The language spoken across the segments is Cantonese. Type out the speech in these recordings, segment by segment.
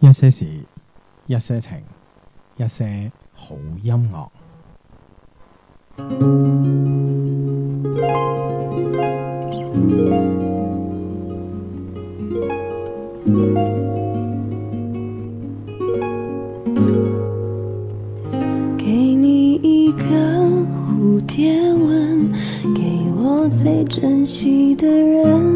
一些事，一些情，一些好音樂。給你一個蝴蝶吻，給我最珍惜的人。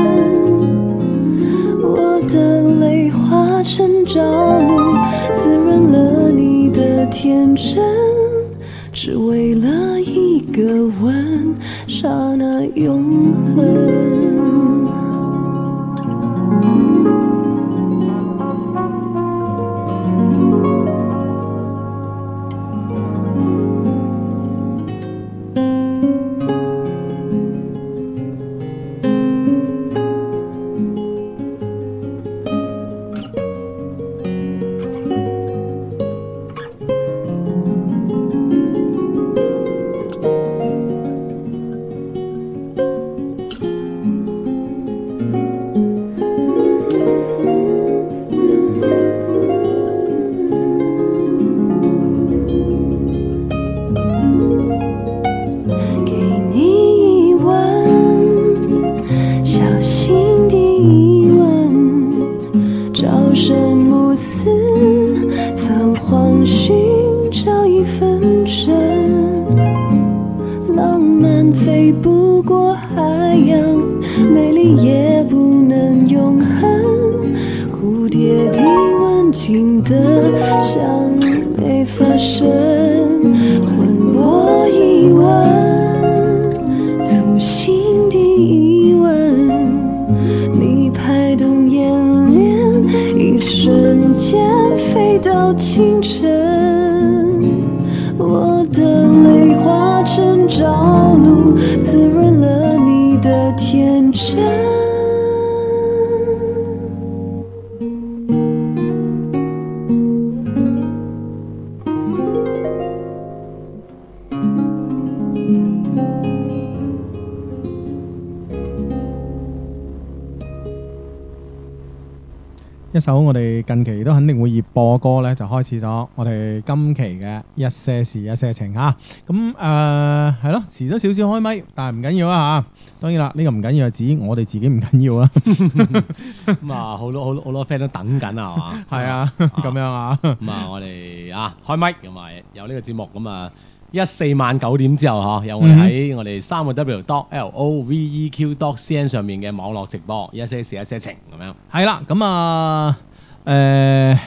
播歌咧就開始咗，我哋今期嘅一些事一些情嚇咁誒，係咯，遲咗少少開麥，但係唔緊要啊嚇。當然啦，呢個唔緊要係指我哋自己唔緊要啊。咁啊，好多好多好多 friend 都等緊啊，係嘛？係啊，咁樣啊。咁啊，我哋啊開麥，同埋有呢個節目咁啊，一四晚九點之後呵，有我哋喺我哋三個 W dot L O V E Q dot C N 上面嘅網絡直播一些事一些情咁樣。係啦，咁啊誒。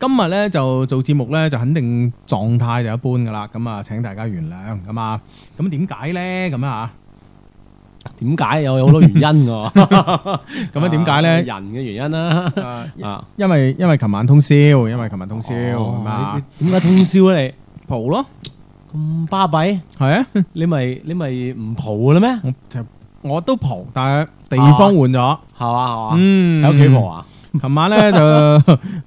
今日咧就做節目咧就肯定狀態就一般噶啦，咁啊請大家原諒咁啊，咁點解咧？咁啊，點解有好多原因㗎？咁啊，點解咧？人嘅原因啦，啊，因為因為琴晚通宵，因為琴晚通宵係嘛？點解通宵啊？你蒲咯？咁巴閉？係啊，你咪你咪唔蒲噶啦咩？我都蒲，但係地方換咗，係嘛係嘛？嗯，喺屋企蒲啊。琴晚咧就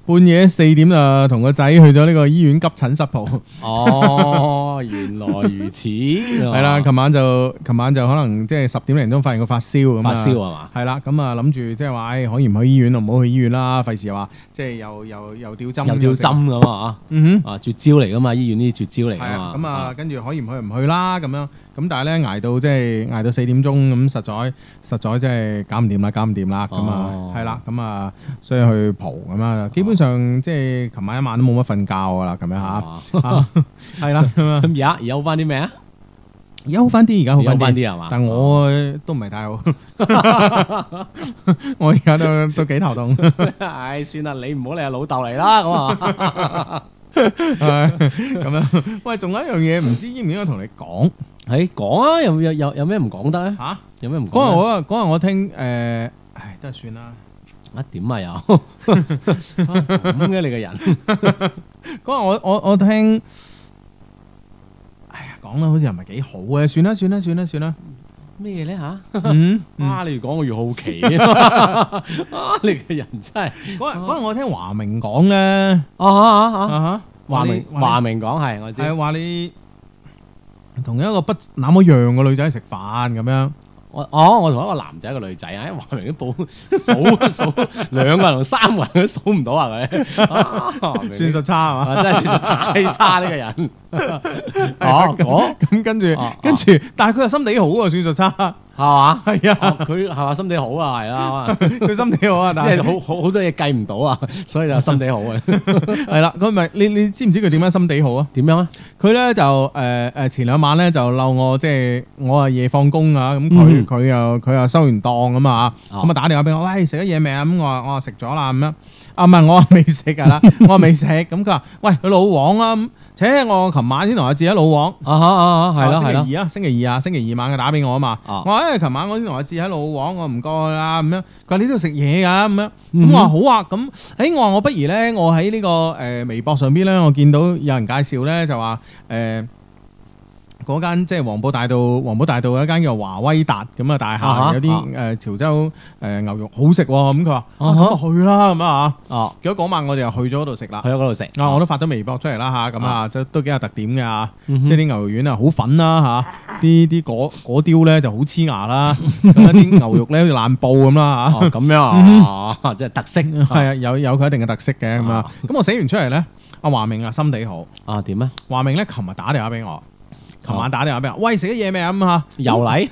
半夜四點就同個仔去咗呢個醫院急診室部。哦，原來如此。係啦，琴晚就琴晚就可能即係十點零鐘發現個發燒咁啊。發燒係嘛？係啦，咁啊諗住即係話，可以唔去醫院就唔好去醫院啦，費事話即係又又又吊針。吊針咁啊？啊，絕招嚟噶嘛，醫院呢啲絕招嚟啊嘛。咁啊，跟住可以唔去唔去啦，咁樣。咁但係咧捱到即係捱到四點鐘，咁實在實在即係搞唔掂啦，搞唔掂啦，咁啊，係啦，咁啊。所以去蒲咁啊，基本上即係琴晚一晚都冇乜瞓覺噶啦，咁樣吓，係啦，咁而家而家好翻啲咩啊？而家好翻啲，而家好翻啲係嘛？但我都唔係太好，我而家都都幾頭痛。唉，算啦，你唔好你阿老豆嚟，啦，咁啊，咁樣。喂，仲有一樣嘢唔知應唔應該同你講？誒，講啊，有有有有咩唔講得咧？吓，有咩唔講？嗰日我嗰日我聽誒，唉，都係算啦。乜點嘛有咁嘅你嘅人、 那個人，嗰日我我我聽，哎呀，講得好似又唔係幾好嘅，算啦算啦算啦算啦，咩嘢咧吓？嗯， 啊，你越講、 那個、我越好奇，啊，你嘅人真係，嗰日我聽華明講咧，啊啊啊啊，華、啊啊啊啊啊啊、明華明講係，我知係話你同一個不那麼樣嘅女仔食飯咁樣。我哦，我同一個男仔一個女仔啊，一話明都報數數數兩個人、三個人都數唔到係咪？算術差係嘛？啊，真係算術太差呢個人。 哦，咁、啊嗯、跟住跟住，但係佢又心地好啊，算術差。係嘛？係啊！佢係話心地好啊，係啊，佢 心地好啊，但係好好好多嘢計唔到啊，所以就心地好啊。係啦，佢咪你你知唔知佢點樣心地好啊？點樣啊？佢咧就誒誒，前兩晚咧就溜我，即係我啊夜放工啊，咁佢佢又佢又收完檔咁啊，咁啊、嗯、 打電話俾我，喂，食咗嘢未啊？咁我話我話食咗啦，咁樣啊？唔係我話未食噶啦，我話未食。咁佢話喂，佢老王啊。誒，我琴晚先同阿志喺老王，啊哈啊係啦，的星期二啊，星期二啊，星期二晚佢打俾我啊嘛，啊我話誒，琴、欸、晚我先同阿志喺老王，我唔過去啦，咁樣、啊，佢話你都食嘢噶，咁樣、嗯嗯，咁我話好啊，咁，誒、欸，我話我不如咧，我喺呢、這個誒、呃、微博上邊咧，我見到有人介紹咧，就話誒。呃嗰間即係黃埔大道，黃埔大道有一間叫華威達咁啊！大廈有啲誒潮州誒牛肉好食咁，佢話：去啦咁啊！哦，結果嗰晚我哋又去咗嗰度食啦，去咗嗰度食啊！我都發咗微博出嚟啦嚇，咁啊都都幾有特點嘅，即係啲牛肉丸啊好粉啦嚇，啲啲果果雕咧就好黐牙啦，咁一啲牛肉咧好似爛布咁啦嚇，咁樣啊，即係特色係啊，有有佢一定嘅特色嘅咁啊。咁我寫完出嚟咧，阿華明啊，心地好啊點咧？華明咧琴日打電話俾我。琴晚打電話俾我，喂，食咗嘢未啊咁吓，又嚟。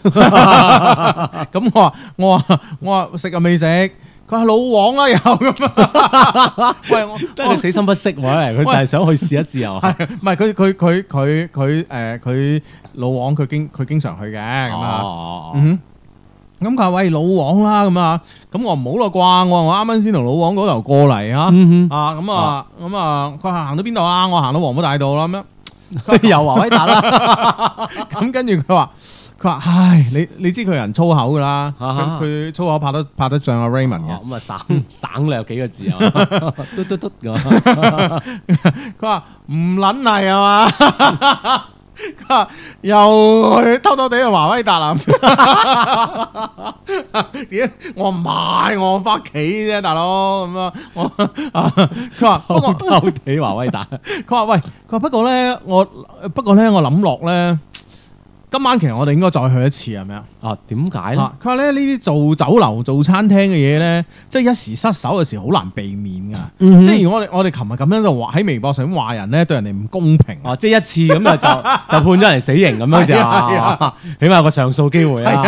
咁我話我話我話食啊未食，佢話老王啦又咁喂，我真係死心不息喎，佢就係想去試一試又係。唔係佢佢佢佢佢誒佢老王佢經佢經常去嘅咁啊。咁佢話喂老王啦咁啊，咁我唔好啦啩。我我啱啱先同老王嗰頭過嚟啊，啊咁啊咁啊，佢行到邊度啊？我行到黃埔大道啦咁樣。又話威達啦，咁、 嗯、跟住佢話，佢話唉，你你知佢人粗口噶啦，咁佢、啊、粗口拍得拍得像阿 Raymond 嘅，咁啊、哦嗯、省省略幾個字 啊，嘟嘟嘟咁，佢話唔撚係啊嘛。啊 佢話又偷偷哋去華威達啦，點？ 我唔買，我翻屋企啫，大佬咁樣。我佢話不過偷偷哋華威達，佢話 喂，佢話不過咧，我不過咧，我諗落咧。今晚其實我哋應該再去一次係咪啊？啊，點解咧？佢話咧呢啲做酒樓做餐廳嘅嘢咧，即係一時失手嘅時候，好難避免噶。即係如果我我哋琴日咁樣就話喺微博上邊話人咧，對人哋唔公平啊！即係一次咁就就判咗人死刑咁樣，起碼有個上訴機會啊！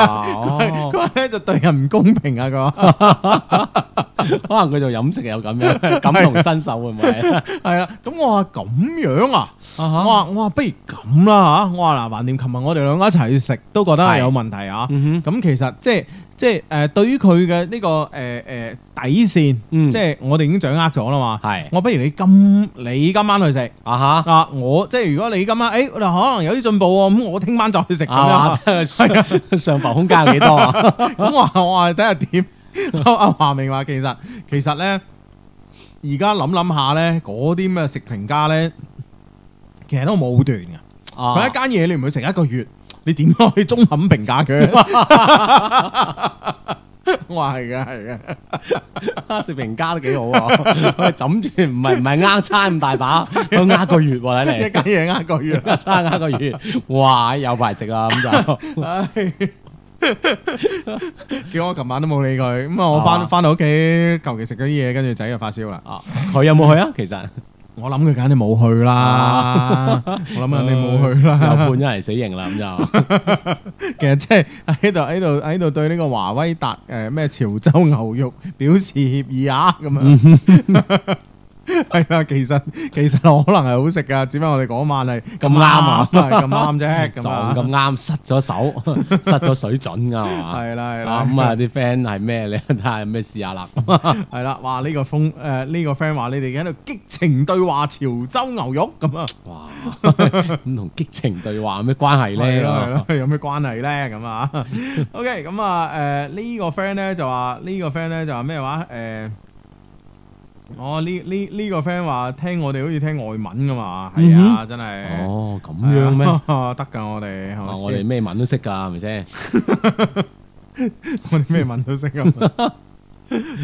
佢話咧就對人唔公平啊！佢話可能佢做飲食又咁樣，感同身受係咪？係啊！咁我話咁樣啊！我話我話不如咁啦吓！我話嗱，橫掂琴日我哋。兩家一齊去食都覺得係有問題啊！咁其實即係即係誒，對於佢嘅呢個誒誒底線，即係我哋已經掌握咗啦嘛。係，我不如你今你今晚去食啊吓啊！我即係如果你今晚誒，可能有啲進步喎，咁我聽晚再去食，上浮空間有幾多啊？咁話我話睇下點。阿華明話其實其實咧，而家諗諗下咧，嗰啲咩食評家咧，其實都武斷㗎。佢一間嘢你唔去食一個月。你點可以中肯評價佢？我話係嘅係嘅，食評 家都幾好啊！我諗住唔係唔係呃餐咁大把，佢呃 個月喎、啊，睇嚟 一斤嘢呃個月，呃餐呃個月， 哇，有排食啊！咁就， 叫我琴晚都冇理佢，咁啊， 我翻翻到屋企，求其食咗啲嘢，跟住仔就發燒啦。啊，佢有冇去啊？其實。我諗佢簡你冇去啦，啊、 我諗下你冇去啦，有半一嚟死刑啦咁就， 其實即係喺度喺度喺度對呢個華威達誒咩潮州牛肉表示歉意啊咁樣。 係啊， 其實其實可能係好食噶，只不過我哋嗰晚係咁啱啊，咁啱啫，咁咁啱失咗手，失咗水準啊嘛，係啦係啦。咁啊啲 friend 係咩咧？睇下有咩試下啦。係啦，哇！呢、這個風誒，呢、呃這個 friend 話你哋喺度激情對話潮州牛肉咁啊！哇，咁 同激情對話有咩關係咧？係咯， 有咩關係咧？咁 啊，OK，咁啊誒呢個 friend 咧就話呢個 friend 咧就話咩話誒？呃呃哦，呢呢呢個 friend 話聽我哋好似聽外文噶嘛，係、嗯、哼啊，真係。哦，咁樣咩？得㗎，我哋係嘛？我哋咩文都識㗎，係咪先？我哋咩文都識㗎。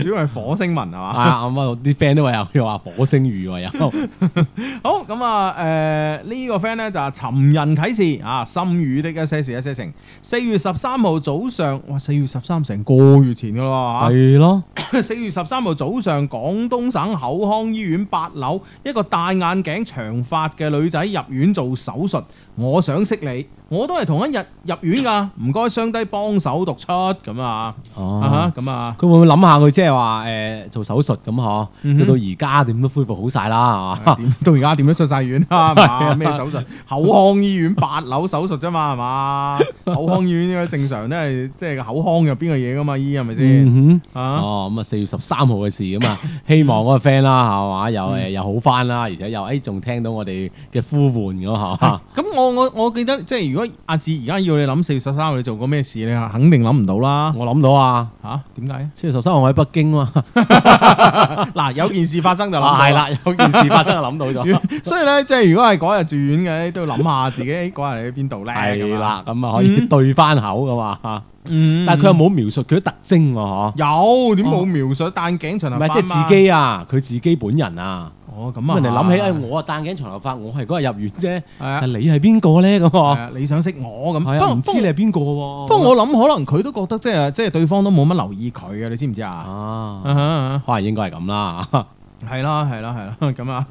主要係火星文係嘛，係咁啊，啲 friend 都話佢話火星語喎又，嗯、 好咁、嗯這個就是、啊，誒，呢個 friend 咧就係尋人啟事啊，心語的一些事一些情，四月十三號早上，哇，四月十三成個月前噶啦，係咯的、啊嗯，四月十三號早上，廣東省口腔醫院八樓，一個戴眼鏡長髮嘅女仔入院做手術，我想識你，我都係同一日入院噶，唔該雙低幫手讀出咁啊，啊咁啊，佢、啊嗯啊、會唔會諗下？佢即係話誒做手術咁嗬，到到而家點都恢復好晒啦，係嘛？到而家點樣出晒院啦，係嘛？咩手術？口腔醫院八樓手術啫嘛，係嘛？口腔醫院應該正常都係即係口腔入邊嘅嘢噶嘛，醫係咪先？哦，咁啊四月十三號嘅事咁啊，希望我個 friend 啦係嘛，又誒又好翻啦，而且又誒仲聽到我哋嘅呼喚咁嗬。咁我我我記得即係如果阿志而家要你諗四月十三號你做過咩事，你肯定諗唔到啦。我諗到啊，吓點解？四月十三號。喺北京嘛，嗱，有件事發生就諗係啦，有件事發生就諗到咗，啊、到 所以咧，即係如果係嗰日住院嘅，都要諗下自己嗰日喺邊度咧。係啦的，咁啊、嗯嗯、可以對翻口噶嘛吓，啊嗯、但係佢又冇描述佢啲特徵喎，啊、有點冇描述、啊、但頸長流咪？即係自己啊，佢、啊、自己本人啊。哦，咁啊！人哋諗起，的哎，我啊戴緊長頭髮，我係嗰日入院啫，係的你係邊個咧？咁啊，你想識我咁？的我不過唔知你係邊個喎？不過但就我諗，可能佢都覺得即係即係對方都冇乜留意佢嘅，你知唔知啊？啊、uh，huh, uh huh. 可能應該係咁啦。 係啦，係啦，係啦，咁啊，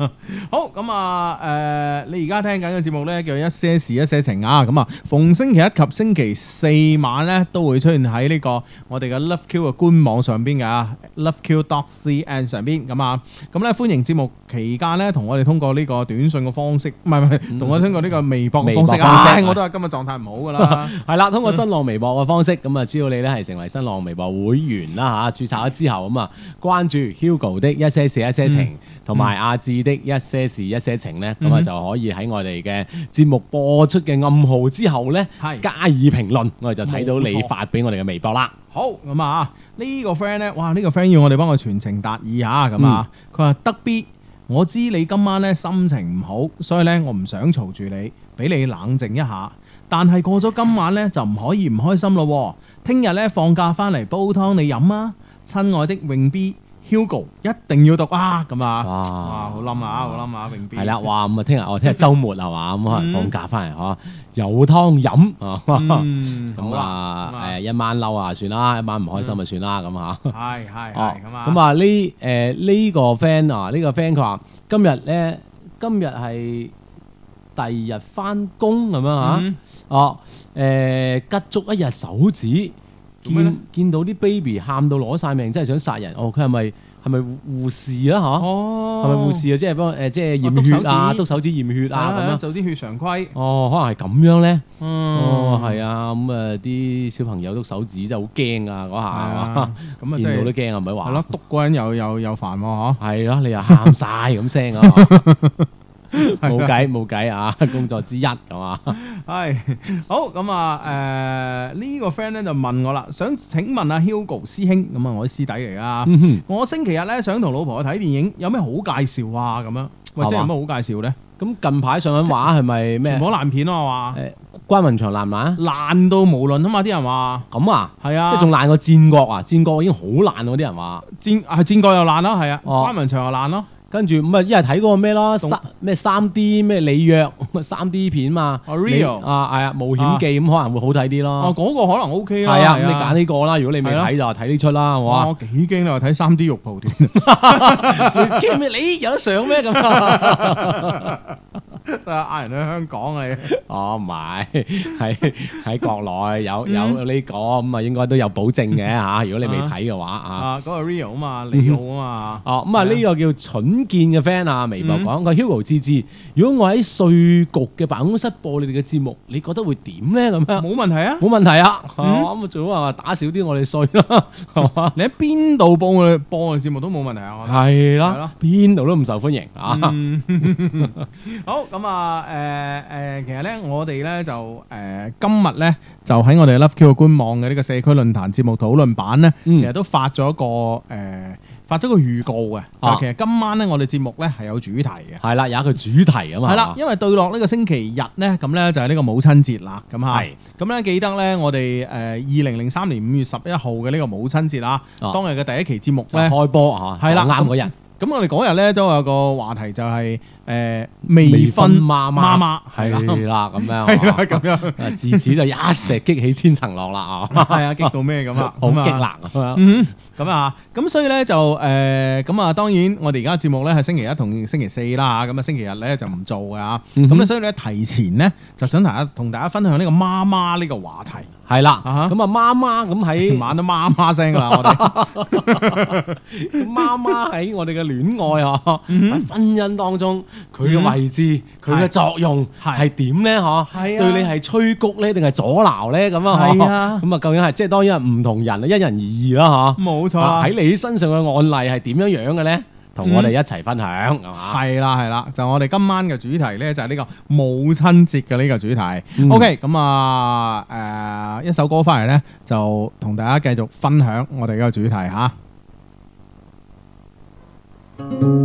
好，咁啊，誒，你而家聽緊嘅節目咧叫一些事一些情啊，咁啊，逢星期一及星期四晚咧都會出現喺呢個我哋嘅 Love Q 嘅官網上邊嘅 Love Q dot CN 上邊，咁啊，咁咧歡迎節目期間咧同我哋通過呢個短信嘅方式，唔係唔係，同我通過呢個微博嘅方式啊，我都係今日狀態唔好噶啦，係啦，通過新浪微博嘅方式，咁啊，只要你咧係成為新浪微博會員啦吓，註冊咗之後咁啊，關注 Hugo 的一些事一些情同埋阿志的一些事一些情呢，咁啊就可以喺我哋嘅節目播出嘅暗號之後呢，係加以評論，我哋就睇到你發俾我哋嘅微博啦。好，咁啊，呢個 friend 呢？哇呢個 friend 要我哋幫佢傳情達意嚇，咁啊，佢話得 B，我知你今晚呢心情唔好，所以呢我唔想嘈住你，俾你冷靜一下。但係過咗今晚呢，就唔可以唔開心咯。聽日呢，放假翻嚟煲湯你飲啊，親愛的永 B。Hugo 一定要讀啊，咁啊，哇，好冧啊，好冧啊，永變係啦，哇，咁啊，聽日我聽日周末係嘛，咁可能放假翻嚟嗬，有湯飲，咁啊，誒，一晚嬲啊，算啦，一晚唔開心啊，算啦，咁啊，係係係咁啊，咁啊，呢誒呢個 friend 啊，呢個 friend 佢話今日咧，今日係第二日翻工咁樣吓，哦，誒，吉足一日手指。見見到啲 baby 喊到攞晒命，真係想殺人。哦，佢係咪係咪護士啊？吓、哦，係咪護士啊？即係幫誒，即係驗血啊，督、啊、手指驗血啊，咁、啊、樣做啲、啊、血常規。哦，可能係咁樣咧。嗯、哦，係啊，咁、嗯、啊，啲小朋友督手指真係好驚啊，嗰下。咁啊，啊嗯、 見到都驚啊，唔使話。係咯， 督人又又又煩喎，吓。係咯，你又喊晒咁聲啊！ 冇計冇計啊！工作之一咁啊，係、 哎、好咁啊！誒、呃，呢、這個 friend 咧就問我啦，想請問阿、啊、Hugo 師兄咁啊，我啲師弟嚟㗎，我星期日咧想同老婆去睇電影，有咩好介紹啊？咁樣喂，真係有咩好介紹咧？咁、嗯啊、近排上緊畫係咪咩？爛片啊嘛、呃，關雲長爛唔爛？爛到無倫啊嘛，啲人話咁啊，係啊，啊啊即係仲爛過戰國啊？戰國已經好爛咯，啲人話戰係戰,、啊、戰國又爛咯，係啊，關雲長又爛咯。跟住咁啊，一係睇嗰個咩咯，三咩三 D 咩里約，三 D 片嘛。啊 A Rio Real? 啊，係啊冒險記咁可能會好睇啲咯。哦、啊，嗰、那個可能 O、OK、K 啦。係啊，咁、啊啊、你揀呢個啦，如果你未睇就睇呢出啦，係嘛、啊哇啊？我幾驚你話睇三 D 肉蒲團，咩？ 你有得上咩咁？ 都嗌人去香港啊！哦唔係喺喺國內有有呢個咁啊，應該都有保證嘅嚇。如果你未睇嘅話啊，啊嗰個 real 啊嘛，你好啊嘛。哦，咁啊呢個叫蠢健嘅 friend 啊，微博講個 Hugo 之之，如果我喺稅局嘅辦公室播你哋嘅節目，你覺得會點咧？咁樣冇問題啊，冇問題啊。咁啊，最好啊，打少啲我哋稅咯，你喺邊度幫我哋播佢節目都冇問題啊，係啦，係啦，邊度都唔受歡迎啊。好。咁啊，誒，誒、呃呃，其實咧，我哋咧就誒、呃，今日咧，就喺我哋 LoveQ 官網嘅呢個社區論壇節目討論版咧，嗯、其實都發咗個誒、呃，發咗個預告嘅，啊、就其實今晚咧，我哋節目咧係有主題嘅，係啦，有一個主題啊嘛，係啦，因為對落呢個星期日咧，咁咧就係呢個母親節啦，咁係咁咧記得咧，我哋誒，二零零三年五月十一號嘅呢個母親節啦，啊、當日嘅第一期節目咧，開播吓、啊，係啦的，啱嗰人。的咁我哋嗰日咧都有個話題就係、是、誒、呃、未婚媽媽係啦咁樣，係啦咁樣。啊，自此就一石、 啊、激起千層浪啦！啊，係啊， 激到咩咁啊，好激烈啊！ 嗯。咁啊，咁所以咧就誒，咁啊當然我哋而家節目咧係星期一同星期四啦，咁啊星期日咧就唔做嘅啊。咁啊所以咧提前咧就想提下同大家分享呢個媽媽呢個話題。係啦，咁啊媽媽咁喺晚都媽媽聲啦，我哋媽媽喺我哋嘅戀愛啊，婚姻當中佢嘅位置佢嘅作用係點咧呵？係啊，對你係催谷咧定係阻撓咧咁啊？係啊，咁啊究竟係即係當然係唔同人啊，因人而異啦嚇。冇。喺、啊、你身上嘅案例係點樣樣嘅呢？同我哋一齊分享嚇。係啦係啦，就我哋今晚嘅主題呢，就係、是、呢個母親節嘅呢個主題。嗯、OK，咁啊誒、啊，一首歌翻嚟呢，就同大家繼續分享我哋嘅主題嚇。啊嗯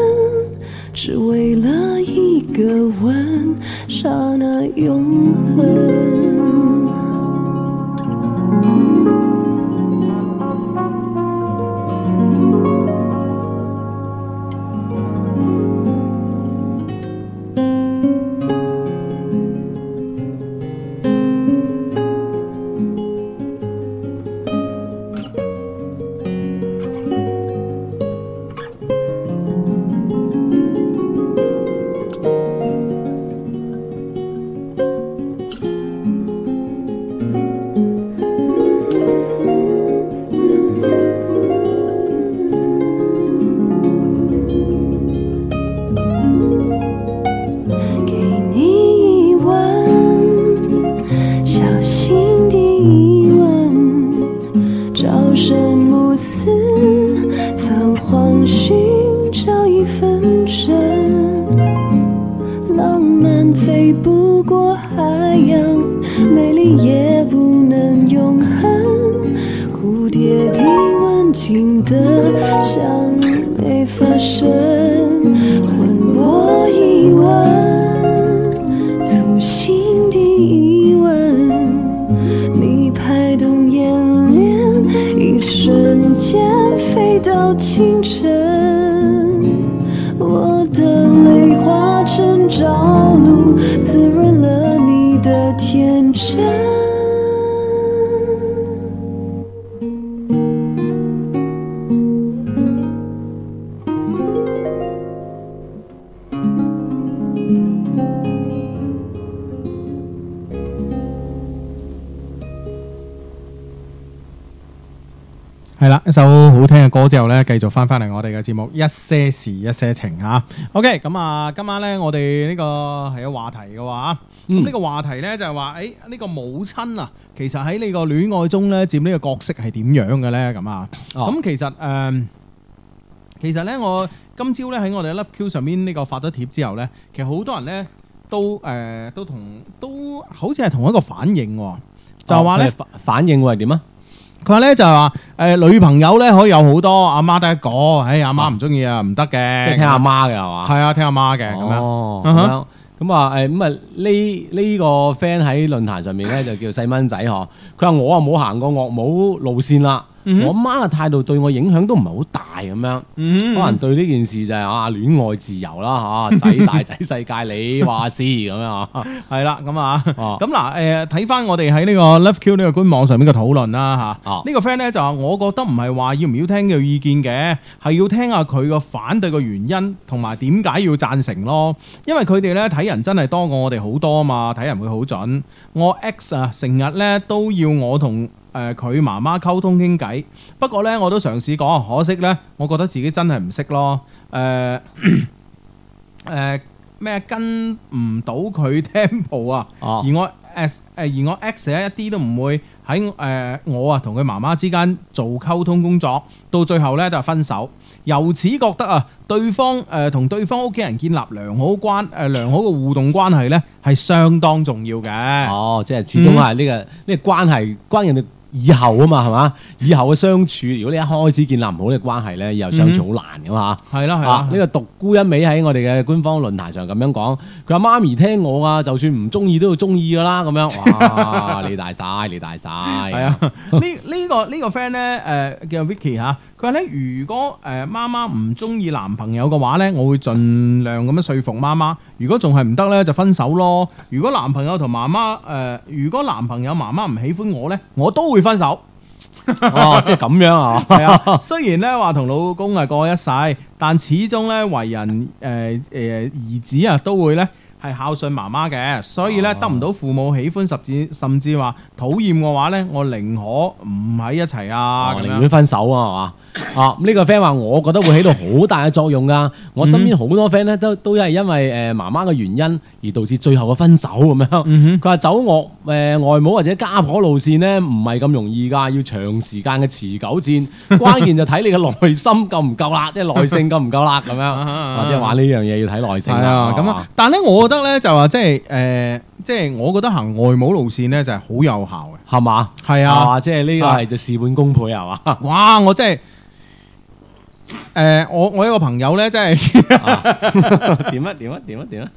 之後咧，繼續翻翻嚟我哋嘅節目《一些事一些情》啊。OK，咁啊，今晚咧，我哋呢個係、嗯、個話題嘅話，咁呢個話題咧就係、是、話，誒、欸、呢、這個母親啊，其實喺呢個戀愛中咧，佔呢個角色係點樣嘅咧？咁啊，咁、哦、其實誒、呃，其實咧，我今朝咧喺我哋 LoveQ 上面呢個發咗貼之後咧，其實好多人咧都誒、呃、都同都好似係同一個反應、哦，就話咧、哦、反應會係點啊？佢話咧就係、是、話。誒、呃、女朋友咧可以有好多，阿媽得一個，唉、欸，阿媽唔中意啊，唔得嘅，即係聽阿媽嘅係嘛，係樣、哦、啊，聽阿媽嘅，咁樣咁啊，誒、咁啊，呢、呢個 friend 喺論壇上面咧就叫細蚊仔呵，佢話唉我啊冇行過岳母路線啦。我媽嘅態度對我影響都唔係好大咁樣，嗯、可能對呢件事就係啊戀愛自由啦嚇，仔大仔 世界你話事咁樣嚇，係啦咁啊，咁嗱誒睇翻我哋喺呢個 LoveQ 呢個官網上面嘅討論啦嚇，呢、啊、個 friend 咧就話我覺得唔係話要唔要聽佢意見嘅，係要聽下佢個反對嘅原因同埋點解要贊成咯，因為佢哋咧睇人真係多過我哋好多嘛，睇人會好準。我 X 啊成日咧都要我同。誒，佢媽媽溝通傾偈，不過呢，我都嘗試過，可惜呢，我覺得自己真係唔識咯。誒、呃，誒，咩、 呃、跟唔到佢 tempo 啊、哦而？而我 ex 誒，而我、A、x 一啲都唔會喺誒、呃、我啊同佢媽媽之間做溝通工作，到最後呢，就分手。由此覺得啊，對方誒同、呃、對方屋企人建立良好關誒、呃、良好嘅互動關係呢，係相當重要嘅。哦，即係始終係呢個呢個、嗯、關係，關人哋。以後啊嘛，係嘛？以後嘅相處，如果你一開始建立唔好嘅關係咧，以後相處好難噶嘛。係啦、嗯，係啦、啊。呢、啊、個獨孤一味喺我哋嘅官方論壇上咁樣講，佢話媽咪聽我啊，就算唔中意都要中意噶啦，咁樣哇 你，你大晒，你大晒，係、呃、啊，呢呢個呢個 friend 咧，誒叫 Vicky 嚇。佢咧，如果誒、呃、媽媽唔中意男朋友嘅話咧，我會盡量咁樣說服媽媽。如果仲係唔得咧，就分手咯。如果男朋友同媽媽誒、呃，如果男朋友媽媽唔喜歡我咧，我都會分手。 哦，即係咁樣啊！係 啊，雖然咧話同老公啊過一世，但始終咧為人誒誒、呃呃、兒子啊都會咧，係孝順媽媽嘅，所以咧得唔到父母喜歡甚至甚至話討厭嘅話呢，我寧可唔喺一齊啊、哦，寧願分手啊，係、啊、嘛？啊、這、呢個 friend 話，我覺得會起到好大嘅作用噶、啊。我身邊好多 friend 呢，都都係因為誒、呃、媽媽嘅原因而導致最後嘅分手咁、啊、樣。佢話走我誒、呃、外母或者家婆路線呢，唔係咁容易㗎，要長時間嘅持久戰。關鍵就睇你嘅耐心夠唔夠啦，即係 耐性夠唔夠啦咁、啊啊、樣，或者話呢樣嘢要睇耐性啦。咁啊，但係我。啊得咧就話即係誒，即係我覺得行外母路線咧就係好有效嘅，係嘛？係啊，即係呢個係就事半功倍，係嘛？哇！我真係誒，我我一個朋友咧真係點啊點啊點啊點啊，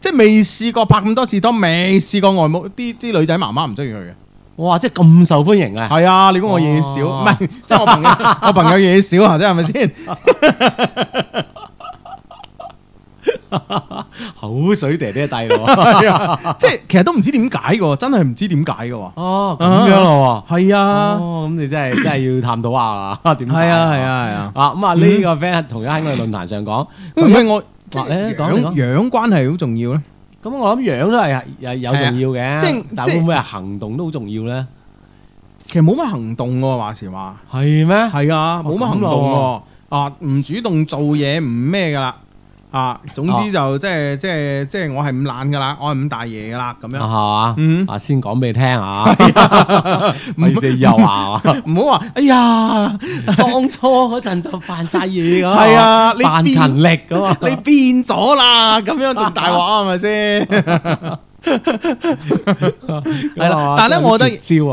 即係未試過拍咁多次，都未試過外母啲啲女仔媽媽唔中意佢嘅。哇！即係咁受歡迎啊？係啊，你估我嘢少？唔係，即係我朋友嘢少啊？真係咪先？口水嗲嗲渧喎，即係其實都唔知點解嘅，真係唔知點解嘅。哦，咁樣咯，係啊，咁你真係真係要探討下點係啊，係啊，係啊。啊，咁啊，呢個 friend 同樣喺我哋論壇上講，咁咩我講樣關係好重要咧。咁我諗樣都係有有重要嘅，但係會唔會行動都好重要咧？其實冇乜行動喎，話時話係咩？係啊，冇乜行動喎，啊，唔主動做嘢唔咩噶啦。啊，總之就是啊、即係即係即係，我係唔懶噶啦，我係唔大嘢噶啦，咁樣係嘛，啊、嗯、先講俾你聽啊，唔石油係唔好話，哎呀， 當初嗰陣就扮晒嘢噶，係 啊，扮勤力噶嘛、啊，你變咗啦，咁樣仲大鑊係咪先？ 係啦， 但係咧， 但我但係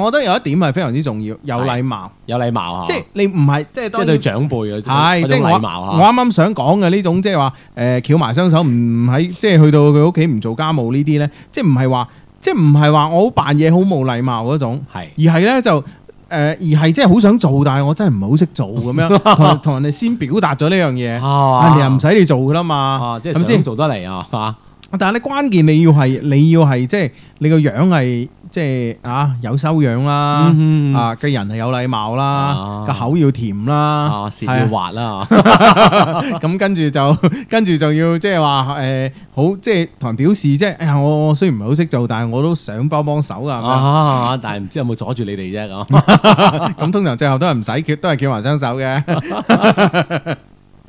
我覺得有一點係非常之重要，有禮貌，有禮貌啊，即係你唔係，即係對長輩啊，係，即係禮貌吓。我啱啱想講嘅呢種，即係話誒，翹埋雙手唔喺，即係、就是、去到佢屋企唔做家務呢啲咧，即係唔係話，即係唔係話我好扮嘢好冇禮貌嗰種，係是而係咧就誒、呃，而係即係好想做，但係我真係唔好識做咁樣，同 人哋先表達咗呢樣嘢，人哋又唔使你做噶啦嘛，即係咁先做得嚟啊？ 但係你關鍵，你要係你要係即係你個樣係即係啊有修養啦，嗯、哼啊嘅人係有禮貌啦，個、啊、口要甜啦，舌、啊、要滑啦，咁、 嗯、跟住就跟住就要即係話誒好即係同人表示即係我我雖然唔係好識做，但係我都想幫幫手噶，但係唔知有冇阻住你哋啫咁，咁、 嗯、通常最後都係唔使都係叫埋雙手嘅。 啊咁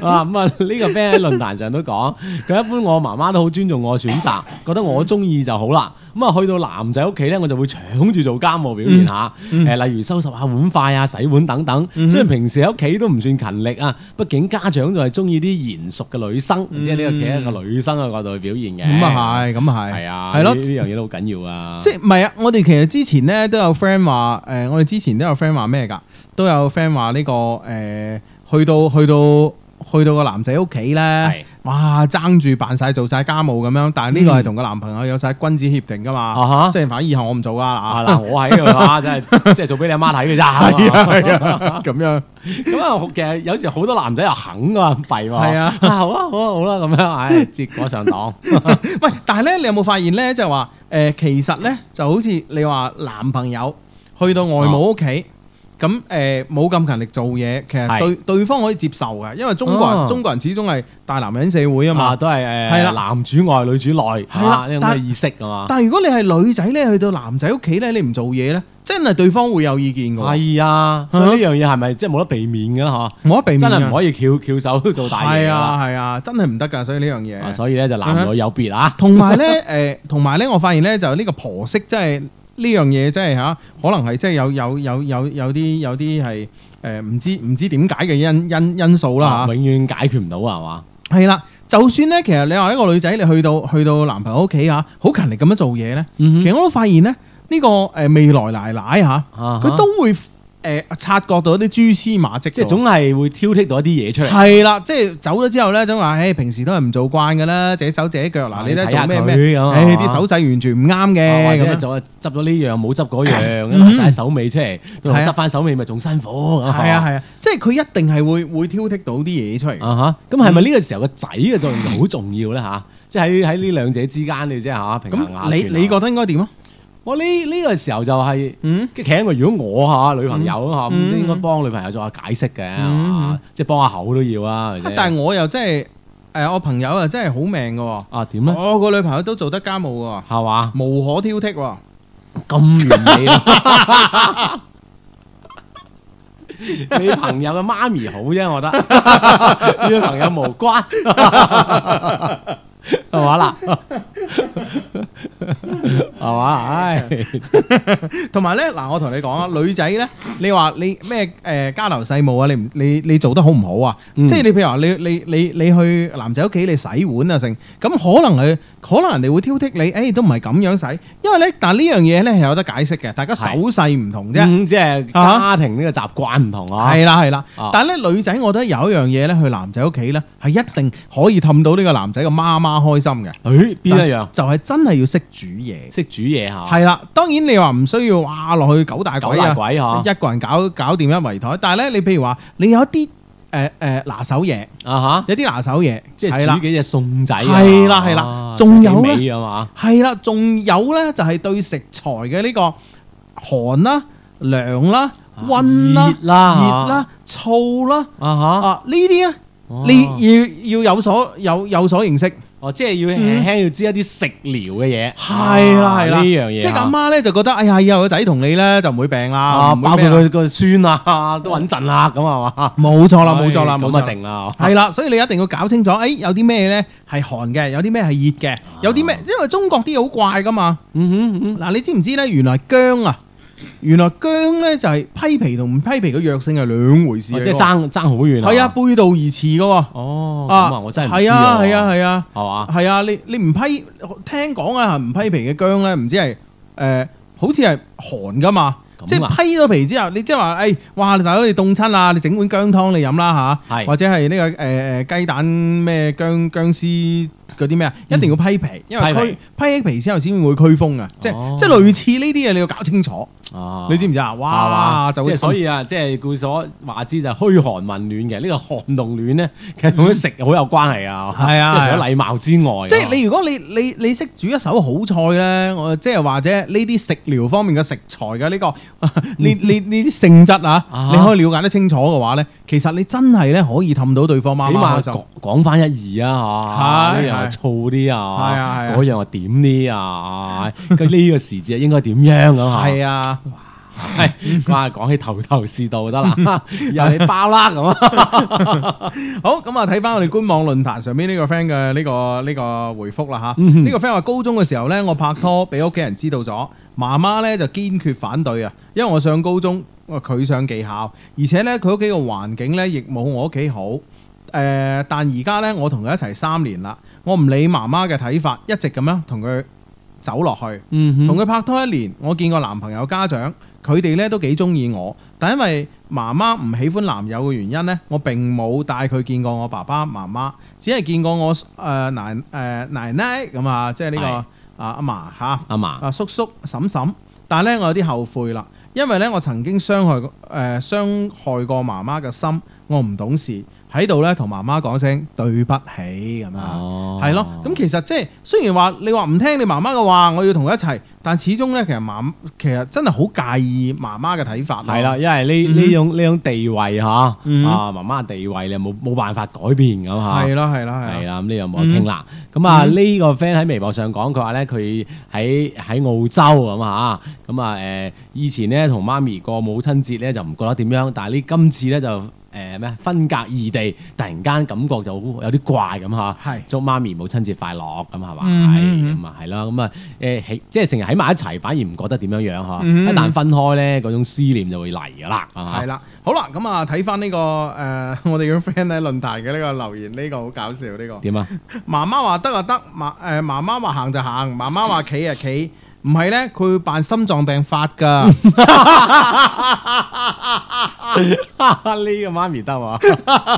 啊！呢、這個 friend 喺論壇上都講，佢一般我媽媽都好尊重我選擇，覺得我中意就好啦。咁啊，去到男仔屋企咧，我就會搶住做家務表現下。誒、嗯，嗯、例如收拾下碗筷啊、洗碗等等。雖然平時喺屋企都唔算勤力啊，畢竟家長就係中意啲賢淑嘅女生。嗯、即係呢個企喺個女生嘅角度去表現嘅。咁啊係，咁啊係，係啊，係咯、啊，呢樣嘢都好緊要啊。即係唔係啊？我哋其實之前咧都有 friend 話，誒，我哋之前都有 friend 話咩噶？都有 friend 話呢個誒。呃去到去到去到個男仔屋企咧，哇，爭住扮晒做晒家務咁樣，但係呢個係同個男朋友有晒君子協定噶嘛，吓，即係反正以後我唔做噶啦，嗱我喺度啊，真係即係做俾你阿媽睇嘅咋，係啊，咁樣，咁啊，其實有時好多男仔又肯噶，弊喎，係啊，好啊，好啊，好啦，咁樣，唉，結果上當，喂，但係咧，你有冇發現咧，即係話誒，其實咧就好似你話男朋友去到外母屋企。咁誒冇咁勤力做嘢，其實對對方可以接受嘅，因為中國人中國人始終係大男人社會啊嘛，都係誒，係啦，男主外女主內係啦呢樣嘅意識啊嘛。但係如果你係女仔咧，去到男仔屋企咧，你唔做嘢咧，真係對方會有意見嘅。係啊，所以呢樣嘢係咪即係冇得避免嘅嗬？冇得避免真係唔可以翹翹手做大嘢啊！係啊，真係唔得㗎。所以呢樣嘢，所以咧就男女有別啊。同埋咧誒，同埋咧，我發現咧就呢個婆媳真係。呢樣嘢真係吓，可能係即係有有有有有啲有啲係誒，唔、呃、知唔知點解嘅因因因素啦吓、啊，永遠解決唔到啊，係嘛？係啦，就算咧，其實你話一個女仔你去到去到男朋友屋企吓，好勤力咁樣做嘢咧，嗯、哼其實我都發現咧，呢、這個誒未來奶奶吓，佢都會。誒、呃，察覺到啲蛛絲馬迹，即係總係會挑剔到一啲嘢出嚟。係啦、啊，即係走咗之後咧，總話，誒，平時都係唔做慣噶啦，姐手姐腳嗱，你都做咩咩，啲手勢完全唔啱嘅，咁、啊、就做執咗呢樣冇執嗰樣，帶、哎、呀手尾出嚟，執翻、嗯、手尾咪仲辛苦。係啊係啊，即係佢一定係會會挑剔到啲嘢出嚟。咁係咪呢個時候個仔嘅作用就好重要咧？吓，即係喺喺呢兩者之間，你即係吓平衡下，咁你你覺得應該點啊？我呢呢個時候就係、是，即係請個如果我吓女朋友吓咁，嗯、應該幫女朋友做下解釋嘅、嗯啊，即係幫下口都要啊。但係我又真係，誒、呃、我朋友又真係好命嘅、哦，啊、我個女朋友都做得家務、哦，係嘛吧無可挑剔、哦，咁完美咯。 你朋友嘅媽咪好啫，我覺得， 你女朋友無關。 係嘛啦，係嘛，唉，同埋咧嗱，我同你講啊，女仔咧，你話你咩誒、呃、家頭細務啊，你唔你你做得好唔好啊？嗯、即係你譬如話你你你你去男仔屋企你洗碗啊剩，咁可能佢可能人哋會挑剔你，誒、哎、都唔係咁樣洗，因為咧，但係呢樣嘢咧係有得解釋嘅，大家手勢唔同啫的、嗯，即係家庭呢個習慣唔同啊，啊，係啦係啦，但係咧女仔，我覺得有一樣嘢咧，去男仔屋企咧係一定可以氹到呢個男仔嘅媽媽。開心嘅，誒，邊一樣？就係真係要識煮嘢，識煮嘢吓。係啦，當然你話唔需要啊，落去九大簋啊，一個人搞搞掂一圍台。但係咧，你譬如話，你有一啲誒誒拿手嘢啊吓，有啲拿手嘢，即係煮幾隻餸仔。係啦係啦，仲有咩係啦，仲有咧就係對食材嘅呢個寒啦、涼啦、溫啦、熱啦、燥啦啊吓啊呢啲咧，你要要有所有有所認識。哦，即係要輕輕，要知一啲食療嘅嘢，係啦係啦呢樣嘢。即係阿媽咧就覺得，哎呀以後個仔同你咧就唔會病啦，包括佢個孫啊都穩陣啦，咁係嘛？冇錯啦，冇錯啦，冇啊定啦。係啦，所以你一定要搞清楚，誒有啲咩咧係寒嘅，有啲咩係熱嘅，有啲咩，因為中國啲嘢好怪噶嘛。嗯哼，嗱你知唔知咧？原來薑啊！原來薑咧就係、是、批皮同唔批皮嘅藥性係兩回事、哦，即係爭爭好遠，係啊，啊，背道而馳嘅喎。哦，啊，啊我真係唔知啊，係啊，係啊，係啊，係嘛、啊，係啊，你你唔批，聽講、呃、啊，唔批皮嘅薑咧，唔知係誒，好似係寒噶嘛，即係批咗皮之後，你即係話，誒、哎，哇，大佬你凍親啦，你整碗薑湯你飲啦吓，啊、是或者係呢、這個誒誒雞蛋咩薑薑絲。嗰啲咩啊？一定要批皮，因為批批皮之後先會驅風啊！即即類似呢啲嘢，你要搞清楚。你知唔知啊？哇哇，就所以啊，即係故所話之就噓寒問暖嘅呢個寒同暖咧，其實同啲食好有關係啊！係啊，除咗禮貌之外，即係你如果你你你識煮一手好菜咧，我即係或者呢啲食療方面嘅食材嘅呢個你你你啲性質啊，你可以了解得清楚嘅話咧，其實你真係咧可以氹到對方，起碼講講翻一二啊！嚇。燥啲啊，嗰樣啊點啲啊，佢呢個時節應該點樣啊？係、嗯、啊，係，哇， 講起頭頭是道得啦，又你包啦咁。 好，咁啊睇翻我哋官網論壇上邊呢個 friend 嘅呢個呢個回覆啦吓。呢、嗯、哼個 friend 話：高中嘅時候咧，我拍拖俾屋企人知道咗，媽媽咧就堅決反對啊，因為我上高中，佢上技校，而且咧佢屋企個環境咧亦冇我屋企好。誒、呃，但而家咧，我同佢一齊三年啦。我唔理媽媽嘅睇法，一直咁樣同佢走落去，同佢、嗯、哼拍拖一年。我見過男朋友家長，佢哋咧都幾中意我，但因為媽媽唔喜歡男友嘅原因咧，我並冇帶佢見過我爸爸媽媽，只係見過我誒奶誒奶奶咁、這個、的啊，即係呢個阿阿嫲嚇阿嫲啊，叔叔嬸嬸。但係咧，我有啲後悔啦，因為咧我曾經傷害誒、呃、傷害過媽媽嘅心，我唔懂事。喺度咧，同媽媽講聲對不起咁樣，係咯。咁、哦、其實即係雖然話你話唔聽你媽媽嘅話，我要同佢一齊，但始終咧，其實媽其實真係好介意媽媽嘅睇法。係啦，因為呢呢種呢、嗯、種地位吓，啊，嗯、媽媽嘅地位你冇冇辦法改變咁嚇。係咯係咯係。係啦，咁呢又冇得傾啦。咁啊，呢、嗯、個 friend 喺微博上講，佢話咧佢喺喺澳洲咁啊。咁啊誒，以前咧同媽咪過母親節咧就唔覺得點樣，但係呢今次咧就。誒咩、呃、分隔異地，突然間感覺就有啲怪咁嚇，是祝媽咪母親節快樂咁係嘛，咁啊係咯，咁啊誒喺即係成日喺埋一齊，反而唔覺得點樣樣嚇，嗯嗯一旦分開咧，嗰種思念就會嚟噶啦嚇。係啦、嗯嗯，吧好啦，咁啊睇翻呢個誒、呃、我哋嘅 friend 喺論壇嘅呢個留言，呢、這個好搞笑呢、這個。點啊樣？媽媽話得啊得，媽誒媽媽話行就行，媽媽話企啊企。唔係咧，佢會扮心臟病發噶。呢 啊這個媽咪得嘛？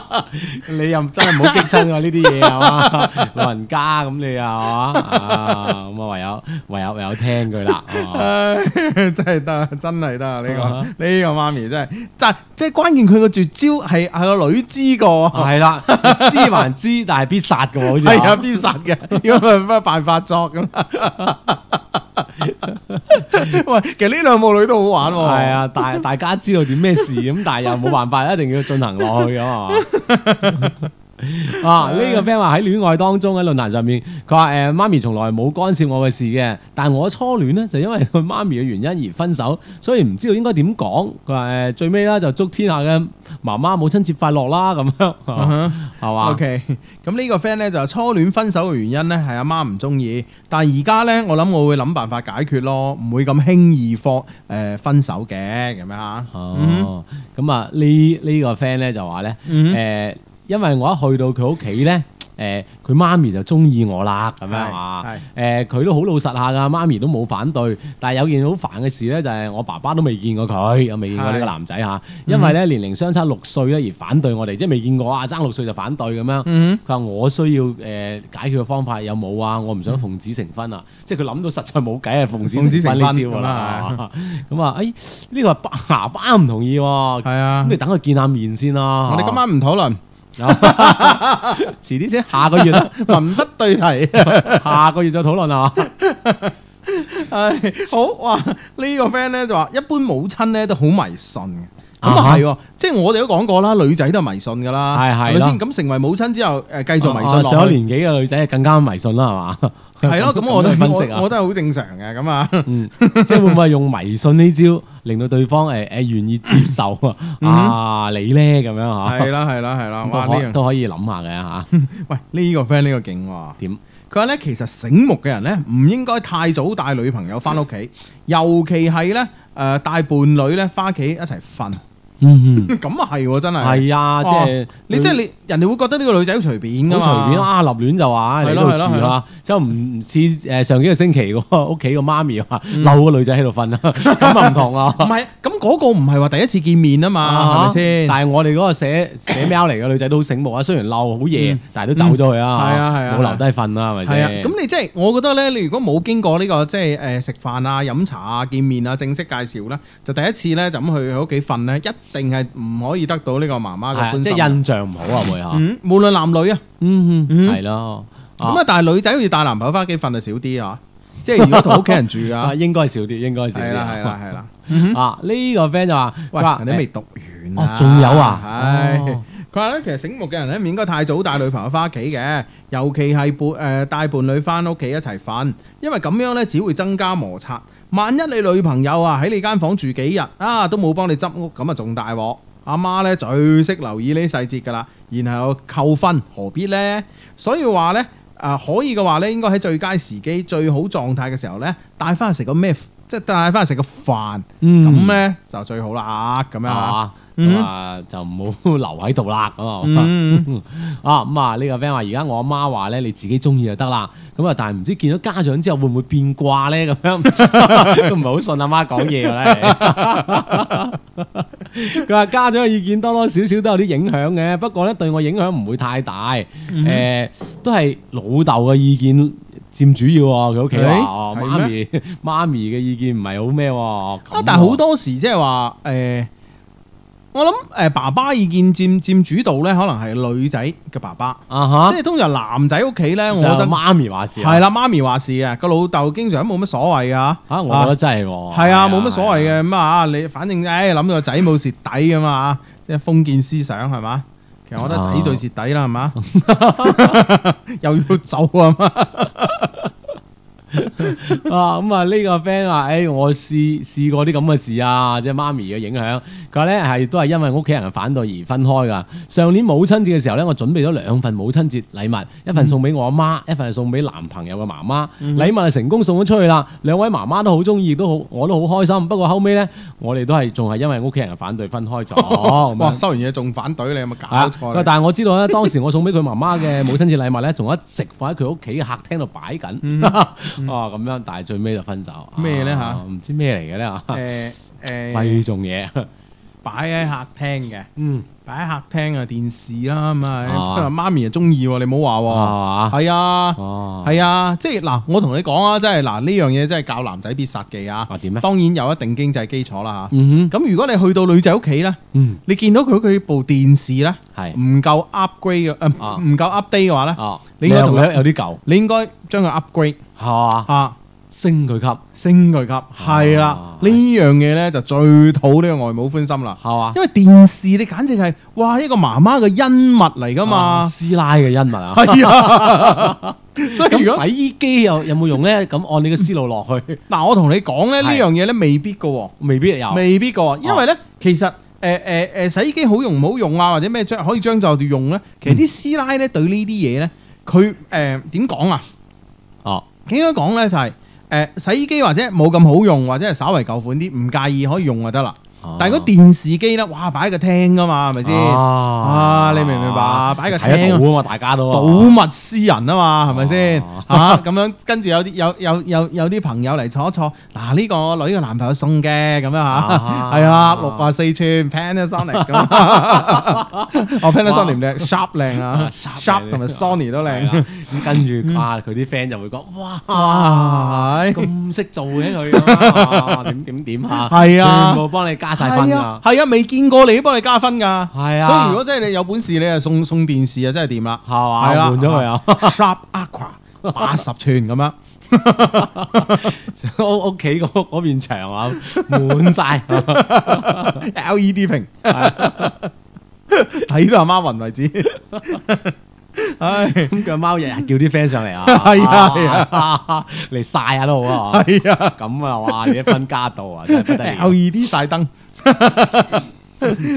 你又真係唔好激親啊！呢啲嘢係嘛老人家咁，你又係嘛？咁啊，唯有唯有唯有聽佢啦、啊 啊。真係得，真係得呢個呢 個媽咪真係。即係即係關鍵，佢個絕招係係個女知個。係 啦、 啊，知還知，但係必殺噶，好似係啊，必殺嘅，如果唔係乜辦法作咁。 喂， 其實呢兩母女都好玩喎，係啊，大但大家知道點咩事咁， 但係又冇辦法，一定要進行落去咁啊嘛。啊！呢 Yeah. 個 friend 話喺戀愛當中喺論壇上面，佢話誒媽咪從來冇干涉我嘅事嘅，但係我初戀呢，就因為佢媽咪嘅原因而分手，所以唔知道應該點講。佢話、欸、最尾啦，就祝天下嘅媽媽母親節快樂啦咁樣，係嘛？OK。咁呢個 friend 咧就初戀分手嘅原因咧係阿媽唔中意，但係而家咧我諗我會諗辦法解決咯，唔會咁輕易放誒分手嘅咁樣啊。咁啊呢呢個 friend 咧就話咧誒。Uh huh. uh 因為我一去到佢屋企呢，誒佢媽咪就中意我啦，咁樣係嘛？誒佢都好老實下㗎，媽咪都冇反對。但係有件好煩嘅事呢，就係我爸爸都未見過佢，又未見過呢個男仔嚇。因為呢，年齡相差六歲咧而反對我哋，即係未見過啊，爭六歲就反對咁樣。佢話我需要誒解決嘅方法有冇啊？我唔想奉子成婚啊！即係佢諗到實在冇計啊，奉子成婚啦，咁啊，誒呢個爸爸唔同意喎。係啊，咁你等佢見下面先咯。我哋今晚唔討論。啊！遲啲先，下個月啦， 文不對題， 下個月再討論啊！係、 哎、好哇，這個、呢個 friend 咧就話，一般母親咧都好迷信嘅，咁啊係，哦、即係我哋都講過啦，女仔都係迷信噶啦，係係咪先？咁的成為母親之後，誒，繼續迷信、啊，上咗年紀嘅女仔更加迷信啦，係嘛？係咯，咁、 啊、我都、啊、我我都係好正常嘅，咁啊， 嗯、即係會唔會用迷信呢招令到對方誒誒願意接受啊？呃呃、 啊，你咧咁樣吓、啊，係啦係啦係啦，呢樣都可以諗下嘅吓。想想啊、 喂，呢、這個 friend 呢個勁啊，點樣？佢話咧，其實醒目嘅人咧，唔應該太早帶女朋友翻屋企， 尤其係咧誒帶伴侶咧翻屋企一齊瞓。嗯，咁啊係喎，真係係啊，即係你即係你人哋會覺得呢個女仔好隨便㗎嘛，隨便啊立亂就話喺度住啦，就唔唔似誒上幾個星期個屋企個媽咪話留個女仔喺度瞓啊，咁啊唔同啊，唔係咁嗰個唔係話第一次見面啊嘛，係咪先？但係我哋嗰個寫寫 mail 嚟嘅女仔都好醒目啊，雖然留好夜，但係都走咗去啊，啊，冇留低瞓啦，係咪先？咁你即係我覺得咧，你如果冇經過呢個即係誒食飯啊、飲茶啊、見面啊、正式介紹咧，就第一次咧就咁去佢屋企瞓咧一。定係唔可以得到呢個媽媽嘅，即係印象唔好啊，會吓、 嗯，無論男女啊，係咯，咁啊但係女仔好似帶男朋友翻屋企瞓就少啲啊，即係如果同屋企人住啊，應該少啲，應該少啲。係啦係啦啊呢、 啊呢個 friend 就話，喂，話、啊、你未讀完啊，仲、啊、有啊，佢話咧其實醒目嘅人咧唔應該太早帶女朋友翻屋企嘅，尤其係伴誒帶伴侶翻屋企一齊瞓，因為咁樣咧只會增加摩擦。萬一你女朋友啊喺你間房住幾日啊，都冇幫你執屋，咁啊仲大鑊！阿媽呢最識留意呢啲細節噶啦，然後扣分，何必呢？所以話呢，誒、呃、可以嘅話呢，應該喺最佳時機、最好狀態嘅時候呢，帶翻去食個咩？即係帶翻去食個飯，咁咧、嗯、就最好啦。咁樣啊，咁啊就唔好留喺度啦。咁啊，啊咁、嗯、啊，呢個 friend 話：而家我阿媽話咧，你自己中意就得啦。咁啊，但係唔知見咗家長之後會唔會變卦咧？咁樣唔係好信阿媽講嘢嘅。佢話家長嘅意見多多少少都有啲影響嘅，不過咧對我影響唔會太大。誒、嗯呃，都係老豆嘅意見。占主要喎，佢屋企哦，媽咪媽咪嘅意見唔係好咩喎？啊，啊，但係好多時即係話誒，我諗誒爸爸意見佔佔主導咧，可能係女仔嘅爸爸啊嚇哈，即係通常男仔屋企咧，我覺得媽咪話事係啦，媽咪話事啊。個老豆經常都冇乜所謂嘅嚇，我覺得真係喎，係啊，冇乜所謂嘅咁啊，你反正誒諗、哎、到個仔冇蝕底嘅嘛，即係封建思想係嘛？其實我覺得仔最蝕底啦，係嘛？又要走啊嘛！啊咁啊呢個 friend 啊，誒、嗯這個啊哎，我試試過啲咁嘅事啊，即係媽咪嘅影響。佢話咧係都係因為屋企人嘅反對而分開噶。上年母親節嘅時候咧，我準備咗兩份母親節禮物，一份送俾我阿媽，媽，一份係送俾男朋友嘅媽媽。嗯、禮物係成功送咗出去啦，兩位媽媽都好中意，都好，我都好開心。不過後尾咧，我哋都係仲係因為屋企人嘅反對分開咗、 哦。哇、收完嘢仲反對你，有冇搞錯？啊、但係我知道咧，當時我送俾佢媽媽嘅母親節禮物咧，仲一直放喺佢屋企嘅客廳度擺緊。嗯 哦，咁樣，但係最尾就分手。咩咧吓，唔、啊嗯、知咩嚟嘅咧嚇？誒、欸，誒、欸，貴重嘢。擺喺客廳嘅，嗯，擺喺客廳啊，電視啦咁啊，跟住媽咪又中意，你唔好話，係啊，係啊，即係嗱，我同你講啊，即係嗱呢樣嘢真係教男仔必殺技啊，啊點咧？當然有一定經濟基礎啦吓，嗯哼，咁如果你去到女仔屋企咧，嗯，你見到佢屋企部電視咧，係唔夠 upgrade 嘅，誒，唔夠 update 嘅話咧，你你又同佢有啲舊，你應該將佢 upgrade，係嘛啊？升佢級，升佢級，係啦！呢樣嘢咧就最討呢個外母歡心啦，係嘛？因為電視你簡直係，哇！一個媽媽嘅恩物嚟噶嘛，師奶嘅恩物啊，係啊！所以如果洗衣機又有冇用咧？咁按你嘅思路落去，嗱，我同你講咧，呢樣嘢咧未必嘅，未必有，未必嘅，因為咧，其實誒誒誒，洗衣機好用唔好用啊，或者咩將可以將就住用咧？其實啲師奶咧對呢啲嘢咧，佢誒點講啊？哦，應該講咧就係。誒、呃、洗衣機或者冇咁好用，或者係稍微舊款啲，唔介意可以用就得啦。但係嗰電視機咧，哇，擺喺個廳噶嘛，係咪先？啊，你明唔明白？擺喺個廳啊嘛，大家都好密私人啊嘛，係咪先？嚇咁樣跟住有啲有有有有啲朋友嚟坐一坐，嗱呢個女嘅男朋友送嘅咁樣嚇，係啊，六啊四寸 Panasonic，我 Panasonic 唔靚 Sharp 靚啊 Sharp 同埋 Sony 都靚，咁跟住哇，佢啲 friend 就會講，哇，咁識做嘅佢，點點點嚇，係啊，全部幫你加係啊，係啊，未、啊、見過你都幫你加分噶，係啊。所以、so, 如果真係你有本事，你啊送送電視 啊，真係掂啦，係嘛？換咗佢啊，Sharp Aquos 八十寸咁樣，屋屋企嗰嗰邊牆啊，滿晒 LED 屏，睇到阿媽暈為止。唉，咁隻貓日日叫啲 friend 上嚟 啊，係啊，係啊，嚟晒下都好啊，係啊，咁啊，啊啊哇，呢一分家道啊， 真係得意，偶爾啲晒燈。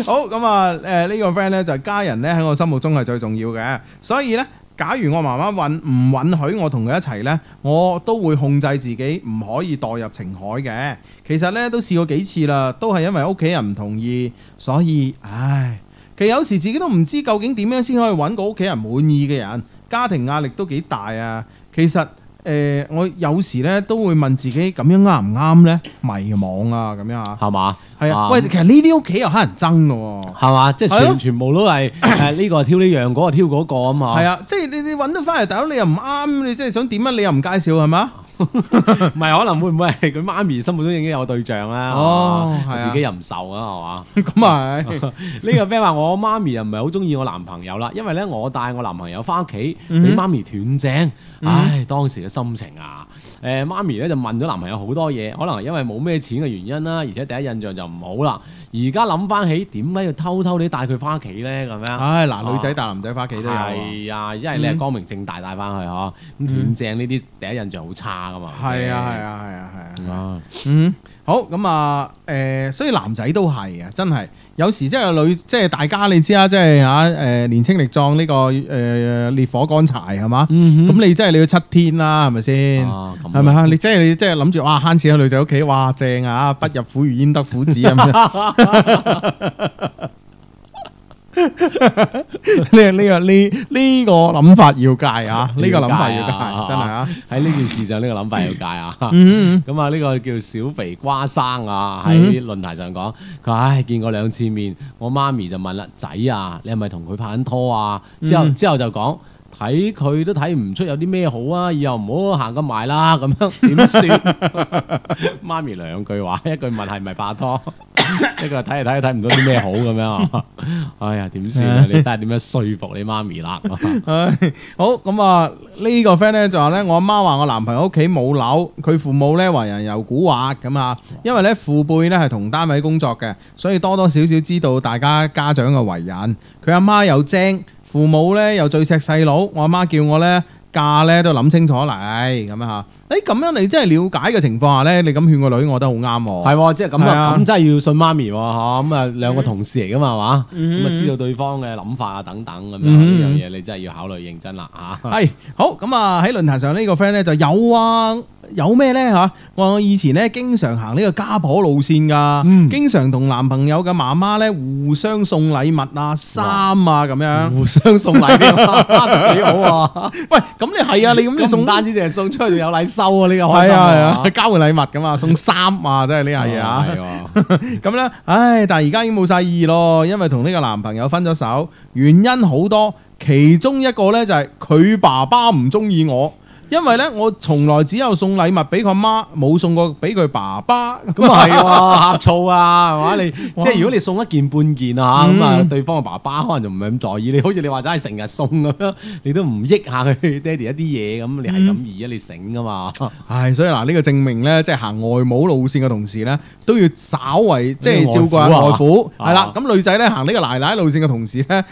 好，咁啊，誒、呃，這個、呢個 friend 咧就係、家人咧喺我心目中係最重要嘅，所以咧，假如我媽媽允唔允許我同佢一齊咧，我都會控制自己唔可以墮入情海嘅。其實咧都試過幾次啦，都係因為屋企人唔同意，所以唉。其實有時自己都唔知究竟點樣先可以搵個屋企人滿意嘅人，家庭壓力都幾大啊。其實誒、呃，我有時咧都會問自己咁樣啱唔啱咧，迷茫啊咁樣啊，係嘛？係吧啊。喂，其實呢啲屋企又乞人憎噶喎，係嘛？即係全、啊、全部都係誒，呢、 啊這個挑呢、這、樣、個，嗰、那個挑嗰、那個啊嘛。係、那個、啊，即係你你搵到翻嚟，大佬你又唔啱，你即係想點啊？你又唔介紹係嘛？唔係， 可能會唔會係佢媽咪心目中已經有對象啦？哦，啊、自己又唔受啊，係嘛吧？咁啊， 呢個咩話？我媽咪又唔係好中意我男朋友啦，因為呢，我帶我男朋友翻屋企，俾媽咪斷正，唉，當時嘅心情啊，誒，媽咪呢就問咗男朋友好多嘢，可能係因為冇咩錢嘅原因啦，而且第一印象就唔好啦。而家諗翻起，點解要偷偷哋帶佢翻屋企咧？咁樣唉，嗱、哎呃，女仔帶、啊、男仔翻屋企都係啊。因為你係光明大、嗯啊、正大帶翻去嗬。咁斷正呢啲第一印象好差噶嘛。係啊係啊係啊係啊。啊啊啊啊嗯。好咁啊，誒、呃，所以男仔都係啊，真係有時即係女，即、就、係、是、大家你知啦，即、就、係、是、啊，誒、呃，年青力壯呢個誒、呃，烈火乾柴係嘛，咁、嗯、哼你真係你要七天啦，係咪先？係咪啊？啊你即、就、係、是、你即係諗住哇慳錢喺女仔屋企，哇，哇正啊，不入虎穴焉得虎子啊！ 呢、 呢個呢、呢個呢呢、呢個諗法要戒啊！呢、啊、個諗法要戒，真係啊！喺呢、啊、件事上，呢 個諗法要戒啊！咁啊，呢個叫小肥瓜生啊，喺論壇上講，佢唉見過兩次面，我媽咪就問啦，仔啊，你係咪同佢拍緊拖啊？之後 之後就講。睇佢都睇唔出有啲咩好啊！以後唔好行咁埋啦，咁樣點算？媽 咪兩句話，一句問係咪拍拖，一句睇啊睇啊睇唔到啲咩好咁樣啊！哎呀，點算啊？ 你睇下點樣說服你媽咪啦？ 好咁啊，呢、這個 friend 咧就話咧，我阿媽話我男朋友屋企冇樓，佢父母咧為人又蠱惑咁啊。因為咧父輩咧係同單位工作嘅，所以多多少少知道大家家長嘅為人。佢阿媽又精。父母咧又最錫細佬，我阿媽叫我咧嫁咧都諗清楚嚟咁啊吓！誒，咁、欸、樣你真係了解嘅情況下咧，你咁勸個女我都好啱喎。係、哦，即係咁啊，咁真係要信媽咪喎，嗬！咁啊，兩個同事嚟噶嘛，係嘛？咁啊，知道對方嘅諗法啊等等咁、嗯、樣呢樣嘢，你，你真係要考慮認真啦，吓。係，好咁啊！喺論壇上呢個 friend 咧就有啊。有咩咧嚇？我以前咧，經常行呢個家婆路線噶嗯、經常同男朋友嘅媽媽咧互相送禮物啊、衫啊咁樣，互相送禮物，幾好啊！喂，咁你係啊、嗯、啊？你咁樣送單子，淨係送出去就有禮收啊？呢個係啊，交換禮物噶、啊、嘛，送衫啊，真係呢樣嘢啊！咁咧、啊，唉、啊 啊，但係而家已經冇晒意義咯，因為同呢個男朋友分咗手，原因好多，其中一個咧就係佢爸爸唔中意我。因為咧，我從來只有送禮物俾佢阿媽，冇送過俾佢爸爸，咁係哇呷醋啊，係嘛你？即係哇 如果你送一件半件、嗯、啊，咁啊，對方嘅爸爸可能就唔係咁在意。好，你好似你話齋，成日送咁樣，你都唔益下佢爹哋一啲嘢咁，你係咁易啊？你醒噶嘛？唉、哎，所以嗱，呢、這個證明咧，即係行外母路線嘅同時咧，都要稍為即係照顧下外父。係、啊、啦，咁、嗯、女仔咧行呢個奶奶路線嘅同時咧，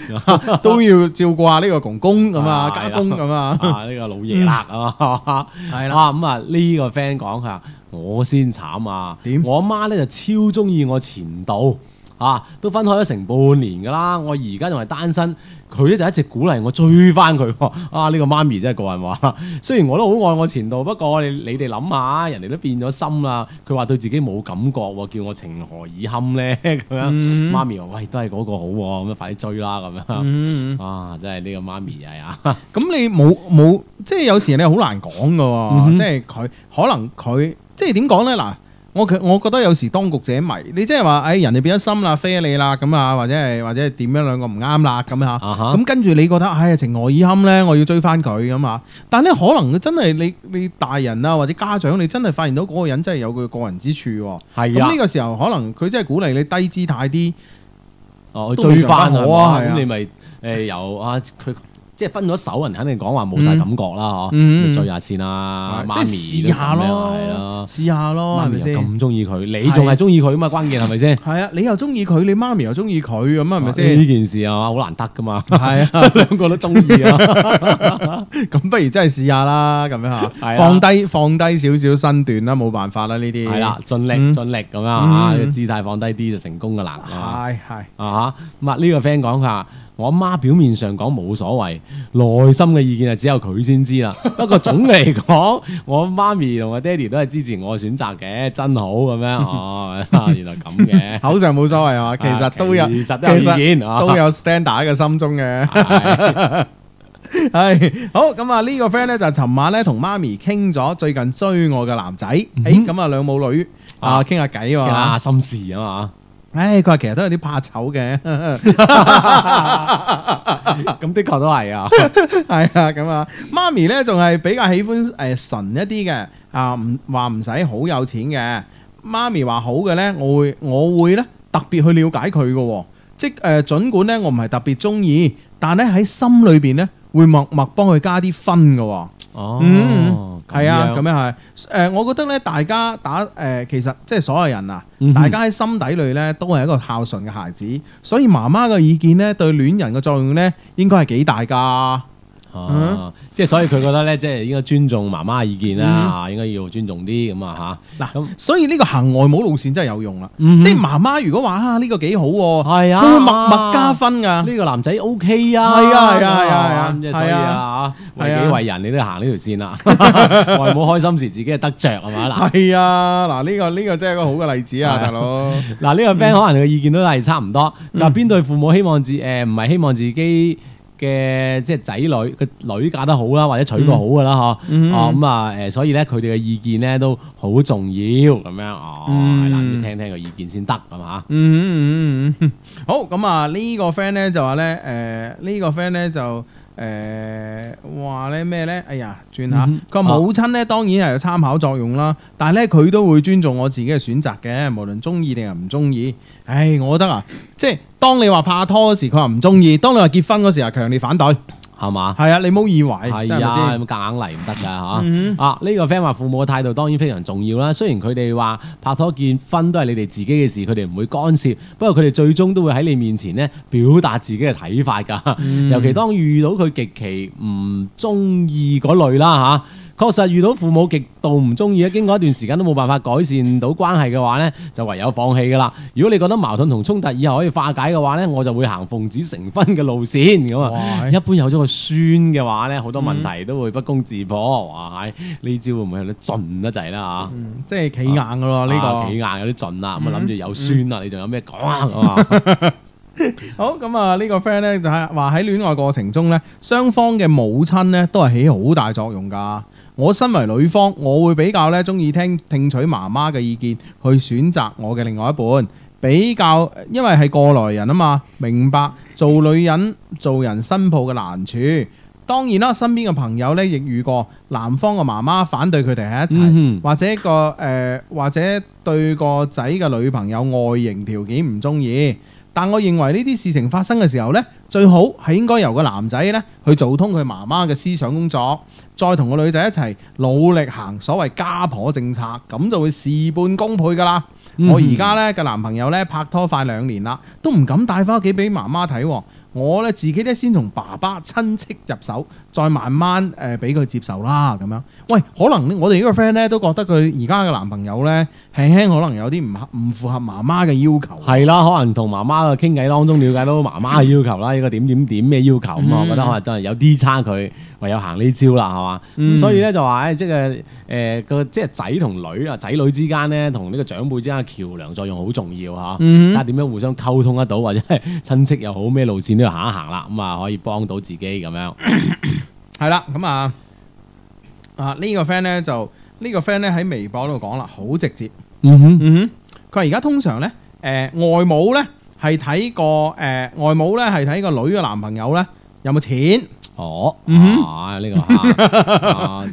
都要照顧下呢個公公咁啊，家公咁啊，呢個老爺啦、啊。啊啊啊 是的 啊，係、嗯、啦，咁啊呢個 friend 講佢話我先慘啊，點樣？我阿媽咧就超中意我前度。啊，都分開咗成半年噶啦，我而家仲係單身，佢咧就一直鼓勵我追翻佢。啊，呢、呢個媽咪真係個人話，雖然我都好愛我前度，不過你哋諗下，人哋都變咗心啦。佢話對自己冇感覺喎，叫我情何以堪呢？咁樣。Mm hmm. 媽咪話：喂，都係嗰個好喎、啊，咁快啲追啦咁樣、mm hmm. 啊。啊，真係呢個媽咪啊。咁、hmm. 你冇冇即係有時你好難講嘅喎，即係佢可能佢即係點講咧嗱？我我覺得有時當局者迷，你即係話誒人哋變咗心啦，飛你啦咁啊，或者係或者點樣兩個唔啱啦咁嚇，咁、uh huh. 嗯、跟住你覺得哎情何以堪呢？我要追翻佢咁嚇。但咧可能真係你你大人啦、啊，或者家長，你真係發現到嗰個人真係有佢個人之處喎。 啊，咁呢個時候可能佢真係鼓勵你低姿態啲，哦，追翻我啊，咁、 啊、你咪誒由啊佢。即係分咗手，人肯定講話冇晒感覺啦，嗬！再試下先啊，媽咪都咁樣，係咯，試下咯，係咪先咁中意佢？你仲係中意佢啊嘛？關鍵係咪先？係啊，你又中意佢，你媽咪又中意佢咁啊，係咪先呢件事啊？好難得噶嘛，係啊，兩個都中意啊，咁不如真係試下啦，咁樣嚇，放低放低少少身段啦，冇辦法啦，呢啲係啦，盡力盡力咁樣嚇，姿態放低啲就成功噶啦，係係啊嚇。咁呢個 friend 講下。我媽表面上講冇所謂，內心嘅意見係只有佢先知啦。 不過總嚟講，我媽咪同我爹哋都係支持我嘅選擇嘅，真好咁樣哦。原來咁嘅， 口上冇所謂啊，其實都有，其實都有意見，都有 standard 喺個心中嘅。係 是 好咁啊，呢個 friend 呢，就尋晚呢，同媽咪傾咗最近追我嘅男仔，誒咁啊兩母女聊聊聊啊傾下偈啊，心事啊嘛。唉，佢話、哎、其實都有啲怕醜嘅，咁的確都係啊，係啊，咁啊，媽咪咧仲係比較喜歡誒純、呃、一啲嘅，啊唔話唔使好有錢嘅，媽咪話好嘅咧，我會我會咧特別去了解佢嘅、哦，即誒盡、呃、管咧我唔係特別中意，但係咧喺心裏邊咧會默默幫佢加啲分嘅，哦。嗯哦係、嗯、啊，咁樣係。誒、呃。我覺得咧，大家打誒、呃，其實即係所有人啊，嗯、哼大家喺心底裏咧都係一個孝順嘅孩子，所以媽媽嘅意見咧對戀人嘅作用咧應該係幾大㗎。即係所以佢覺得咧，即係應該尊重媽媽嘅意見啦，吓應該要尊重啲咁啊吓。嗱咁，所以呢個行外母路線真係有用啦。即係媽媽如果話啊呢個幾好，係啊，默默加分噶。呢個男仔 O K 啊，係啊，係啊，係啊，係啊，係啊，係啊，所以啊，為己為人你都行呢條線啦，外母開心時自己係得著，係嘛？嗱，啊，呢個呢個真係一個好嘅例子啊，大佬。嗱，呢個 friend 可能你嘅意見都係差唔多。嗱，邊對父母希望自，誒唔係希望自己嘅即係仔女，個女嫁得好啦，或者娶個好嘅啦，嗬、嗯。哦，咁啊，誒、嗯，嗯嗯、所以咧，佢哋嘅意見咧都好重要，咁樣。哦，係、嗯、啦，要聽聽個意見先得，咁。嘛、嗯？嗯嗯嗯嗯，嗯。好，咁、嗯、啊，呢、這個 friend 咧就話咧，誒、呃，呢、這個 friend 咧就。誒，話咧咩咧？哎呀，轉下，個、嗯、哼母親咧當然係有參考作用啦，但係咧佢都會尊重我自己嘅選擇嘅，無論中意定係唔中意。唉，我覺得啊，即係當你話拍拖嗰時，佢話唔中意；當你話結婚嗰時，又強烈反對。係嘛？係啊！你唔好以為係啊，夾硬嚟唔得噶吓。啊，呢、mm hmm. 啊這個 friend 話父母嘅態度當然非常重要啦。雖然佢哋話拍拖、結婚都係你哋自己嘅事，佢哋唔會干涉。不過佢哋最終都會喺你面前呢表達自己嘅睇法噶。啊 mm hmm. 尤其當遇到佢極其唔中意嗰類啦吓。啊確實遇到父母極度唔中意，經過一段時間都冇辦法改善到關係嘅話呢，就唯有放棄噶啦。如果你覺得矛盾同衝突以後可以化解嘅話呢，我就會行奉子成婚嘅路線咁啊。哇一般有咗個孫嘅話呢，好多問題都會不攻自破。哇！呢招會唔會有啲盡得滯啦？嚇、嗯，啊、即係企硬噶咯。呢、啊呢個企、啊、硬有啲盡啦。咁啊、嗯，諗住有孫啦，嗯、你仲有咩講啊？ 好咁啊，呢個 friend 呢，就係話喺戀愛過程中呢，雙方嘅母親呢，都係起好大作用㗎。我身為女方，我會比較咧，中意聽聽取媽媽嘅意見去選擇我嘅另外一半，比較因為係過來人啊嘛，明白做女人、做人新抱嘅難處。當然啦，身邊嘅朋友咧，亦遇過男方嘅媽媽反對佢哋喺一齊，嗯、哼或者個誒、呃，或者對個仔嘅女朋友外形條件唔中意。但我認為呢啲事情發生嘅時候呢，最好係應該由個男仔呢去做通佢媽媽嘅思想工作，再同個女仔一齊努力行所謂家婆政策，咁就會事半功倍噶啦。嗯、我而家呢個男朋友呢，拍拖快兩年啦，都唔敢帶翻屋企俾媽媽睇、啊。我咧自己咧先從爸爸親戚入手，再慢慢誒俾佢接受啦咁樣。喂，可能我哋呢個 friend 咧都覺得佢而家嘅男朋友呢，輕輕可能有啲唔合唔符合媽媽嘅要求。係啦、嗯，可能同媽媽嘅傾偈當中了解到媽媽嘅要求啦，呢個點點點嘅要求啊？嗯、我覺得可能真係有啲差距。唯有行呢招啦，係嘛咁，嗯、所以咧就話咧，即係誒個即係仔同女啊，仔女之間咧，同呢個長輩之間嘅橋樑作用好重要吓，睇下點樣互相溝通得到，或者係親戚又好咩路線都要行一行啦，咁啊可以幫到自己咁樣。係啦，咁啊啊呢個 friend 咧就呢個 friend 咧喺微博度講啦，好直接。嗯哼，嗯，佢話而家通常咧，誒、呃、外母咧係睇個誒外母咧係睇個女嘅男朋友咧有冇錢。哦，啊呢、這個，佢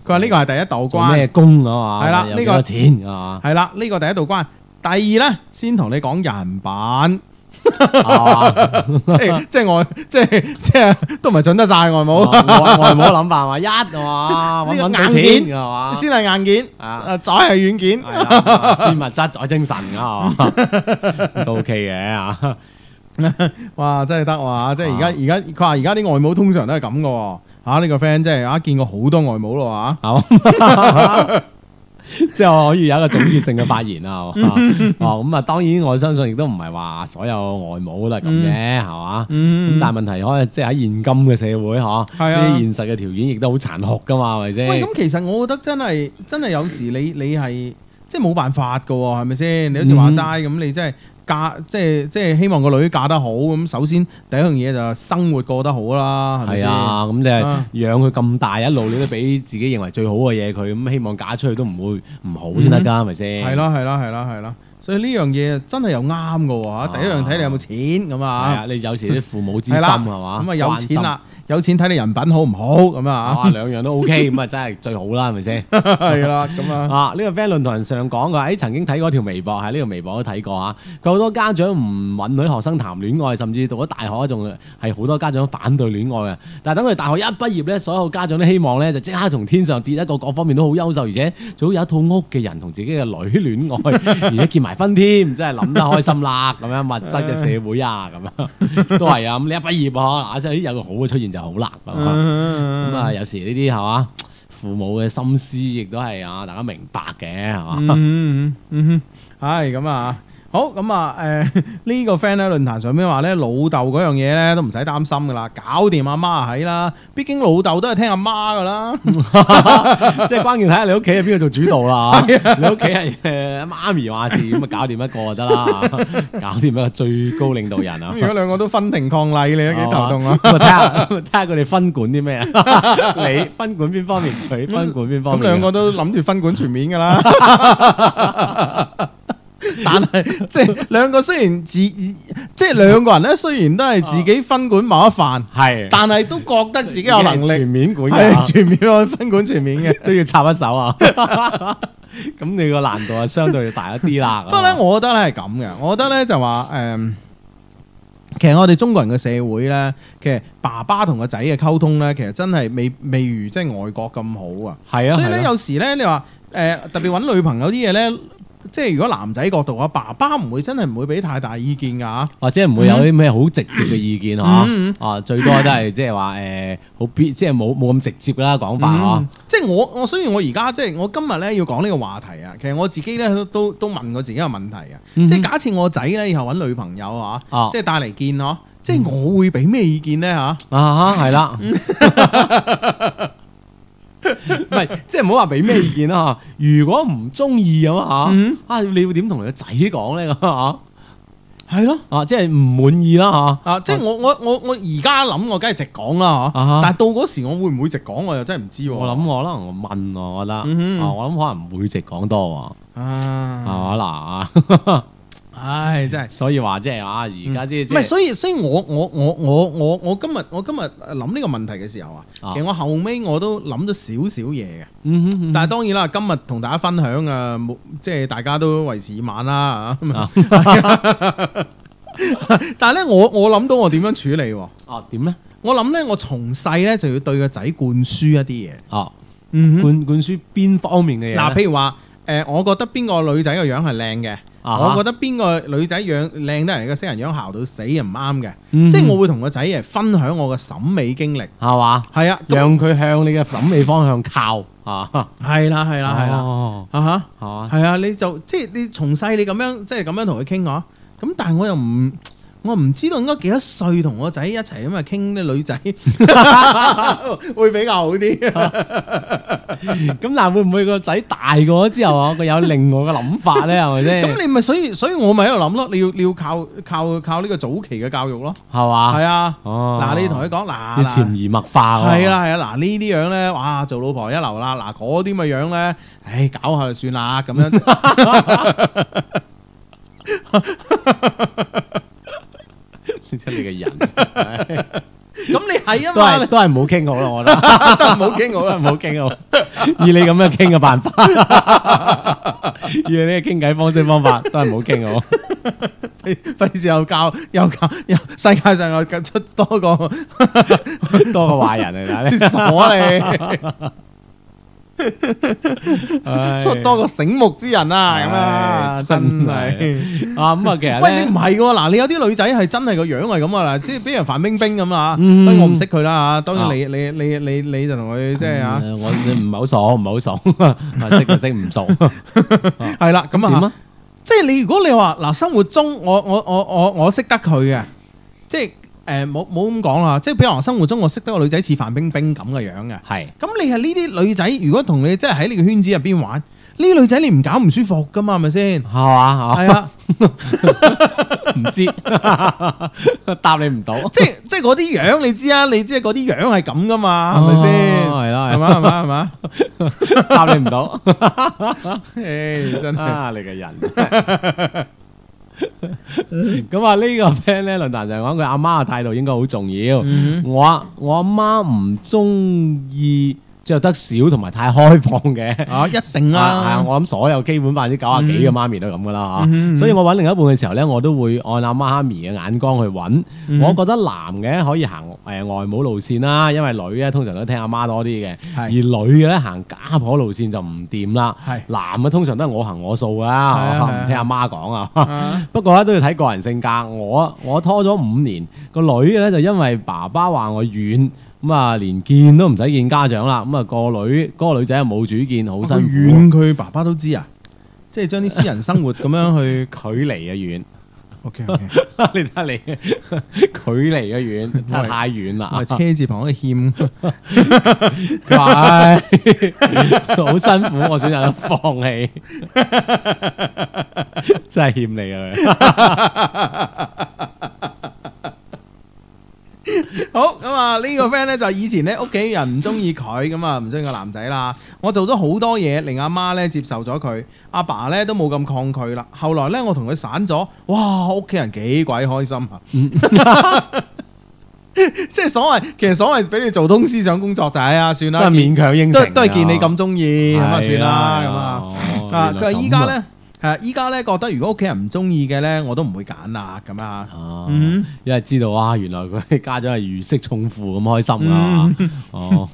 話呢個係第一道關工，啊，咩工啊嘛？係啦，呢個錢啊係啦，呢個第一道關。第二咧，先同你講人品，即係即係外，即係即係都唔係准得晒外母，外母諗辦法一啊，搵搵硬件，啊嘛，先係硬件啊，再係軟件，先、啊、物質再精神噶，都 OK 嘅啊。哇，真係得哇！即係而家，而家佢話而家啲外母通常都係咁噶，吓、啊、呢個 friend 真係啊，見過好多外母咯，吓、啊， 即係可以有一個總結性嘅發言啊。咁啊，當然我相信亦都唔係話所有外母都係咁嘅，係嘛？咁但係問題可能即係喺現今嘅社會嗬，呢、啊、啲、啊、現實嘅條件亦都好殘酷噶嘛，係咪先？啊、喂，咁、嗯、其實我覺得真係真係有時你你係即係冇辦法噶，係咪先？你好似話齋咁，你真係。嫁即係即係希望個女嫁得好咁，首先第一樣嘢就生活過得好啦，係咪先？咁你、啊、養佢咁大一路，你都俾自己認為最好嘅嘢佢，咁希望嫁出去都唔會唔好先得㗎，係咪先？係囉、係囉、係囉、係囉，所以呢樣嘢真係又啱嘅喎嚇。第一樣睇你有冇錢咁啊嚇。係啊，你有時啲父母之心係嘛？咁 啊有錢啦。有錢睇你人品好唔好咁啊嚇、哦，兩樣都 O K 咁啊，真係最好啦，係咪先？係啦、啊，咁啊啊呢個 friend 論壇上講嘅，喺、欸、曾經睇過條微博喺呢條微博都睇過嚇、啊。好多家長唔允許學生談戀愛，甚至到咗大學仲係好多家長反對戀愛啊。但係等佢大學一畢業呢，所有家長都希望呢，就即刻從天上跌一個各方面都好優秀，而且仲有一套屋嘅人同自己嘅女戀愛， 而且結埋婚添，真係諗得開心啦咁。 樣物質嘅社會啊咁啊，都係啊咁你一畢業啊，有個好嘅出現就～好辣咁啊！咁啊，有時呢啲係嘛，父母嘅心思亦都係啊，大家明白嘅係嘛？嗯嗯嗯，唉， 咁啊。 好咁啊！誒呢個 friend 咧，論壇上邊話咧，老豆嗰樣嘢咧都唔使擔心噶啦，搞掂阿媽喺啦。畢竟老豆都係聽阿媽噶啦，即係關鍵睇下你屋企係邊個做主導啦。你屋企係誒媽咪話事咁啊，搞掂一個就得啦，搞掂一個最高領導人啊。咁如果兩個都分庭抗禮，你都幾頭痛啊？睇下睇下佢哋分管啲咩？你分管邊方面？佢分管邊方面？咁兩個都諗住分管全面噶啦。 但係即係兩個雖然自即係兩個人咧，雖然都係自己分管某一範系，但係都覺得自己有能力全面管，全面去分管全面嘅 都要插一手啊！咁 你個難度啊，相對大一啲啦。不過咧，我覺得咧係咁嘅。我覺得咧就話誒、嗯，其實我哋中國人嘅社會咧，其實爸爸同個仔嘅溝通咧，其實真係未未如即係外國咁好啊。係啊的，所以咧的的有時咧，你話誒特別搵女朋友啲嘢咧。即係如果男仔角度啊，爸爸唔會真係唔會俾太大意見噶或者唔會有啲咩好直接嘅意見嗬、啊， 啊最多都係即係話誒好必即係冇冇咁直接啦講、啊、法嗬、啊嗯。即係我我雖然我而家即係我今日咧要講呢個話題啊，其實我自己咧都都都問過自己個問題啊。即係假設我仔咧以後搵女朋友啊，即係帶嚟見咯，即係我會俾咩意見咧吓？啊係、啊、啦。 唔係， 即係唔好話俾咩意見啦吓。 如果唔中意咁吓，嗯、啊，你會點同你個仔講咧咁吓？係 咯、啊，啊，即係唔滿意啦吓。啊，即係、啊啊、我我我我而家諗我梗係直講啦、啊、哈但係到嗰時我會唔會直講我又真係唔知。我諗我可能我問我覺得，嗯哼啊、我諗可能唔會直講多啊，係嘛嗱。唉，真係、就是嗯，所以話即係啊，而家即係所以所以我我我我我我今日我今日諗呢個問題嘅時候啊，其實我後尾我都諗咗少少嘢嘅，嗯哼，嗯哼但係當然啦，今日同大家分享啊，即係大家都為時晚啦、啊、 但係呢，我我諗到我點樣處理喎？哦、啊，點呢？我諗呢，我從細呢就要對個仔灌輸一啲嘢，哦、啊，嗯、哼灌灌輸邊方面嘅嘢？嗱、啊，譬如話誒、呃，我覺得邊個女仔個樣係靚嘅。啊！Uh huh. 我覺得邊個女仔樣靚得人，嘅，西人樣姣到死，唔啱嘅。即係我會同個仔嚟分享我嘅審美經歷，係嘛 吧？係啊，讓佢向你嘅審美方向靠啊！係 啦，係啦，係啦，啊哈，係啊！你就即係你從細你咁樣，即係咁樣同佢傾嗬。咁但係我又唔。我唔知道應該幾多歲同我仔一齊咁啊，傾啲女仔會比較好啲。 咁嗱，會唔會個仔大過之後啊，佢 有另外嘅諗法咧？係咪先？咁 你咪所以，所以我咪喺度諗咯。你要你要靠靠靠呢個早期嘅教育咯，係嘛吧？係啊。哦，嗱，你同佢講嗱，潛移默化。係啊，係啊哇，嗱呢啲樣咧，哇，做老婆一流啦。嗱嗰啲咪樣咧，唉、哎，搞下就算啦，咁樣。 出 你嘅人，咁你係啊嘛，都係唔好傾我啦，我覺得唔好傾我啦， 都係唔好傾我，以你咁樣傾嘅辦法，以你嘅傾偈方式方法，都係唔好傾我，費事又教又教又，教又世界上又出多個多個壞人嚟啦，傻啊，你。 出多個醒目之人啊，咁啊，真係啊，咁啊， 其實，喂，你唔係噶，嗱，你有啲女仔係真係個樣係咁啊，嗱，即係比如范冰冰咁啊，所以我唔識佢啦，吓，當然、啊、你你你你你就同佢即係吓，我唔係好熟，唔係好熟，識就識唔熟，係啦，咁啊，即係你如果你話嗱，生活中我我我我我識得佢嘅，即係。誒，冇冇咁講啦，即係比如我生活中我識得個女仔似范冰冰咁嘅樣嘅，係是。咁你係呢啲女仔，如果同你即係喺你嘅圈子入邊玩，呢啲女仔你唔搞唔舒服噶嘛，係咪先？係嘛？係啊，唔、啊啊、 知道， 答你唔到。即係即係嗰啲樣你知啊，你即係嗰啲樣係咁噶嘛，係咪先？係啦、哦，係嘛係嘛係嘛， 答你唔到。誒、 hey, 的，真係、啊、你嘅人。 咁啊， 這這個呢個 friend 咧論壇就係講佢阿媽嘅態度應該好重要。嗯、我我阿媽唔中意。即係得少同埋太開放嘅、啊，啊一成啦、啊啊啊，我諗所有基本百分之九啊幾嘅媽咪都咁噶啦，嗯嗯嗯、所以我揾另一半嘅時候呢，我都會按阿媽咪嘅眼光去揾。嗯、我覺得男嘅可以行誒、呃、外母路線啦、啊，因為女嘅通常都聽阿媽，媽多啲嘅，是而女嘅呢行家婆路線就唔掂啦。係是男嘅通常都係我行我素噶，唔聽阿媽講啊。不過呢都要睇個人性格。我我，我拖咗五年，個女嘅呢就因為爸爸話我遠。 咁啊，連見都唔使見家長啦！咁啊，個女嗰、嗰個、女仔又冇主見，好辛苦。啊、遠佢爸爸都知啊，即係將啲私人生活咁樣去距離嘅遠。O Okay , K，okay. 你睇下你距離嘅遠，太遠啦！車字旁可欠，佢 好 辛苦，我選擇放棄， 真係欠你啊！好咁啊！呢個 friend 咧就係，以前咧屋企人唔中意佢，咁啊唔中意個男仔啦。我做咗好多嘢令阿媽咧接受咗佢，阿爸咧都冇咁抗拒啦。後來咧我同佢散咗，哇！屋企人幾鬼開心啊！ 即係所謂，其實所謂俾你做通思想工作仔，就係哎，啊，算啦，勉強應承都係見你咁中意，咁啊算啦，咁啊啊！佢話依家咧。誒依家咧覺得如果屋企人唔中意嘅咧，我都唔會揀啦咁啊！因為、mm. 知道啊，原來佢家姐係如釋重負咁開心啦、mm. 啊！哦，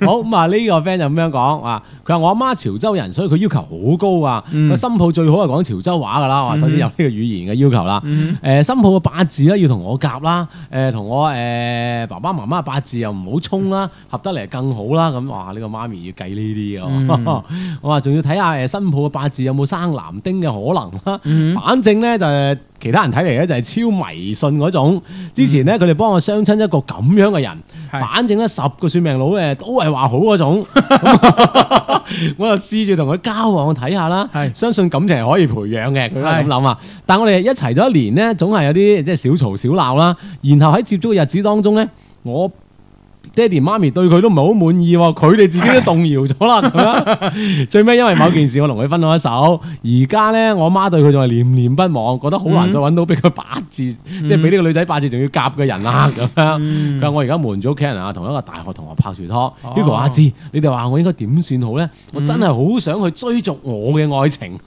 好咁啊，呢、這個 friend 就咁樣講啊，佢話我阿媽潮州人，所以佢要求好高啊！個新抱最好係講潮州話噶啦，啊，首先有呢個語言嘅要求啦。誒新抱嘅八字咧要同我夾啦、呃，誒同我誒爸爸媽媽嘅、啊、八字又唔好衝啦，合得嚟更好啦。咁哇 ans ANK 緣，呢個媽咪要計呢啲嘅，我話仲要睇下誒新抱嘅八字有冇生男。唔丁嘅可能啦，嗯、反正呢就其他人睇嚟呢就係超迷信嗰種。之前呢，佢哋幫我相親一個咁樣嘅人，是反正呢，十個算命佬誒都係話好嗰種， 我就試住同佢交往睇下啦。係是相信感情係可以培養嘅，佢都係咁諗啊。是但我哋一齊咗一年呢，總係有啲即係小吵小鬧啦。然後喺接觸嘅日子當中呢。我。爹哋媽咪對佢都唔係好滿意，佢哋自己都動搖咗啦。 最尾因為某件事我同佢分咗手，而家呢，我媽對佢仲係念念不忘，覺得好難再揾到俾佢八字，嗯、即係俾呢個女仔八字仲要夾嘅人啦。咁樣，佢話、嗯、我而家瞞咗屋企人啊，同一個大學同學拍住拖、哦。呢個阿芝，你哋話我應該點算好呢？我真係好想去追逐我嘅愛情，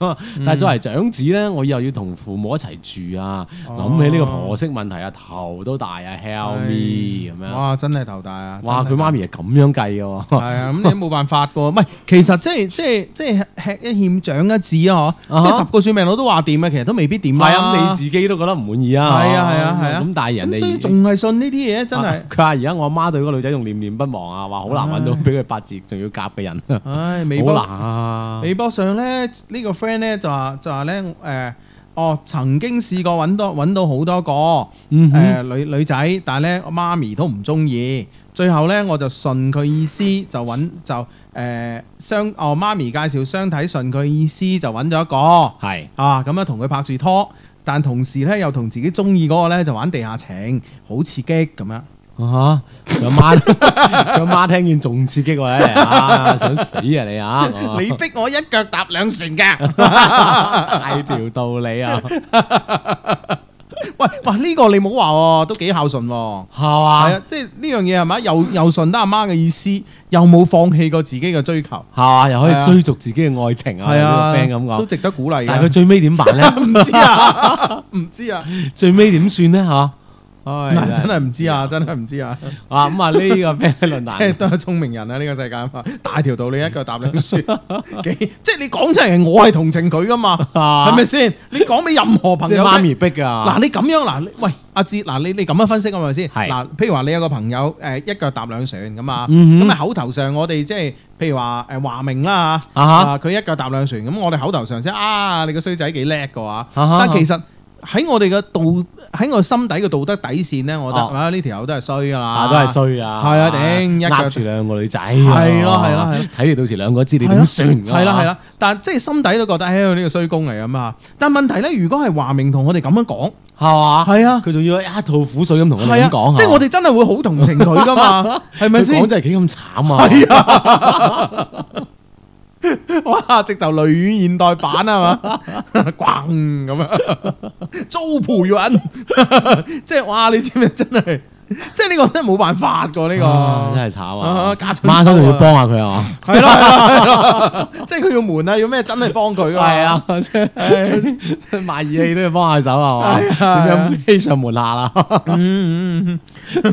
但係作為長子呢，我以後要同父母一齊住啊。諗、哦、起呢個婆媳問題啊，頭都大啊！Help me 哇、欸樣，真係頭大啊！哇！佢媽咪係咁樣計嘅喎，係啊，咁你都冇辦法嘅喎，唔係其實即係即係即係吃一欠長一智啊嗬！即係十個算命佬都話掂啊，其實都未必掂啊。係啊，你自己都覺得唔滿意啊？係啊係啊係啊！咁但係人哋，所以仲係信呢啲嘢真係。佢話而家我阿媽對嗰個女仔仲念念不忘啊，話好難揾到俾佢八字仲要夾嘅人。唉，微博好難啊！微博上咧呢個 friend 咧就話就話咧誒。哦，曾經試過揾多揾到好多個誒、嗯嗯呃、女女仔，但係咧媽咪都唔中意，最後咧我就順佢意思就揾就誒相、呃、哦媽咪介紹相睇順佢意思就揾咗一個，係是啊咁樣同佢拍住拖，但同時咧又同自己中意嗰個咧就玩地下情，好刺激咁樣。啊！阿媽，阿媽聽見仲刺激喎，啊！想死啊你啊！你逼我一腳踏兩船嘅，大條道理啊！喂喂，呢個你冇話喎，都幾孝順，係嘛？即係呢樣嘢，係咪又又順得阿媽嘅意思，又冇放棄過自己嘅追求，係嘛？又可以追逐自己嘅愛情啊！呢個 friend 咁講都值得鼓勵。但係佢最尾點辦咧？唔知啊，唔知啊，最尾點算咧？吓！唔、oh, yeah, 真係唔知，知啊！嗯、真係唔知啊！啊咁啊呢個咩？論壇咩都係聰明人啊！呢是、啊、個世界大條道理，呃，一腳踏兩船，幾即係你講出嚟，嗯、我係同情佢噶嘛？係咪先？你講俾任何朋友媽咪逼噶嗱，你咁樣嗱，喂阿哲，嗱，你你咁樣分析係咪先？嗱，譬如話你有個朋友誒，呃呃、一腳踏兩船咁啊，咁、嗯、啊口頭上我哋即係譬如話誒華明啦佢一腳踏兩船咁，我哋口頭上先。啊你個衰仔幾叻嘅話，但其實。喺我哋嘅道，喺我心底嘅道德底線咧，我覺得，哇！呢條友都係衰噶啦，都係衰啊，係啊，頂，攬住兩個女仔，係咯係咯，睇你到時兩個知你點算，係啦係啦，但即係心底都覺得，哎呀，呢個衰公嚟啊嘛！但問題咧，如果係華明同我哋咁樣講，係嘛？係啊，佢仲要一套苦水咁同我哋講，即係我哋真係會好同情佢噶嘛？係咪先？我真係幾咁慘啊！係啊。哇！ 直頭雷雨現代版啊係嘛，咣咁、 呃、這樣，租培允， 即係哇！你知唔知 真係？即係呢個真係冇辦法噶呢個，真係慘啊！媽生會幫下佢啊，嘛？係咯，即係佢要瞞啊，要咩真係幫佢噶，係啊，賣義氣都要幫下手啊，咁樣欺上瞞下啦。呢個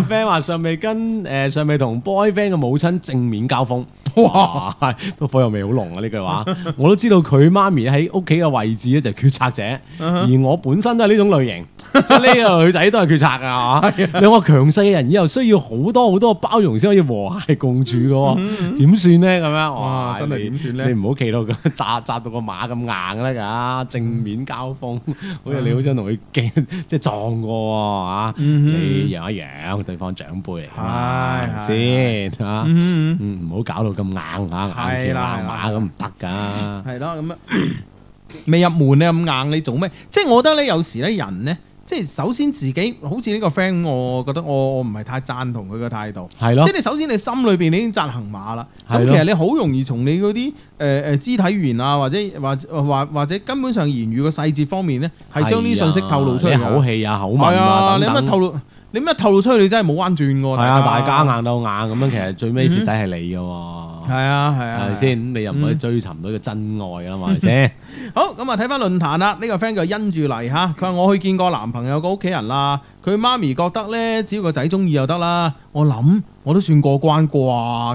friend 話尚未跟誒，尚未同 boyfriend 嘅母親正面交鋒，哇，個火又味好濃啊！呢句話，我都知道佢媽咪喺屋企嘅位置咧就係決策者，而我本身都係呢種類型，呢個女仔都係決策噶。啊！兩個強勢嘅人以後需要好多好多包容先可以和諧共處嘅喎，點算呢？咁樣哇，真係點算咧？你唔好企到個扎扎到個馬咁硬啦，嚇！正面交鋒，好似你好想同佢即係撞過喎，你讓一讓，對方長輩係先嚇，唔好搞到咁硬嚇，硬馬咁唔得㗎。係咯，咁樣未入門你咁硬，你做咩？即係我覺得你有時咧人呢。即係首先自己好似呢個 friend，我覺得我我唔係太贊同佢嘅態度。係咯的。即係你首先你心裏邊你已經扎行馬啦。咁的其實你好容易從你嗰啲誒誒肢體語言啊，或者或者或者或者根本上言語嘅細節方面咧，係的將啲信息透露出嚟嘅。即係口氣啊，口吻啊的等等。你你咩透露出去，你真係冇彎轉喎！係啊，大家硬到硬咁樣，其實最尾蝕底係你嘅喎。係、mm hmm. 啊，係啊，係先、啊啊？你又唔可以追尋到一個真愛啊？嘛係咪先？好，咁啊睇翻論壇啦。呢個 friend 就因住嚟吓，佢話我去見過男朋友個屋企人啦。佢媽咪覺得咧，只要個仔中意就得啦。我諗我都算過關啩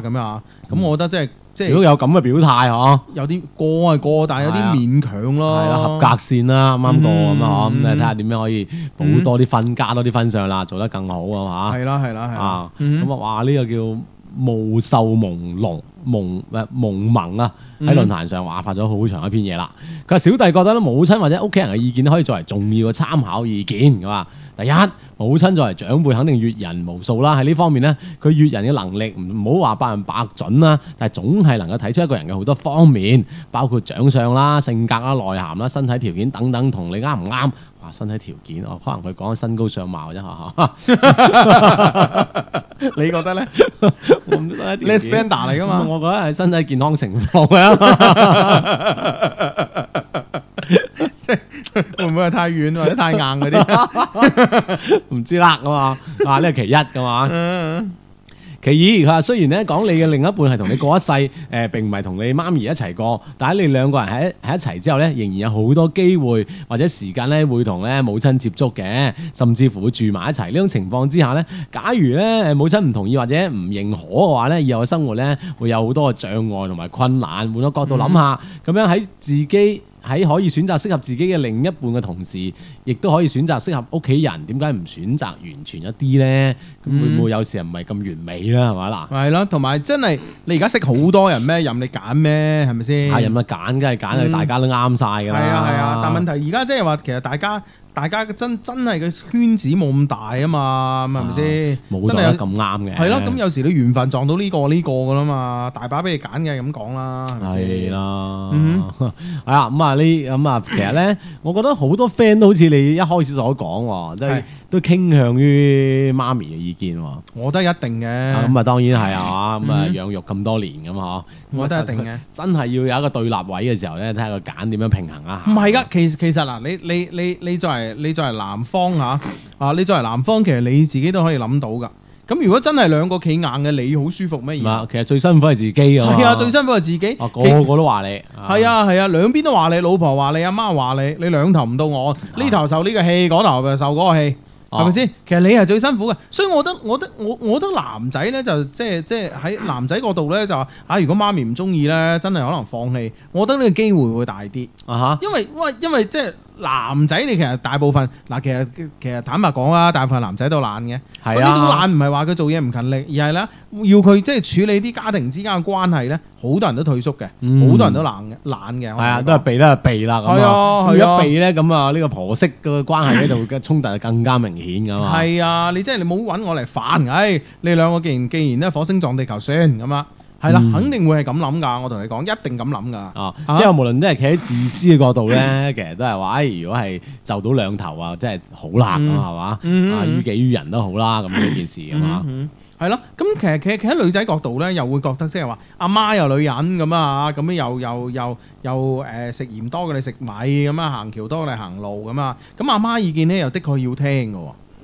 咁樣啊。咁我覺得即係。即係如果有咁嘅表態嗬，有啲過係過，但係有啲勉強咯、啊嗯啊，合格線啦，啱啱過咁啊，咁你睇下點樣可以補多啲分，嗯、加多啲分上啦，做得更好啊嘛！係啦係啦係啊！咁啊，啊啊嗯、哇！呢、這個叫霧秀朦朧朦咩朦朧啊！喺論壇上話發咗好長一篇嘢啦。佢話、嗯、小弟覺得咧，母親或者屋企人嘅意見可以作為重要嘅參考意見，咁啊。第一，母親作為長輩，肯定閲人無數啦。喺呢方面咧，佢閲人嘅能力唔好話百分百準啦，但係總係能夠睇出一個人嘅好多方面，包括長相啦、性格啦、內涵啦、身體條件等等，同你啱唔啱？話身體條件，我可能佢講緊身高相貌啫。你覺得呢？standard 嚟噶嘛、嗯？我覺得係身體健康情況 唔 會話會太遠或者太硬嗰啲，唔 知啦咁啊！啊呢係其一噶嘛， 其二佢雖然咧講你嘅另一半係同你過一世，誒、呃，並唔係同你媽咪一齊過，但係你兩個人喺喺一齊之後咧，仍然有好多機會或者時間咧會同咧母親接觸嘅，甚至乎會住埋一齊。呢種情況之下咧，假如咧誒母親唔同意或者唔認可嘅話咧，以後嘅生活咧會有好多嘅障礙同埋困難。換個角度諗下，咁、嗯、樣喺自己。喺可以選擇適合自己嘅另一半嘅同時，亦都可以選擇適合屋企人。點解唔選擇完全一啲呢？會唔會有時唔係咁完美咧？係咪？嗱，係咯吧，同埋真係你而家識好多人咩？任你揀咩，係咪先？啊，任你揀，梗係揀，嗯、大家都啱晒㗎喇。係啊係啊，但問題而家即係話，其實大家。大家真真係嘅圈子冇咁大啊嘛，係咪先？冇真係咁啱嘅。係咯、啊，咁是有時你緣分撞到呢、呢個呢、呢個噶啦嘛，大把俾你揀嘅，咁講啦。係啦、嗯哼，係啦、 嗯，咁啊呢，咁、嗯、啊，其實咧，我覺得好多 friend 都好似你一開始所講喎。係。都傾向於媽咪嘅意見喎，我覺得一定嘅。咁啊，當然係啊，咁、mm hmm. 啊，養育咁多年咁嗬，我覺得一定嘅，啊、真係要有一個對立位嘅時候呢，睇下個揀點樣平衡啊！唔係㗎，其實其實嗱，你你你，你，作你作為你作為男方嚇啊，你作為男方其實你自己都可以諗到㗎。咁如果真係兩個企硬嘅，你好舒服咩？其實最辛苦係自己啊，最辛苦係自己。啊、個，個個都話你係啊係啊，兩邊都話你，老婆話你，阿媽話你，你兩頭唔到我，呢、啊、頭受呢個氣，嗰頭受嗰個氣。係咪先？其實你係最辛苦嘅，所以我覺得，我覺得，我覺得我覺得男仔咧就即係即係喺男仔嗰度咧就話、啊，如果媽咪唔中意咧，真係可能放棄。我覺得呢個機會會大啲啊！嚇、uh huh.，因為因為因為即係。男仔你其實大部分嗱，其實其實坦白講啊，大部分男仔都懶嘅。係啊，呢種懶唔係話佢做嘢唔勤力，而係咧要佢即係處理啲家庭之間嘅關係咧，好多人都退縮嘅，好、嗯、多人都懶嘅，懶嘅。係啊，都係避都係避啦。係啊，佢一避咧，咁啊呢個婆媳嘅關係喺度嘅衝突係更加明顯噶嘛。係啊，啊，你即係你冇揾我嚟煩。唉、 哎，你兩個既然既然咧火星撞地球算咁啦。係啦，肯定會係咁諗噶。我同你講，一定咁諗噶。哦，即係無論真係企喺自私嘅角度咧，其實都係話，唉，如果係就到兩頭啊，即係好難，咁係嘛啊，於己於人都好啦。咁呢件事係嘛啊，係咯。咁其實其實企喺女仔角度咧，又會覺得即係話阿媽又女人咁啊，吓咁樣又又又又誒食鹽多嘅你食米咁啊，行橋多你行路咁啊。咁阿媽意見咧又的確要聽嘅，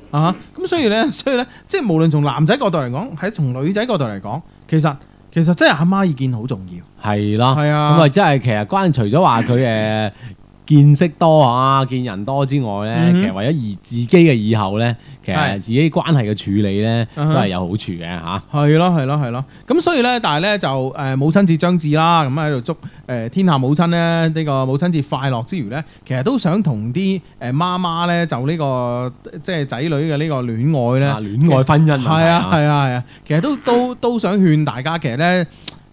啊咁，所以咧，所以咧，即係無論從男仔角度嚟講，喺從女仔角度嚟講，其實。其實真係阿媽意見好重要，係咯，係啊，咁啊、就是，即係其實關除咗話佢誒。 見識多啊，見人多之外呢，嗯、哼 其實為咗而自己嘅以後呢，其實自己關係嘅處理呢，對都係有好處嘅吓，係咯、啊，係咯、啊，係咯、啊。咁、啊啊、所以呢，但係呢，就誒母親節將至啦，咁喺度祝誒天下母親呢，呢、這個母親節快樂之餘呢，其實都想同啲誒媽媽呢，就呢、這個即係仔女嘅呢個戀愛呢，戀愛婚姻係啊係啊係啊，啊，啊，啊，其實都都都，都，都，都想勸大家其實呢。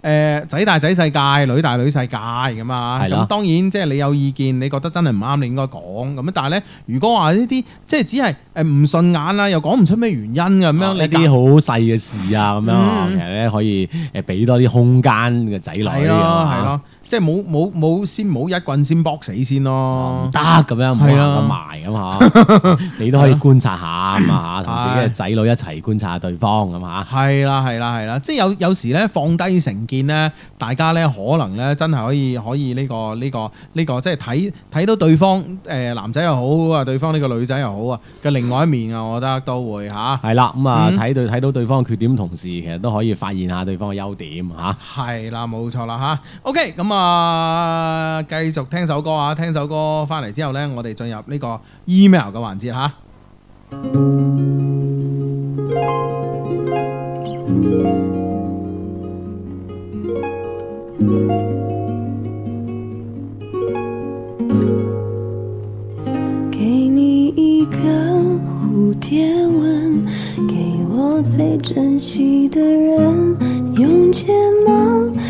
誒，仔、呃、大仔世界，女大女世界咁啊，咁的當然即係你有意見，你覺得真係唔啱，你應該講。咁啊，但係咧，如果話呢啲即係只係誒唔順眼啦，又講唔出咩原因嘅咁樣，呢啲好細嘅事啊，咁樣、嗯、其實咧可以誒俾多啲空間個仔女。係咯，係咯。即係冇冇冇先冇一棍先搏死先咯，嗯、得咁樣唔好咁埋咁嗬， 你都可以觀察下，咁啊同自己嘅仔女一齊觀察下對方咁嚇。係啦係啦係啦，即係有有時咧放低成見咧，大家咧可能咧真係可以可以呢、呢個呢、呢個呢、呢個，即係睇睇到對方誒、呃、男仔又好啊，對方呢個女仔又好啊嘅另外一面啊，我覺得都會嚇。係、啊、啦，咁啊睇到睇到對方嘅缺點，同時其實都可以發現下對方嘅優點嚇。係、啊、啦，冇錯啦嚇。OK，咁、嗯、啊。啊，繼續聽首歌啊，聽首歌翻嚟之後呢，我哋進入呢個 email 嘅環節吓。給你一個蝴蝶吻，給我最珍惜的人，用睫毛。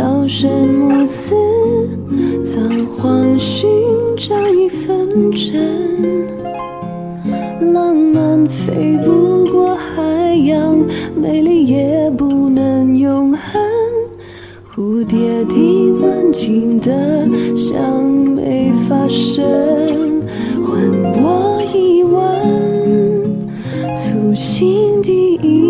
朝生暮死，倉皇尋找一份真。浪漫飛不過海洋，美麗也不能永恆。蝴蝶的溫情的像沒發生，還我一吻，粗心的一。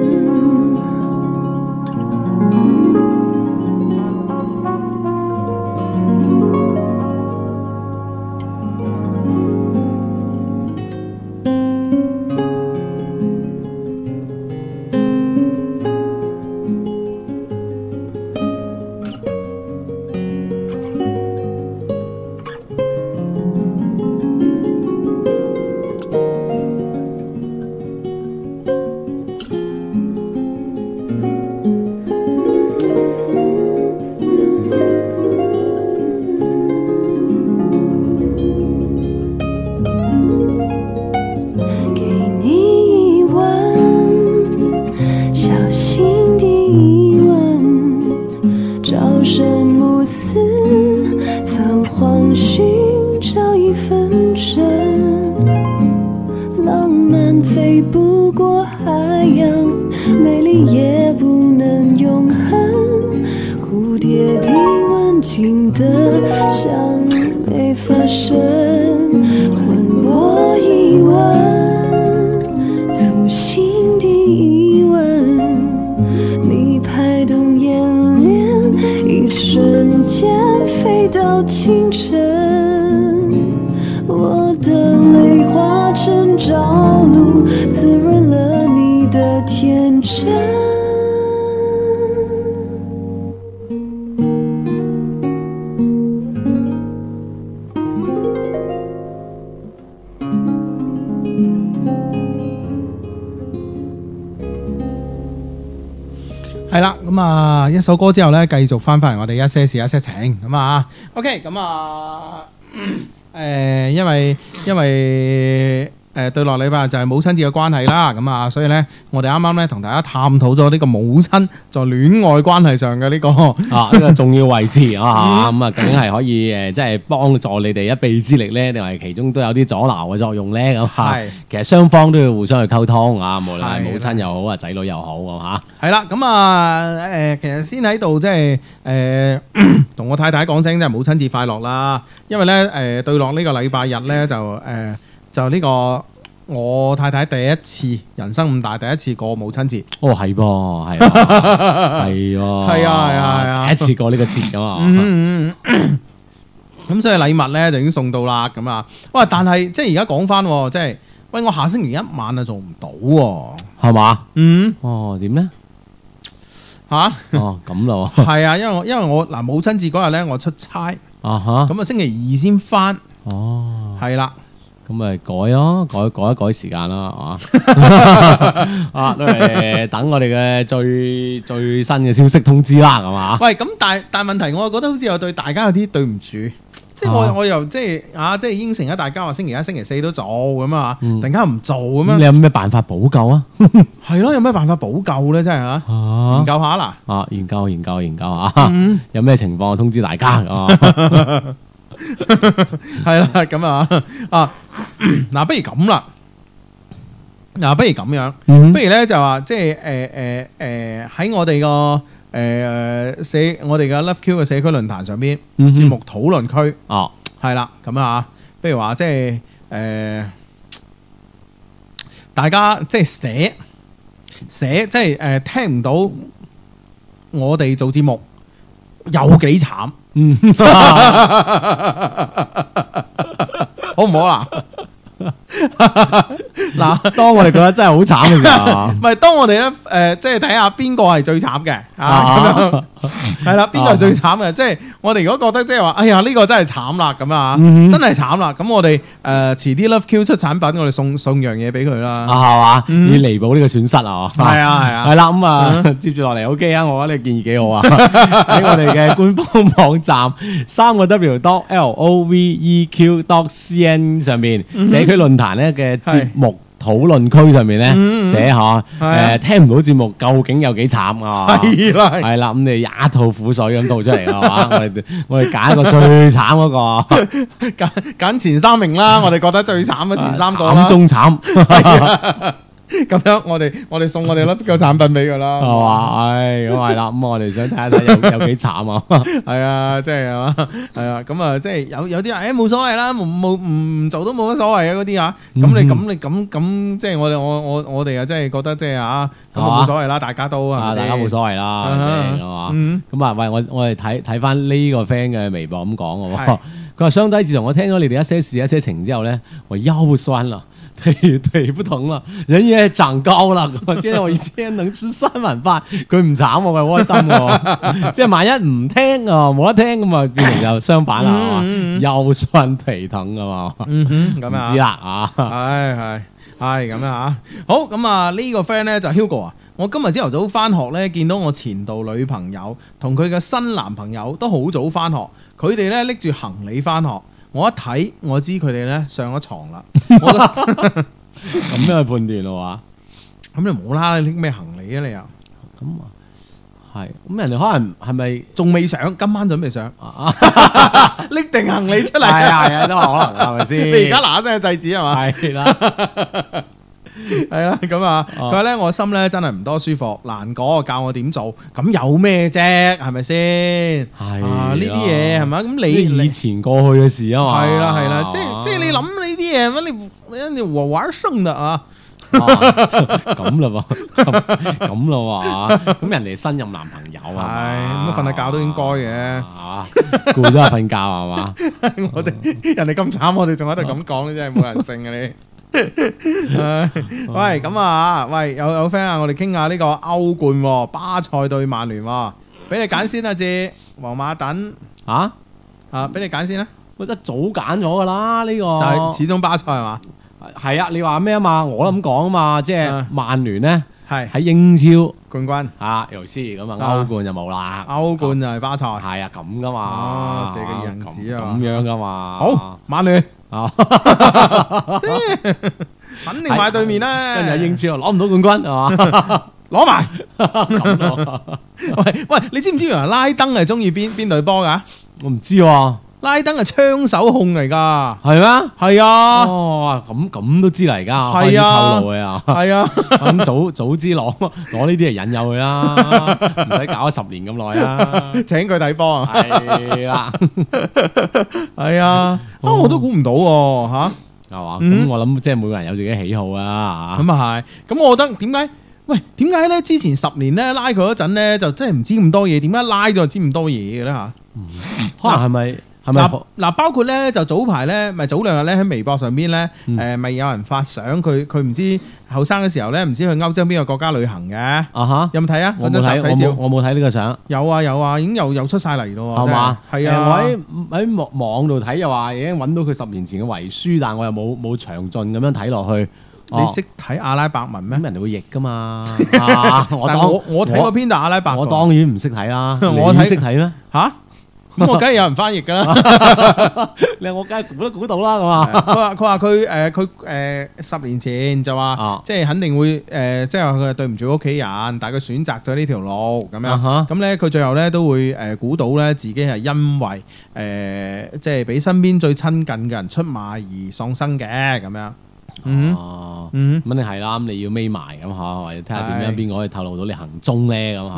美麗也不能永恆，蝴蝶的溫情的像。首歌之後咧，繼續翻翻嚟我哋一些事一些情咁啊！OK，咁啊誒、呃，因為因為。誒，對落禮拜就係母親節嘅關係啦，咁啊，所以咧，我哋啱啱咧同大家探討咗呢個母親在戀愛關係上嘅呢個啊呢個重要位置啊吓，咁啊，究竟係可以誒，即係幫助你哋一臂之力咧，定係其中都有啲阻撓嘅作用咧？咁係，其實雙方都要互相去溝通啊，無論係母親又好啊，仔女又好啊，吓。係啦，咁啊，誒，其實先喺度即係誒，同我太太講聲即係母親節快樂啦，因為咧，誒，對落呢個禮拜日咧就誒。就呢個我太太第一次人生咁大，第一次過母親節。哦，係噃，係，係啊，係啊，係啊，第一次過呢個節噶嘛。咁所以禮物咧就已經送到啦。咁啊，哇！但係即係而家講翻，即係，喂，我下星期一晚啊做唔到喎，係嘛？嗯，哦，點咧？吓，哦，咁咯。係啊，因為我因為我嗱母親節嗰日咧，我出差啊哈，咁啊星期二先翻。哦，係啦。咁咪改咯，改改一改時間啦，啊， 啊都係、就是、等我哋嘅最 最新嘅消息通知啦，係、啊、嘛？喂，咁但但問題，我又覺得好似有對大家有啲對唔住，即係我、啊、我又即係啊，即係應承咗大家話星期一、星期四都做咁啊，嗯、突然間唔做咁樣、嗯，你有咩辦法補救啊？係 咯、啊，有咩辦法補救咧？真係啊，啊研，研究下啦，啊，研究研究研究下。有咩情況通知大家啊？係啦，咁啊，啊，嗱，不如咁啦，嗱，不如咁樣，不如咧就話即係誒誒誒，喺我哋個誒社，我哋嘅 Love Q 嘅社區論壇上邊節目討論區哦，係啦，咁啊，不如話即係誒，大家即係寫寫，即係誒、呃，聽唔到我哋做節目有幾慘。嗯嗯，好唔好啊？嗱，當我哋覺得真係好慘嘅，咪當我哋咧，誒，即係睇下邊個係最慘嘅啊，係啦，邊個係最慘嘅？即係我哋如果覺得即係話，哎呀，呢個真係慘啦，咁啊，真係慘啦，咁我哋誒遲啲 Love Q 出產品，我哋送送樣嘢俾佢啦，係嘛，以彌補呢個損失啊，係啊，係啊，係啦，咁啊，接住落嚟，OK 啊，我覺得你建議幾好啊，喺我哋嘅官方網站三個 W 多 L O V E Q 多 C N 上面寫喺論壇咧嘅節目討論區上面咧寫吓，誒，聽唔到節目究竟有幾慘啊？係啦、啊，係啦、啊，咁你、 啊、一肚苦水咁倒出嚟啊。 我哋我哋揀一個最慘嗰個，揀揀前三名啦，嗯、我哋覺得最慘嘅前三個，咁仲慘。 咁樣我哋我哋送我哋粒舊產品俾佢、哎啊欸、啦，係嘛，咁係啦。咁我哋想睇一睇有有幾慘啊係啊，即係啊，係啊。咁啊，即係有有啲人誒，冇所謂啦，冇唔做都冇乜所謂啊。嗰啲啊，咁你咁你咁咁即係我哋我我我哋啊，即係覺得即係啊，咁冇所謂啦，大家都、嗯、啊，大家冇所謂啦，係嘛。咁啊，喂，我我哋睇睇翻呢個 friend 嘅微博咁講嘅，佢話雙低自從我聽咗你哋一些事一些情之後咧，我憂傷啦。腿 不疼啦，人也長高啦。現在我一天能吃三碗飯，佢唔慘喎，佢開心喎。即係萬一唔聽啊，冇得聽咁啊，變成就相反啦，係嘛，又傷腿疼噶嘛。嗯嗯，咁啊知啦啊。係系係咁啊，好咁啊，呢個 friend 咧就 Hugo 啊，我今日朝頭早翻學咧，見到我前度女朋友同佢嘅新男朋友都好早翻學，佢哋咧拎住行李翻學。我一睇，我知佢哋咧上咗床啦。咁樣去判斷咯。話， 咁你冇啦拎咩行李啊？你又咁啊？係咁人哋可能係咪仲未上？今晚準備上啊？拎 定行李出嚟係啊，都可能係咪先？是是 你而家嗱嗱聲制止，子係嘛？係啦。係啦，咁啊，佢話咧，我心咧真係唔多舒服，難過，教我點做，咁有咩啫？係咪先？係啊，呢啲嘢係咪？咁你以前過去嘅事啊嘛。係啦係啦，即係即係你諗呢啲嘢乜？你因你玩玩生啦啊，咁嘞噃，咁嘞喎，咁人哋新任男朋友啊，咁瞓下覺都應該嘅，啊，攰都係瞓覺係嘛？我哋人哋咁慘，我哋仲喺度咁講，你真係冇人性嘅你。喂，咁啊，喂，有有 friend 啊，我哋傾下呢個歐冠，巴塞對曼聯，俾你揀先啊，子，皇馬等，啊，啊，俾你揀先啦，我得早揀咗噶啦，呢個就係始終巴塞係嘛，係啊，你話咩啊嘛，我都咁講啊嘛，即係曼聯呢，係喺英超冠軍啊，尤斯咁啊，歐冠就冇啦，歐冠就係巴塞，係啊，咁噶嘛，即咁樣噶嘛，好，曼聯。 肯定買對面啦，啊，今日英超攞唔到冠軍係嘛？攞埋。 喂喂，你知唔知原來拉登係中意邊邊隊波噶？ 我唔知、啊。拉登係槍手控嚟噶，係咩？係啊！哦，咁咁都知嚟噶，而家可以透露佢啊，係啊！咁早早知攞攞呢啲嚟引誘佢啦，唔使搞咗十年咁耐啊！請佢睇波啊！係啦，係啊！啊，我都估唔到喎，吓係嘛？咁我諗即係每個人有自己喜好啊，咁啊係。咁我覺得點解？喂，點解咧？之前十年咧拉佢嗰陣咧，就真係唔知咁多嘢，點解拉咗就知咁多嘢嘅咧？吓，可能係咪？係咪嗱包括咧就早排咧，咪早兩日咧喺微博上邊咧，誒咪、嗯呃、有人發相佢佢唔知後生嘅時候咧，唔知去歐洲邊個國家旅行嘅啊吓哈？有冇睇啊？我冇睇著，我我冇睇呢個相。有啊有啊，已經又又出晒嚟咯，係嘛？係啊！嗎啊欸、我喺喺網網度睇又話已經搵到佢十年前嘅遺書，但我又冇冇詳盡咁樣睇落去。啊、你識睇阿拉伯文咩？人哋會譯噶嘛？我我睇過篇阿拉伯文 我，我當然唔識睇啦。睇識睇咩？吓、啊？咁 我梗係有人翻譯噶啦，你我梗係估都估到啦，咁啊。佢話佢話佢誒，佢誒，十年前就話，即係肯定會誒，即係話佢對唔住屋企人，但係佢選擇咗呢條路咁樣，咁咧佢最後咧都會誒估到咧自己係因為誒即係俾身邊最親近嘅人出賣而喪生嘅咁樣。哦，咁肯定係啦，咁你要眯埋咁吓，或者睇下點樣，邊個是可以透露到你行蹤咧咁吓，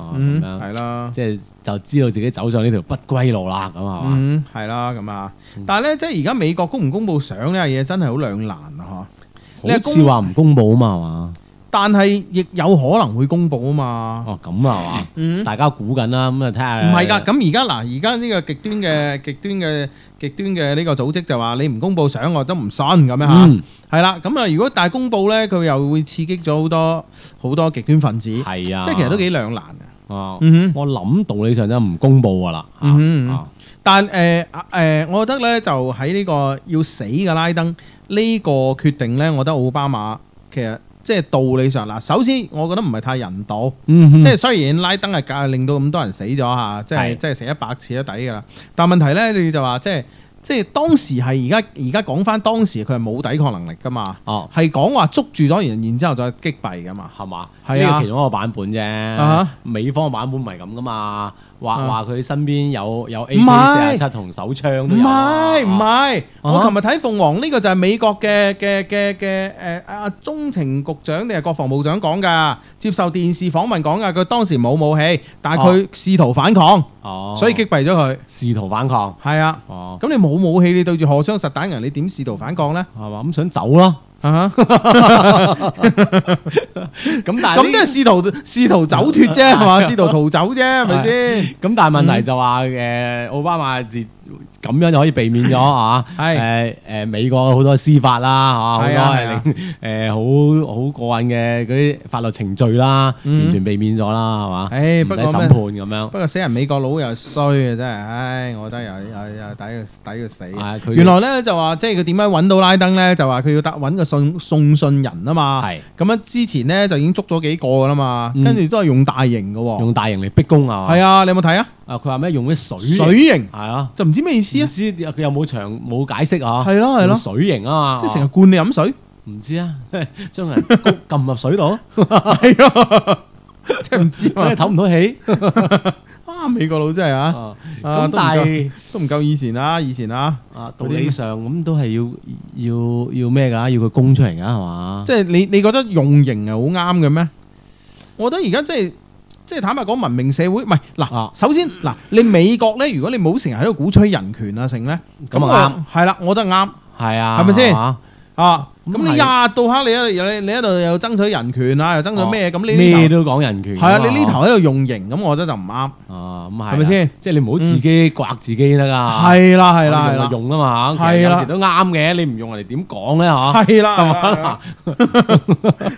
哦，咁樣係啦，即係就知道自己走上呢條不歸路、嗯、樣啦，咁係嘛，係啦，咁啊，但係咧，即係而家美國公唔公布相呢樣嘢，真係好兩難啊，嗬，好似話唔公布啊嘛，係嘛。但係亦有可能會公布啊嘛。哦、啊，咁啊嘛，嗯、大家估緊、啊、啦，咁啊睇下。唔係噶，咁而家嗱，而家呢個極端嘅、極端嘅、極端嘅呢個組織就話你唔公布相我都唔信咁樣吓，係啦。咁啊，如果大公布呢，佢又會刺激咗好多好多極端分子，係啊，即係其實都幾兩難嘅、啊啊。我諗道理上真唔公布噶啦。但係誒誒，我覺得呢，就喺呢個要死嘅拉登呢、這個決定呢，我覺得奧巴馬其實。即係道理上嗱，首先我覺得唔係太人道，嗯、哼即係雖然拉登係教令到咁多人死咗吓，即係是即係死一百次都抵㗎啦。但問題咧，你就話即係即係當時係而家而家講翻當時佢係冇抵抗能力㗎嘛？哦，係講話捉住咗然然之後再擊斃㗎嘛？係嘛吧？係啊，呢個其中一個版本啫。Uh huh、美方嘅版本唔係咁㗎嘛？話話佢身邊有有 AK 四七同手槍、啊，唔係唔係，啊、我琴日睇鳳凰呢、這個就係美國嘅嘅嘅嘅誒阿中情局長定係國防部長講噶，接受電視訪問講噶，佢當時冇武器，但係佢試圖反抗，啊哦、所以擊斃咗佢。試圖反抗係啊，咁、啊、你冇武器，你對住荷槍實彈人，你點試圖反抗呢？係嘛、啊，咁想走咯、啊。啊！咁、uh huh. 但係是呢？咁即係試圖試 圖走脫啫，係嘛？試圖逃走啫，係咪先？咁 但係問題就話，誒、嗯，奧巴馬自。咁樣就可以避免咗啊！係誒誒，美國好多司法啦，吓好多誒，好好過癮嘅嗰啲法律程序啦，完全避免咗啦，係嘛？唔使審判咁樣。不過死人美國佬又衰啊！真係，唉，我覺得又抵要抵佢死。原來咧就話，即係佢點樣搵到拉登咧？就話佢要搭搵個送送信人啊嘛。係咁樣之前咧就已經捉咗幾個啦嘛，跟住都係用大型嘅，用大型嚟逼供啊嘛。係啊！你有冇睇啊？啊！佢話咩？用啲水水型係啊？就唔知。咩意思啊？唔知佢有冇長冇解釋啊？係咯係，咯，水型啊嘛，即係成日灌你飲水，唔知啊，將人撳入水度，係咯，即係唔知啊，唞唔到氣啊！美國佬真係啊，咁但係都唔夠以前啊。以前啊，啊，道理上咁都係要要要咩噶？要佢供出嚟噶，係嘛？即係你你覺得用型係好啱嘅咩？我覺得而家即係。即係坦白講，文明社會唔係嗱，首先嗱，你美國咧，如果你冇成日喺度鼓吹人權啊，成咧咁啊啱，係啦，我都係啱，係啊，係咪先啊？咁你日到黑你喺度，你你喺度又爭取人權啊，又爭取咩？咁呢咩都講人權，係啊，你呢頭喺度用刑，咁我覺得就唔啱啊，咁係咪先？即係你唔好自己刮自己得噶，係啦係啦，用啊嘛吓，其實有時都啱嘅，你唔用人哋點講咧吓？係啦，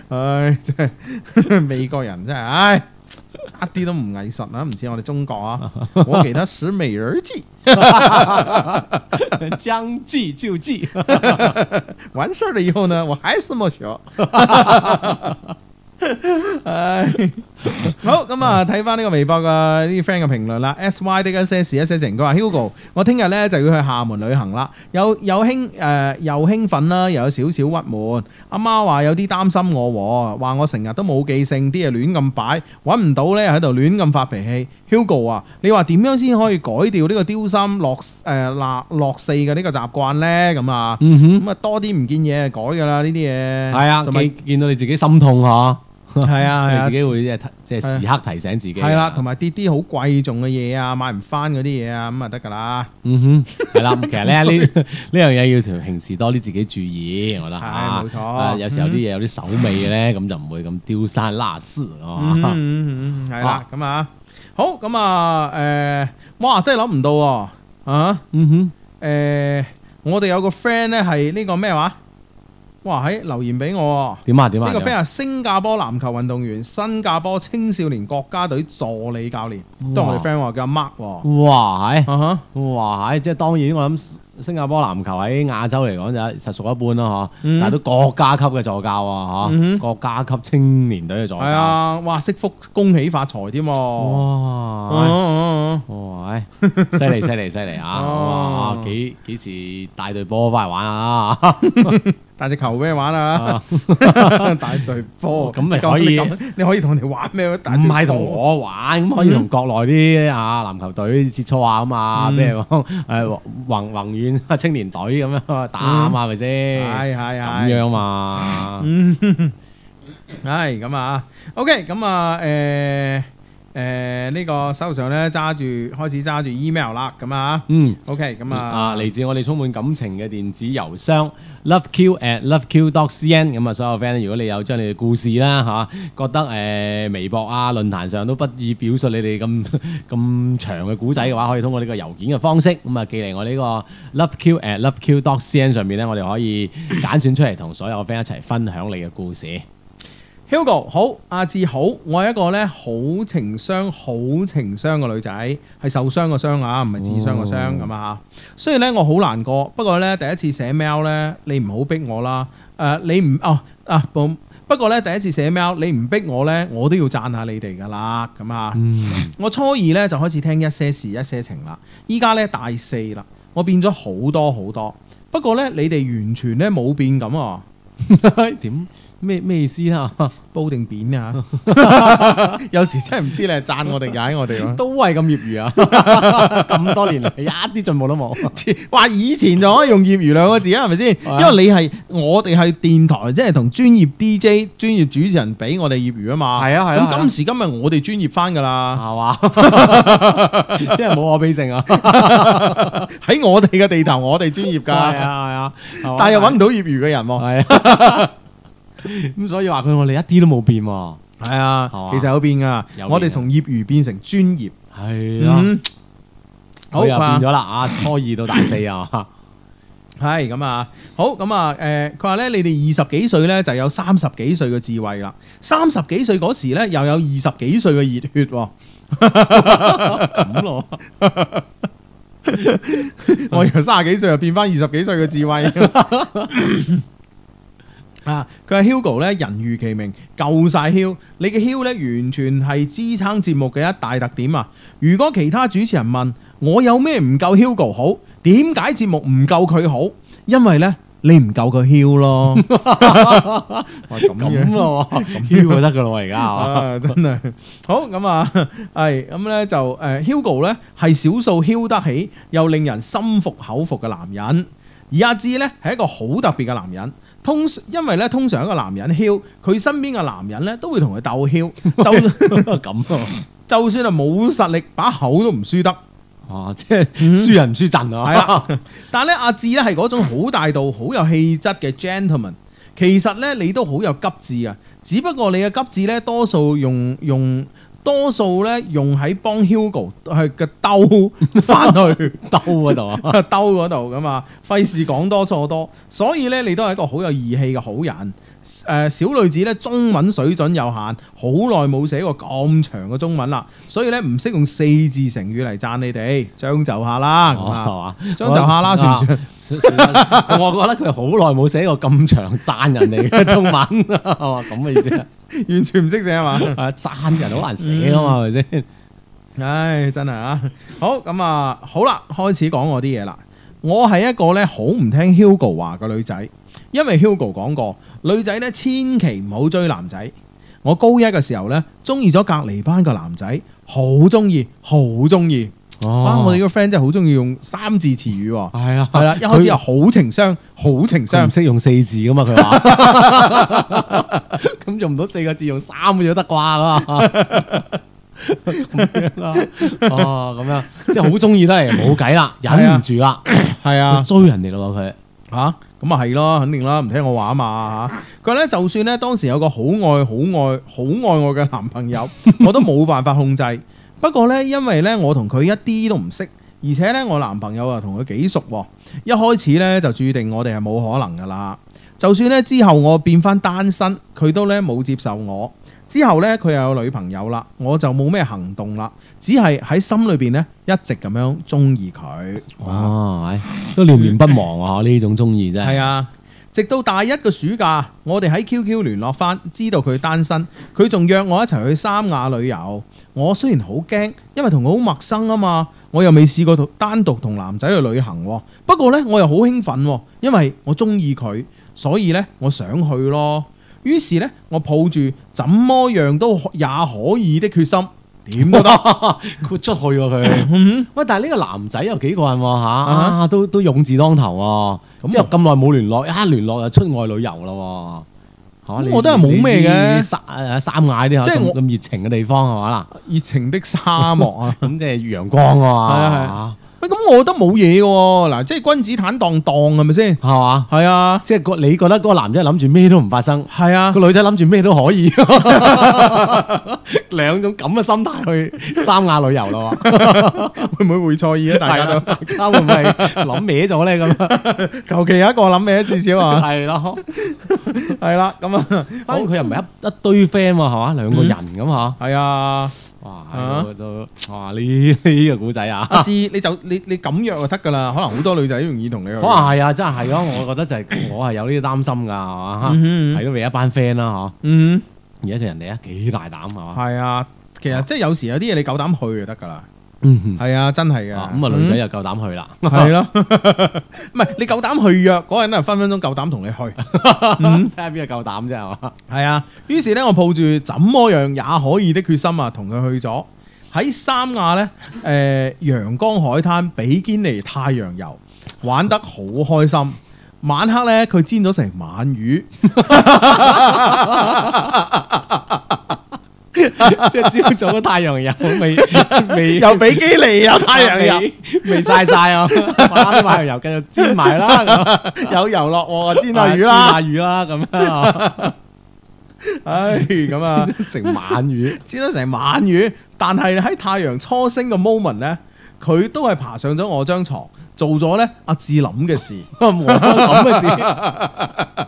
唉，真係美國人真係唉。一啲都唔藝術啊，唔似、啊、我哋中國啊！我給他使美人計，將 計就計， 完事了以後呢，我還是冇學。 唉、 哎，好咁啊！睇翻呢個微博嘅呢啲 friend 嘅評論啦。S Y 啲一些事一些情，佢話 Hugo，我聽日呢就要去廈門旅行啦。有有興誒，又、呃、興奮啦，又有少少鬱悶。阿媽話有啲擔心我，話我成日都冇記性，啲嘢亂咁擺，揾唔到呢喺度亂咁發脾氣。Hugo 啊，你話點樣先可以改掉呢個丟三落誒落四嘅呢個習慣呢？咁啊，咁啊、嗯、哼多啲唔見嘢改噶啦，呢啲嘢係啊，見不見到你自己心痛吓。係啊，自己會即係即係時刻提醒自己。係啦，同埋啲啲好貴重嘅嘢啊，買唔翻嗰啲嘢啊，咁啊得噶啦。嗯哼，係啦，其實咧呢呢樣嘢要平時多啲自己注意，我覺得，係啊，冇錯。有時有啲嘢有啲手尾嘅咧，咁就唔會咁丟三落四，係嘛。嗯嗯嗯，係啦，咁啊，好咁啊，誒，哇，真係諗唔到啊，嗯哼，誒，我哋有個 friend 咧係呢個咩話？哇！喺留言俾我，點啊點啊！呢個 friend 係新加坡籃球運動員，新加坡青少年國家隊助理教練，都係我哋 friend 叫阿 Mark。哇！係，哇！即係當然，我諗新加坡籃球喺亞洲嚟講就實屬一般啦，吓，但係都國家級嘅助教啊，嗬，國家級青年隊嘅助教。係啊！哇！識福，恭喜發財添！哇！哇！唉！犀利犀利犀利啊！哇！幾幾時帶隊波翻嚟玩啊？帶隻球咩玩啊？帶隊波，咁咪、哦、可以你，你可以同你玩咩？唔係同我玩，咁、嗯、可以同國內啲啊籃球隊切磋下啊嘛？咩、嗯？誒、呃，宏宏遠青年隊咁樣打啊係咪先？係係係咁樣嘛？嗯，係 咁、哎、啊。OK，咁啊，誒、呃。誒、呃這個、呢個手上咧揸住開始揸住 email 啦，咁啊嗯，OK，咁啊嚟、啊、自我哋充滿感情嘅電子郵箱 loveq at loveq.cn，dot 咁、嗯、啊所有 friend，如果你有將你嘅故事啦嚇、啊，覺得誒、呃、微博啊論壇上都不易表述你哋咁咁長嘅古仔嘅話，可以通過呢個郵件嘅方式，咁、嗯、啊寄嚟我呢個 loveq at loveq.cn dot 上面咧，我哋可以揀選出嚟同所有 friend 一齊分享你嘅故事。Hugo 好，阿、啊、志好，我係一個咧好情傷、好情傷嘅女仔，係受傷個傷啊，唔係智商個傷咁啊吓。所以咧我好難過，不過咧第一次寫 mail 咧、呃，你唔好逼我啦。誒、哦，你唔哦啊，不不過咧第一次寫 mail，你唔逼我咧，我都要讚下你哋噶啦。咁啊，嗯、我初二咧就開始聽一些事、一些情啦。依家咧大四啦，我變咗好多好多。不過咧你哋完全咧冇變咁啊，點？ 咩咩意思啊？煲定扁啊！ 有時真係唔知你係讚我哋，踩我哋 都係咁業餘啊！咁 多年嚟一啲進步都冇。話 以前就可以用業餘兩個字啦，係咪先？啊、因為你係我哋係電台，即係同專業 DJ、專業主持人比，我哋業餘啊嘛。係啊係啦。啊啊、今時今日我哋專業翻噶啦，係嘛？因為冇可比性啊！喺 我哋嘅地頭，我哋專業噶。係啊係啊，啊啊啊但係又揾唔到業餘嘅人喎。係 是啊。 咁所以話佢我哋一啲都冇變，係啊，啊其實有變噶，由我哋從業餘變成專業，係啊，好啊，變咗啦，啊，初二到大四啊，係咁啊，好咁啊，誒，佢話咧，你哋二十幾歲咧就有三十幾歲嘅智慧啦，三十幾歲嗰時咧又有二十幾歲嘅熱血，咁 咯 嗎， 我由三十幾歲又變翻二十幾歲嘅智慧。 啊！佢係 Hugo 咧，人如其名，夠曬囂。你嘅囂咧，完全係支撐節目嘅一大特點啊！如果其他主持人問我有咩唔夠 Hugo 好，點解節目唔夠佢好？因為咧，你唔夠佢囂咯。咁 樣咯，囂就得噶啦，而家真係好咁啊！係咁咧，就誒、uh, Hugo 咧，係少數囂得起又令人心服口服嘅男人。而阿志呢，係一個好特別嘅男人，通因為呢，通常一個男人囂，佢身邊嘅男人呢，都會同佢鬥囂， 就咁， 就算係冇實力，把口都唔輸得，啊，即係輸人唔輸陣啊！ 係啦，但係咧阿志呢，係嗰種好大度、好有氣質嘅 gentleman，其實呢，你都好有急智啊，只不過你嘅急智呢，多數用用。用多數咧用喺幫 Hugo 去嘅 兜翻去 兜嗰度啊，兜嗰度咁啊，費事講多錯多，所以咧你都係一個好有義氣嘅好人。誒，uh, 小女子咧中文水準有限，好耐冇寫過咁長嘅中文啦，所以咧唔識用四字成語嚟讚你哋，將就下啦，係嘛，哦？將就下啦，我覺得佢好耐冇寫過咁長讚人哋嘅中文，係 嘛？ 咁嘅意思，完全唔識寫啊嘛？讚人好難寫啊嘛，係咪先？唉，真係啊！好咁啊，嗯，好啦，開始講我啲嘢啦。 我係一個咧好唔聽 Hugo 話嘅女仔。因為 Hugo 講過，女仔咧千祈唔好追男仔。我高一嘅時候咧，中意咗隔籬班個男仔，好中意，好中意。哇！我哋個 friend 真係好中意用三字詞語。係啊，係啦，一開始係好情商，好情商。唔識用四字噶嘛？佢話咁用唔到四個字，用三個就得啩咁啊？哦，咁樣即係好中意都係冇計啦，忍唔住啦，係啊，追人哋咯佢啊。咁啊係咯，肯定啦，唔、啊、聽我話啊嘛吓！佢咧就算咧當時有個好愛、好愛、好愛我嘅男朋友，我都冇辦法控制。 不過咧，因為咧我同佢一啲都唔識，而且咧我男朋友又同佢幾熟、哦，一開始咧就注定我哋係冇可能噶啦。就算咧之後我變翻單身，佢都咧冇接受我。之後咧，佢又有女朋友啦，我就冇咩行動啦，只係喺心裏邊咧一直咁樣中意佢。哦，哦哎、都念念不忘啊！呢、嗯、種中意啫。係啊，直到大一嘅暑假，我哋喺 QQ 聯絡翻，知道佢單身，佢仲約我一齊去三亞旅遊。我雖然好驚，因為同佢好陌生啊嘛，我又未試過同單獨同男仔去旅行。不過呢，我又好興奮、啊，因為我中意佢，所以呢，我想去咯。於是咧，我抱住怎麼樣都也可以的決心，點都豁出去喎、啊、佢。喂， 但係呢個男仔有幾個人喎啊，啊，啊，都都勇字當頭喎、啊。咁、啊、之後咁耐冇聯絡，一、啊、聯絡就出外旅遊啦喎、啊。嚇、啊，咁我都係冇咩嘅啲沙誒，三亞啲咁咁熱情嘅地方係嘛啦？係係啊、熱情的沙漠啊，咁即係陽光啊嘛。咁我覺得冇嘢喎，嗱，即係君子坦蕩蕩係咪先？係嘛，係啊，即係你你覺得嗰個男仔諗住咩都唔發生，係啊，個女仔諗住咩都可以，兩種咁嘅心態去三亞旅遊咯，會唔會會錯意啊？大家都，大家會唔會諗歪咗咧？咁，求其有一個諗歪至少啊，係啦，係啦，咁啊，反正佢又唔係一一堆 friend 啊，係嘛，兩個人咁啊，係啊。哇，都哇呢呢個古仔啊！阿你就你你咁約就得噶啦，可能好多女仔都願意同你去。可能係啊，真係係咯，我覺得就係、啊啊、我係、就是、 有呢啲擔心㗎，係嘛？係都未一班 friend 啦、啊，嗬、嗯哼。嗯。而家就人哋啊幾大膽，係嘛？係啊，其實即係有時有啲嘢你夠膽去就得㗎啦。嗯，係啊，真係啊。咁啊女仔又夠膽去啦，係咯的，唔係 你夠膽去約嗰人都分分鐘夠膽同你去，睇下邊個夠膽啫，係嘛？係啊，於是咧，我抱住怎麼樣也可以的決心啊，同佢去咗喺三亞咧，誒、呃、陽光、海灘、比堅尼、太陽油，玩得好開心，晚黑咧佢煎咗成晚魚。 即係朝早嘅太陽油未未，未 又比基尼又，啊、太陽油，未晒晒哦。買啲、啊 啊、太陽油繼續煎埋啦，有油落鍋煎下魚啦，下、 啊、魚啦咁樣。唉、 哎，咁啊，成晚魚 煎咗成晚魚，但係喺太陽初升嘅 moment 呢佢都係爬上咗我張床，做咗咧阿智霖嘅事，諗嘅事。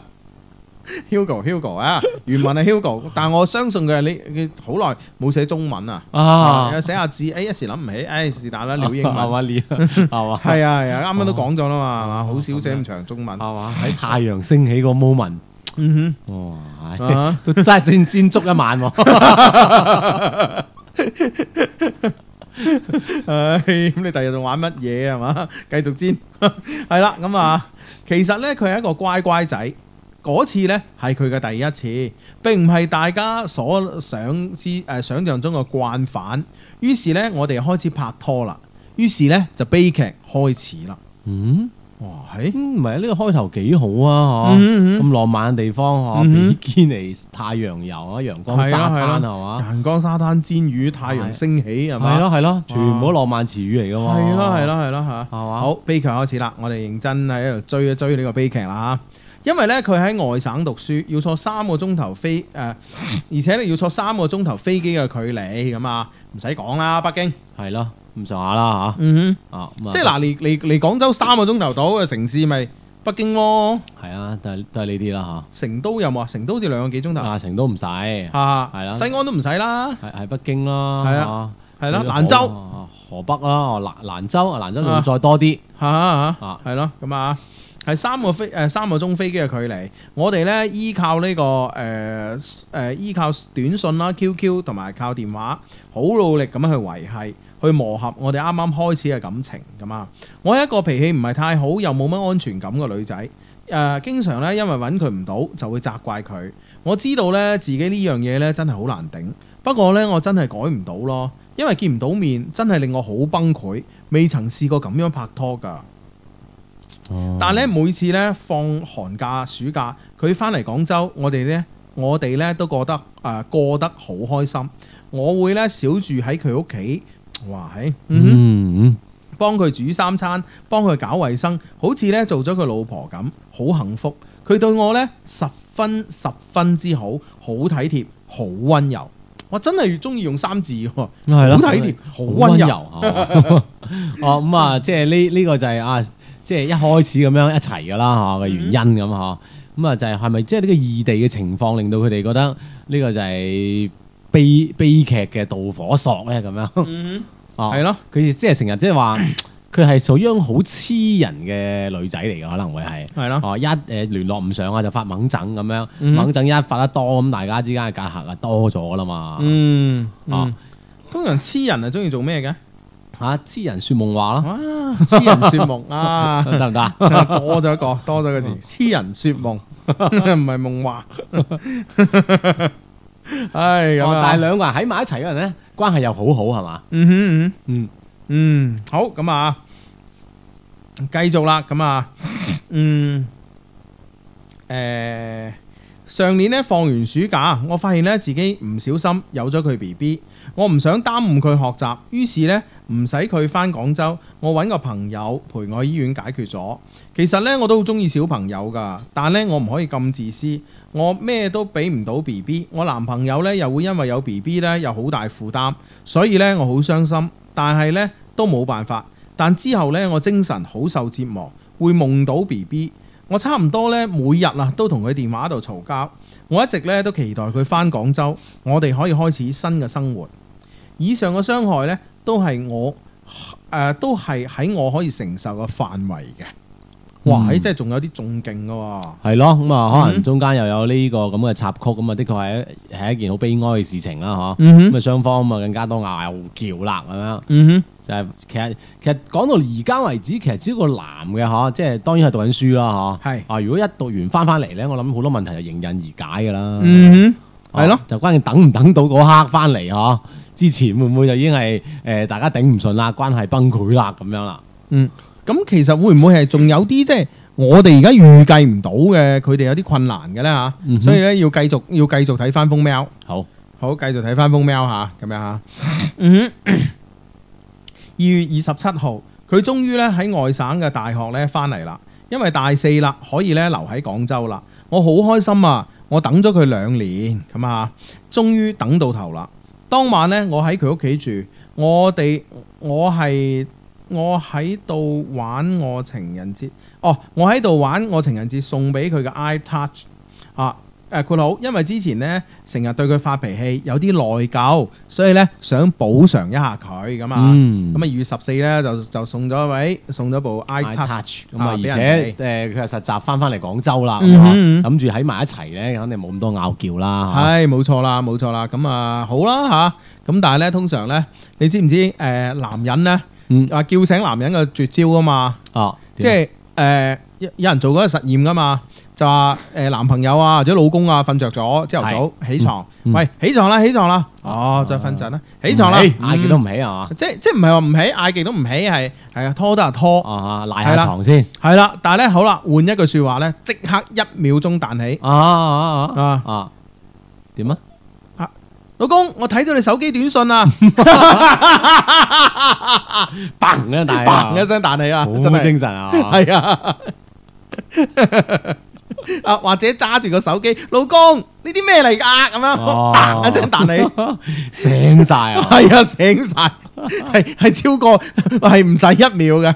Hugo，Hugo 啊，Hugo, Hugo, uh, 原文係 Hugo， 但我相信佢你佢好耐冇寫中文啊，寫嗯、文啊，寫下字，哎一時諗唔起，哎是但、啊、啦，練英文嘛練，係嘛，係啊係啊，啱啱都講咗啦嘛，係嘛，好少寫咁長中文，係嘛、啊，喺太陽升起個 moment，嗯哼，哇，真係煎煎足一晚，唉，咁你第日仲玩乜嘢係嘛？繼續煎，係啦，咁啊，其實咧佢係一個乖乖仔。嗰次呢，係佢嘅第一次，並唔係大家所想知、誒想象中嘅慣犯。於是呢，我哋開始拍拖啦。於是呢，就悲劇開始啦。嗯，哇，嘿，唔係啊，呢個開頭幾好啊，咁浪漫嘅地方嗬，比基尼、太陽油啊，陽光沙灘係嘛，陽光沙灘煎魚、太陽升起係咪咯？係咯，全部浪漫詞語嚟嘅嘛。係咯係咯係咯嚇，好，悲劇開始啦，我哋認真喺度追一追呢個悲劇啦因為咧佢喺外省讀書，要坐三個鐘頭飛誒，而且咧要坐三個鐘頭飛機嘅距離咁啊，唔使講啦，北京係咯，咁上下啦吓。嗯哼。啊，即係嗱，離離離廣州三個鐘頭到嘅城市，咪北京咯。係啊，都係都係呢啲啦吓。成都有冇啊？成都要兩個幾鐘頭。啊，成都唔使。啊，係啦。西安都唔使啦。係係北京咯。係啊，係啦，蘭州。河北啦，蘭蘭州啊，蘭州仲再多啲。吓吓。係咯，咁啊。係三個飛誒、呃、三個鐘飛機嘅距離，我哋呢依靠呢、呢個誒誒、呃呃、依靠短信啦、QQ 同埋靠電話，好努力咁樣去維係、去磨合我哋啱啱開始嘅感情咁啊、嗯！我係一個脾氣唔係太好又冇乜安全感嘅女仔，誒、呃、經常呢因為揾佢唔到就會責怪佢。我知道呢自己呢樣嘢呢，真係好難頂，不過呢，我真係改唔到咯，因為見唔到面真係令我好崩潰，未曾試過咁樣拍拖㗎。但係咧，每次咧放寒假、暑假，佢翻嚟廣州，我哋咧，我哋咧都過得誒、呃、過得好開心。我會咧少住喺佢屋企，哇，喺、哎、嗯幫佢煮三餐，幫佢搞衛生，好似咧做咗佢老婆咁，好幸福。佢對我咧十分十分之好，好體貼，好溫柔。我真係越中意用三字喎，好體貼，好溫柔。哦咁 啊，嗯、即係呢呢個就係啊。即係一開始咁樣一齊㗎啦嚇嘅原因咁嚇，咁啊就係係咪即係呢個異地嘅情況令到佢哋覺得呢個就係悲悲劇嘅導火索咧咁樣？嗯，係咯。佢即係成日即係話，佢係屬於一種好黐人嘅女仔嚟嘅，可能會係係咯。哦，一誒聯絡唔上啊，就發猛整咁樣，猛整一發得多咁，大家之間嘅隔閡啊多咗啦嘛。嗯，哦，通常黐人啊，中意做咩嘅？吓，痴、啊、人說夢話咯！痴人說夢啊，得唔得？多咗一個，多咗個字，痴人說夢，唔係夢話。唉、 哎，咁啊。哦、但係兩個人喺埋一齊人咧，關係又好好係嘛？嗯哼嗯嗯嗯嗯，好，咁啊，繼續啦，咁啊，嗯，誒、呃，上年咧放完暑假，我發現咧自己唔小心有咗佢 B B。我唔想耽誤佢學習，於是呢，唔使佢返廣州，我揾個朋友陪我去醫院解決咗。其實呢，我都好中意小朋友㗎，但呢，我唔可以咁自私，我咩都俾唔到 B B，我男朋友呢又會因為有 B B 呢有好大負擔，所以呢，我好傷心，但係呢，都冇辦法。但之後呢，我精神好受折磨，會夢到 B B，我差唔多呢，每日啊都同佢電話喺度嘈交。我一直呢都期待佢返廣州，我哋可以開始新嘅生活。以上嘅傷害咧，都係我誒，都係喺我可以承受嘅範圍嘅。哇！即係仲有啲仲勁㗎喎，係咯，咁啊，可能中間又有呢個咁嘅插曲，咁啊，的確係係一件好悲哀嘅事情啦。吓，咁啊，雙方咁啊，更加多拗撬啦咁樣。嗯哼，就係其實其實講到而家為止，其實只要個男嘅吓，即係當然係讀緊書啦。吓，係啊，如果一讀完翻翻嚟咧，我諗好多問題就迎刃而解㗎啦。嗯哼，係咯，就關鍵等唔等到嗰刻翻嚟嚇。之前會唔會就已經係誒、呃、大家頂唔順啦，關係崩潰啦，咁樣啦。嗯，咁其實會唔會係仲有啲即係我哋而家預計唔到嘅佢哋有啲困難嘅呢？嚇、嗯哼，所以咧要繼續要繼續睇翻封 mail，好好繼續睇翻封 mail 嚇咁樣嚇。二、嗯、哼 月二十七號佢終於咧喺外省嘅大學咧翻嚟啦，因為大四啦可以咧留喺廣州啦。我好開心啊！我等咗佢兩年咁啊，終於等到頭啦。當晚呢，我喺佢屋企住，我哋我係我喺度玩我情人節，哦，我喺度玩我情人節送俾佢嘅 iTouch 啊。誒，佢好，因為之前咧成日對佢發脾氣，有啲內疚，所以咧想補償一下佢咁啊。咁啊、嗯，二月十四咧就就送咗位送咗部 iTouch，咁啊而且誒佢係實習翻翻嚟廣州啦，諗住喺埋一齊咧，肯定冇咁多拗撬、嗯、哼啦。係，冇錯啦，冇錯、啊、啦。咁啊好啦吓，咁但係咧通常咧，你知唔知誒、呃、男人咧啊、嗯、叫醒男人嘅絕招啊嘛？哦、啊，即係誒有有人做咗個實驗噶嘛？就話誒，男朋友啊或者老公啊瞓着咗，朝頭早起床，喂，起床啦，起床啦，哦，再瞓陣啦，起床啦，嗌極都唔起啊，即即唔係話唔起，嗌極都唔起，係係啊，拖都係拖啊，賴下床先，係啦。但係咧好啦，換一句說話咧，即刻一秒鐘彈起啊啊啊啊！點啊？老公，我睇到你手機短信啊！嘣一聲彈起啊，真係精神啊，係啊。 啊，或者揸住個手機，老公呢啲咩嚟噶？咁樣，彈一聲彈你醒晒啊！係 啊， 醒晒、啊，係係 超過係唔使一秒嘅。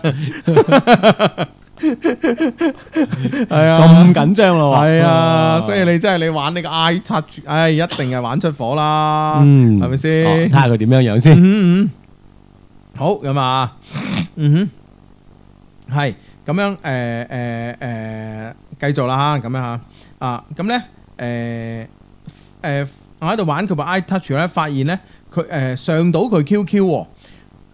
係 啊、 哎呀，咁緊張咯，係啊，所以你真係你玩呢個 I 七，哎，一定係玩出火啦，係咪先？睇下佢點樣樣先。嗯嗯，好咁啊，嗯哼，係。咁樣誒誒誒，繼續啦嚇，咁樣嚇啊！咁咧誒誒，我喺度玩佢部 iTouch 咧，發現咧佢誒上到佢 QQ 喎，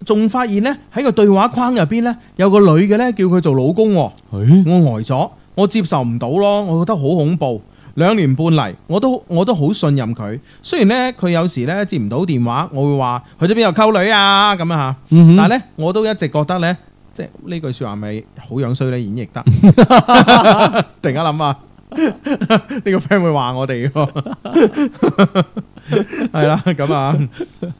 仲、哦、發現咧喺個對話框入邊咧有個女嘅咧叫佢做老公喎、哦，嗎我呆咗，我接受唔到咯，我覺得好恐怖。兩年半嚟，我都我都好信任佢，雖然咧佢有時咧接唔到電話，我會話佢喺邊度溝女啊咁樣嚇，但係咧我都一直覺得咧。即係呢句說話咪好樣衰咧演繹得， 突然間諗 啊，呢、 這個 friend 會話我哋，係啦咁啊，係、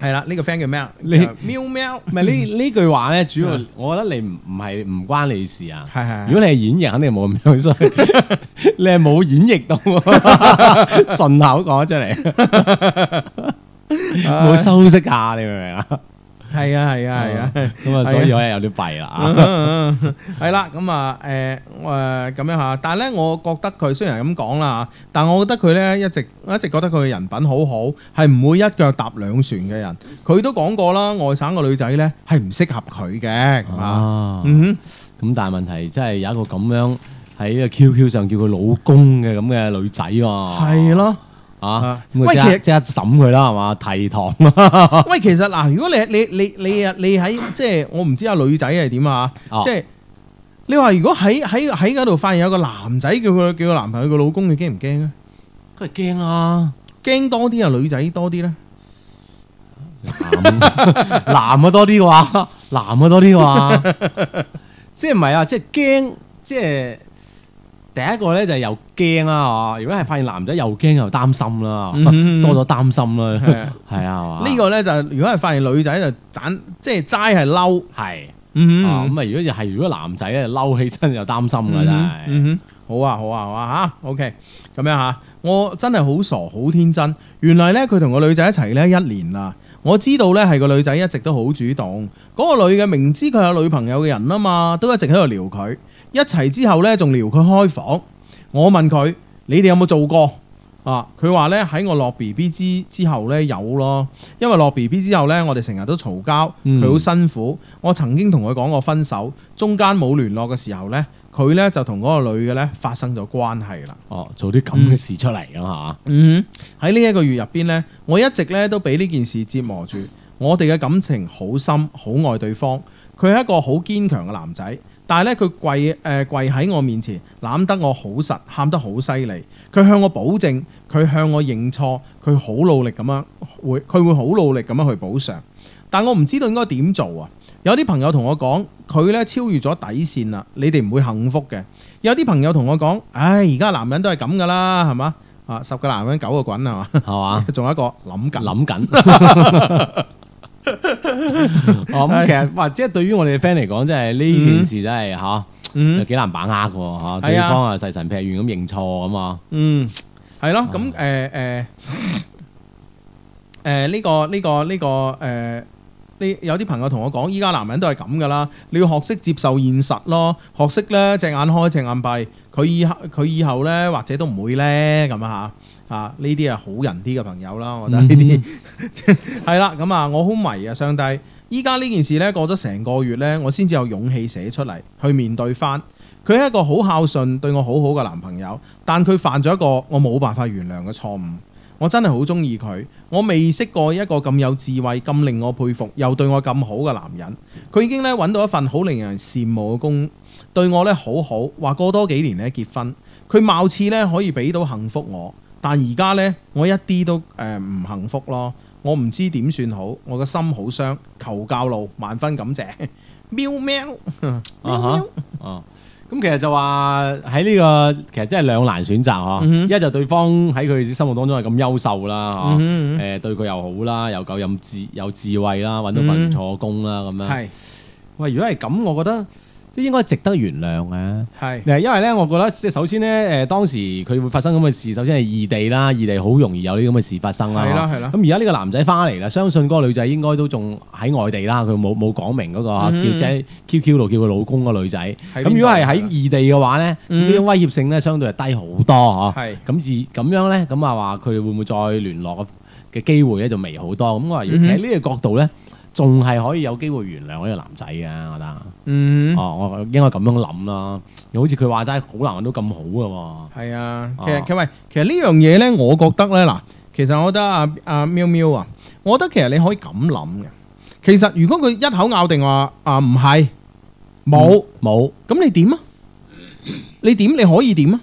嗯、啦，呢個 friend 叫咩啊？你喵喵，唔係呢呢句話咧，主要我覺得你唔唔係唔關你事啊，係係，如果你係演員，肯定冇咁樣衰，你係冇 演繹到，順 口講出嚟，冇修飾噶，你明唔明啊？係啊係啊係啊，咁啊，所以我有啲弊啦啊，係啦，咁啊，誒、啊，誒、啊，咁樣吓，但係咧，我覺得佢雖然係咁講啦，但我覺得佢咧一直一直覺得佢嘅人品好好，係唔會一腳踏兩船嘅人，佢都講過啦，外省個女仔咧係唔適合佢嘅，啊，嗯，咁、啊、但係問題，真、就、係、是、有一個咁樣喺個 QQ 上叫佢老公嘅咁嘅女仔喎、啊，係咯、啊。啊！即刻審佢啦，係嘛？提堂。 喂，其實嗱，如果你你你你啊，你喺即係我唔知阿女仔係點啊，即係、哦、你話如果喺喺喺嗰度發現有個男仔叫佢叫個男朋友個老公，你驚唔驚咧？梗係驚啊，驚多啲啊，女仔多啲咧。男， 男嘅多啲嘅話，男嘅多啲嘅話， 即係唔係啊？即係驚，即係。第一個咧就係又驚啦，如果係發現男仔又驚又擔心啦，mm hmm. 多咗擔心啦，係啊，呢個咧就係、如果係發現女仔就盞，即係齋係嬲係，咁、mm hmm. 啊，如果又係如果男仔咧嬲起身又擔心噶。好啊，好啊好啊，吓、啊、，OK，咁樣吓，我真係好傻好天真。原來咧佢同個女仔一齊咧一年啦，我知道咧係個女仔一直都好主動，嗰、嗰個女嘅明知佢有女朋友嘅人啊嘛，都一直喺度撩佢。一齊之後咧，仲撩佢開房。我問佢：你哋有冇做過啊？佢話咧喺我落 B B 之之後咧有咯，因為落 B B 之後咧，我哋成日都嘈交，佢好辛苦。我曾經同佢講過分手，中間冇聯絡嘅時候咧，佢咧就同嗰個女嘅咧發生咗關係啦。哦，做啲咁嘅事出嚟啊！吓、嗯，嗯，喺呢一個月入邊咧，我一直咧都俾呢件事折磨住。我哋嘅感情好深，好愛對方。佢係一個好堅強嘅男仔。但係咧，佢、呃、跪誒跪喺我面前，攬得我好實，喊得好犀利。佢向我保證，佢向我認錯，佢好努力咁樣，會，佢會好努力咁樣去補償。但我唔知道應該點做啊！有啲朋友同我講，佢咧超越咗底線啦，你哋唔會幸福嘅。有啲朋友同我講，唉，而家男人都係咁噶啦，係嘛？啊，十個男人九個滾，係嘛？係嘛？仲吧有一個諗緊諗緊。想緊 哦咁，嗯嗯、其實或者對於我哋嘅 friend 嚟講，真係呢件事真係吓，有、啊、幾、嗯、難把握嘅吓，對、啊啊、方啊細神撇軟咁認錯咁嘛。嗯，係咯，咁誒誒誒，呢、呃呃 呃這個呢、這個呢、這個誒。呃你有啲朋友同我講，依家男人都係咁噶啦，你要學識接受現實咯，學識咧隻眼開隻眼閉，佢以後佢以後咧或者都唔會咧，咁啊嚇啊呢啲係好人啲嘅朋友啦，我覺得呢啲係啦，咁啊、嗯、哼 我好迷啊上帝，依家呢件事咧過咗成個月咧，我先至有勇氣寫出嚟去面對返，佢係一個好孝順對我好好嘅男朋友，但佢犯咗一個我冇辦法原諒嘅錯誤。我真係好中意佢，我未識過一個咁有智慧、咁令我佩服又對我咁好嘅男人。佢已經揾到一份好令人羨慕嘅工，對我呢好好，話過多幾年呢結婚。佢貌似呢可以俾到幸福我，但而家呢，我一啲都誒唔幸福咯。我唔知點算好，我個心好傷，求教路，萬分感謝。喵喵，啊咁其實就話喺呢個，其實真係兩難選擇。嚇、嗯哼，一就對方喺佢心目當中係咁優秀啦，誒、嗯嗯呃，對佢又好啦，又夠有智有智慧啦，揾到份唔錯工啦咁、嗯、樣係，是喂，如果係咁，我覺得。都應該值得原諒嘅、啊。係是。因為咧，我覺得即係首先咧，誒，當時佢會發生咁嘅事，首先係異地啦，異地好容易有啲咁嘅事發生啦。係啦，係啦。咁而家呢個男仔翻嚟啦，相信嗰個女仔應該都仲喺外地啦，佢冇冇講明嗰、那個、嗯、哼叫仔 QQ 度叫佢老公嗰個女仔。咁、嗯、哼如果係喺異地嘅話咧，呢種、嗯、哼威脅性咧相對係低好多呵。係、啊。咁而咁樣咧，咁啊話佢會唔會再聯絡嘅機會咧就微好多。咁尤其喺呢個角度咧。嗯嗯嗯仲係可以有機會原諒呢個男仔嘅，我覺得。嗯、mm，哦、hmm. 啊，我應該咁樣諗咯。又好似佢話齋，好難去到咁好嘅、啊。係啊，其實佢喂、啊，其實呢樣嘢咧，我覺得咧嗱，其實我覺得啊，阿、啊、喵喵啊，我覺得其實你可以咁諗嘅。其實如果佢一口咬定話啊唔係，冇冇，咁、嗯、你點啊？你點？你可以點啊？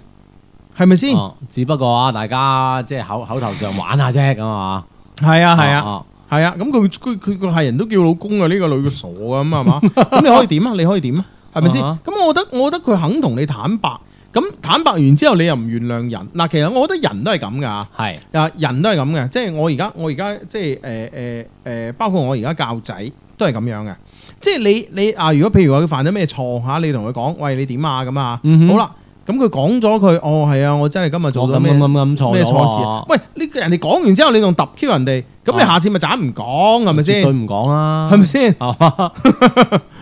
係咪先？只不過啊，大家即係口口頭上玩下啫，咁啊。係啊，係啊。係啊，咁佢佢佢個，係人都叫老公啊，呢、這個女嘅傻啊，咁係嘛，咁 你可以點啊？你可以點啊？係咪先？咁、uh huh. 我覺得我覺得佢肯同你坦白，咁坦白完之後你又唔原諒人嗱、啊，其實我覺得人都係咁噶，係啊是人都係咁嘅，即係我而家我而家即係誒誒誒，包括我而家教仔都係咁樣嘅，即係你你啊，如果譬如話佢犯咗咩錯吓，你同佢講，喂你點啊咁啊，mm hmm. 好啦。咁佢講咗佢，哦，係啊，我真係今日做咗咩錯,錯事、啊？喂，呢人哋講完之後你，你仲揼 Q 人哋，咁你下次咪斬唔講係咪先？啊、吧絕對唔講啦、啊，係咪先？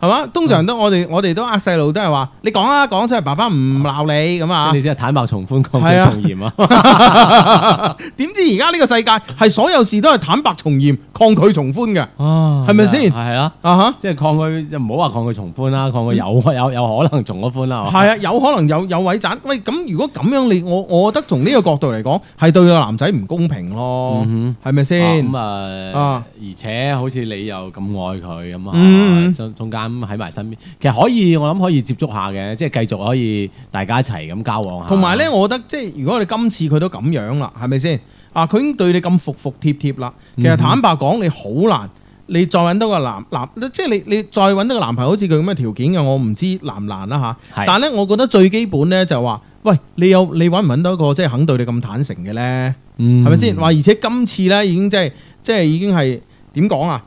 係嘛？通常都我哋我哋都呃細路，都係話你講啊，講出嚟，爸爸唔鬧你咁啊。即 tai, 你先係坦白從寬，抗拒從嚴啊。點知而家呢個世界係所有事都係坦白從嚴，抗拒從寬嘅，係咪先？係啊，啊，即係抗拒唔好話抗拒從寬啦，抗拒有有有可能從咗寬啦。係啊，有可能有有位盞。喂，咁如果咁樣，你我我覺得從呢個角度嚟講，係對個男仔唔公平咯，係咪先？咁、hmm. 啊，啊 passieren arcade 而且好似你又咁愛佢咁啊。中間喺埋身邊，其實可以我諗可以接觸下嘅，即係繼續可以大家一齊咁交往下。同埋呢，我覺得即係如果你今次佢都咁樣啦，係咪先？ 啊，佢已經對你咁服服帖帖啦。其實坦白講，你好難你你，你再揾到個男男，即係你你再揾到個男朋友，好似佢咁嘅條件嘅，我唔知難唔難啦、啊、嚇。嗯、但係呢，我覺得最基本呢，就係、係、話，喂，你有你揾唔揾到一個即係肯對你咁坦誠嘅呢？嗯，係咪先？話而且今次呢，已經、就係、即係即係已經係點講啊？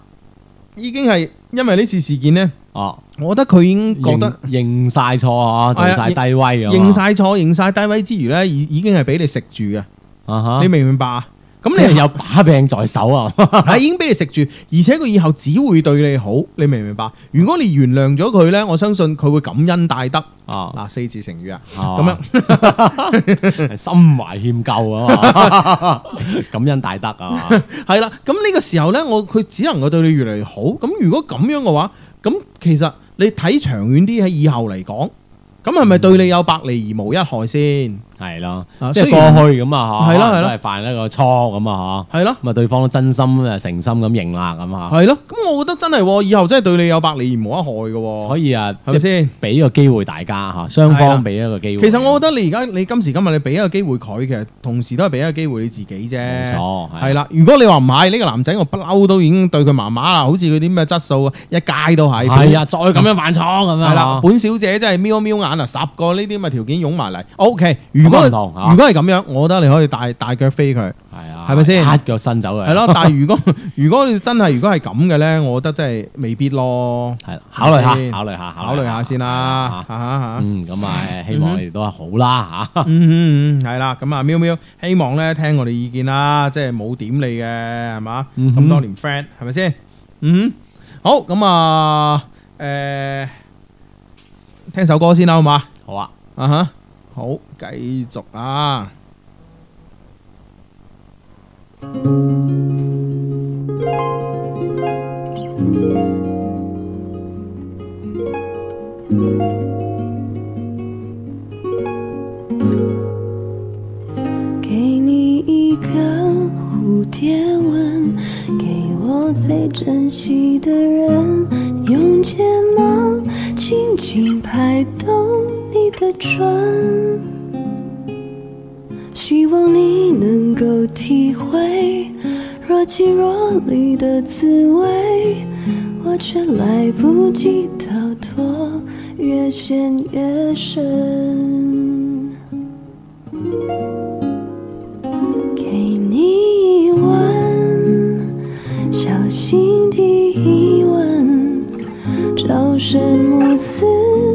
已經係。因為呢次事件呢，哦、啊，我覺得佢已經覺得認晒錯啊，做晒低威、哎呀，認晒錯、認晒低威之餘呢，已已經係俾你食住嘅，啊、哈你明唔明白啊？咁你係有把柄在手啊，係 已經俾你食住，而且佢以後只會對你好，你明唔明白？如果你原諒咗佢呢，我相信佢會感恩戴德啊！嗱，四字成語啊，咁樣心懷歉疚啊，啊 感恩戴德啊，係 啦。咁呢個時候呢，我佢只能夠對你越嚟越好。咁如果咁樣嘅話，咁其實你睇長遠啲喺以後嚟講，咁係咪對你有百利而無一害先？係咯，即係過去咁啊，吓都係犯一個錯咁啊，吓係咯，咁啊對方真心啊誠心咁認啦，咁啊，係咯，咁我覺得真係，以後真係對你有百利而無一害嘅，可以啊，係先俾一個機會大家吓，雙方俾一個機會。其實我覺得你而家你今時今日你俾一個機會佢，其實同時都係俾一個機會你自己啫，錯係啦。如果你話唔係呢個男仔，我不嬲都已經對佢麻麻啦，好似佢啲咩質素，啊，一街都係，係啊，再咁樣犯錯咁樣，係啦。本小姐真係瞄瞄眼啊，十個呢啲咁嘅條件擁埋嚟，O K。如果如果係咁樣，我覺得你可以大大腳飛佢，係啊，係咪先？一腳伸走佢，係咯。但係如果如果你真係如果係咁嘅咧，我覺得真係未必咯。係，考慮下，考慮下，考慮下先啦。吓吓吓。咁啊，希望你哋都好啦，吓。嗯嗯嗯，係啦。咁啊，喵喵，希望咧聽我哋意見啦，即係冇點你嘅係嘛。咁多年 friend，係咪先？嗯，好。咁啊，誒，聽首歌先啦，好嘛？好啊。啊哈。好，繼續啊。給你一個蝴蝶吻，給我最珍惜的人，用睫毛輕輕拍動，你的唇，希望你能夠體會若即若離的滋味，我卻來不及逃脫，越陷越深。給你一吻，小心地一吻，朝生暮死。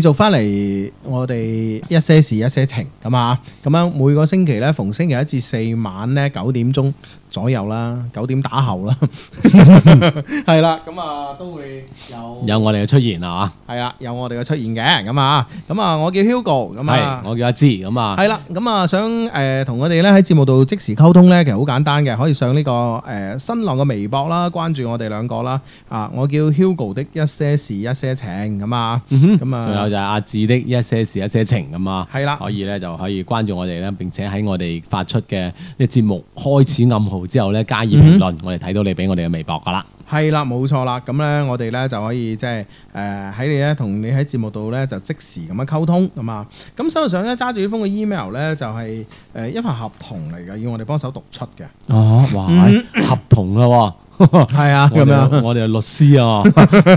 繼續翻嚟，我哋一些事一些情咁啊！咁樣每個星期咧，逢星期一至四晚咧，九點鐘左右啦，九點打後啦，係 啦，咁啊都會有有我哋嘅出現啊，係啦，有我哋嘅出現嘅，咁啊，咁啊，我叫 Hugo，咁啊，我叫阿志咁啊，係啦，咁啊想誒同我哋咧喺節目度即時溝通咧，其實好簡單嘅，可以上呢、這個誒、呃、新浪嘅微博啦，關注我哋兩個啦，啊，我叫 Hugo 的一些事一些情，咁啊，咁啊、嗯哼，仲有就係阿志的一些事一些情，咁啊，係啦、 啊，可以咧就可以關注。我哋咧，並且喺我哋發出嘅呢節目開始暗號之後咧，加以評論，mm hmm. 我哋睇到你俾我哋嘅微博噶啦。係啦、 嗯，冇、啊、錯啦。咁咧，我哋咧就可以即係誒喺你咧同你喺節目度咧就即時咁樣溝通咁啊。咁手頭上咧揸住呢封嘅 email 咧，就係誒一份合同嚟嘅，要我哋幫手讀出嘅。哦、啊，哇、哎，合同啦喎，係啊， 咁樣我哋係律師啊，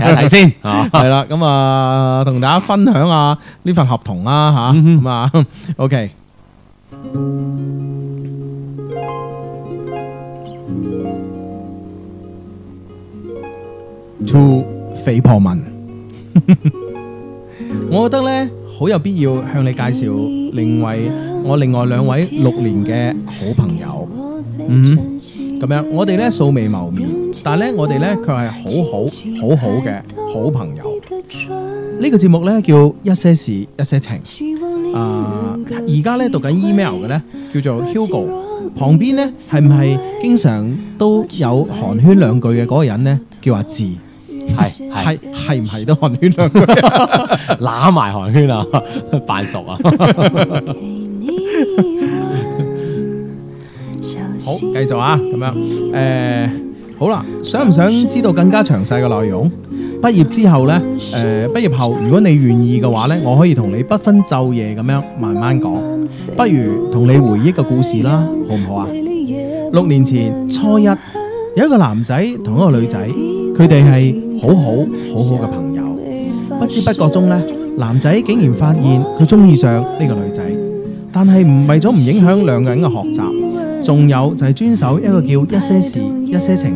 睇下先。係啦， 咁啊，同大家分享下呢份合同啦、啊、吓，咁啊 ，OK。To 肥婆文， 我覺得咧好有必要向你介紹另外我另外兩位六年嘅好朋友，嗯，咁樣我哋咧素未謀面，但係咧我哋咧佢係好好好好嘅好朋友。這個、節呢個節目咧叫一些事一些情。啊，而家咧讀緊 email 嘅咧，叫做 Hugo，旁邊咧係唔係經常都有寒暄兩句嘅嗰個人咧？叫阿志是，係係係唔係都寒暄兩句？攬埋寒暄啊，扮 大熟啊。 好，繼續啊，咁樣誒。呃好啦，想唔想知道更加詳細嘅內容？畢業之後呢，誒、呃，畢業後如果你願意嘅話呢，我可以同你不分晝夜咁樣慢慢講，不如同你回憶個故事啦，好唔好啊？六年前初一，有一個男仔同一個女仔，佢哋係好好好好嘅朋友。不知不覺中呢，男仔竟然發現佢中意上呢個女仔，但係唔為咗唔影響兩個人嘅學習。仲有就係遵守一個叫一些事一些情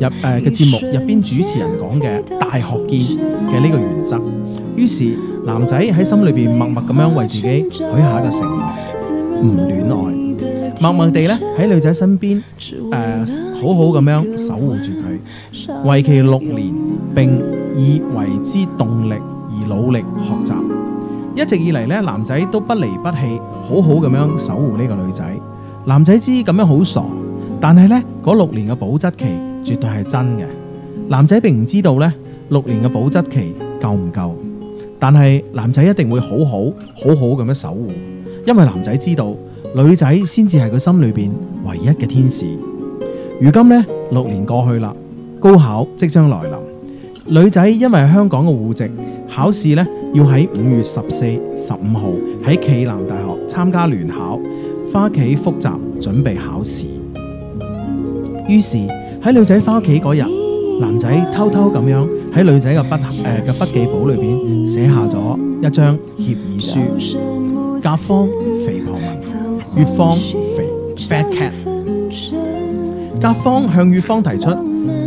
入誒嘅、呃、節目入邊主持人講嘅大學見嘅呢個原則，於是男仔喺心裏邊默默咁樣為自己許下一個承諾，唔戀愛，默默地咧喺女仔身邊誒、呃、好好咁樣守護住佢，為期六年並以為之動力而努力學習，一直以嚟咧，男仔都不離不棄，好好咁樣守護呢個女仔。男仔知咁樣好傻，但係呢嗰六年嘅保質期絕對係真嘅。男仔並唔知道呢六年嘅保質期夠唔夠，但係男仔一定會好好好好咁樣守護，因為男仔知道女仔先至係佢心裏邊唯一嘅天使。如今呢六年過去啦，高考即將來臨，女仔因為香港嘅戶籍考試呢要喺五月十四、十五號喺暨南大學參加聯考。翻屋企複習準備考試，於是喺女仔翻屋企嗰日，男仔偷偷咁樣喺女仔嘅筆誒嘅、呃、筆記簿裏邊寫下咗一張協議書。甲方肥婆文，乙方肥 bad cat。甲方向乙方提出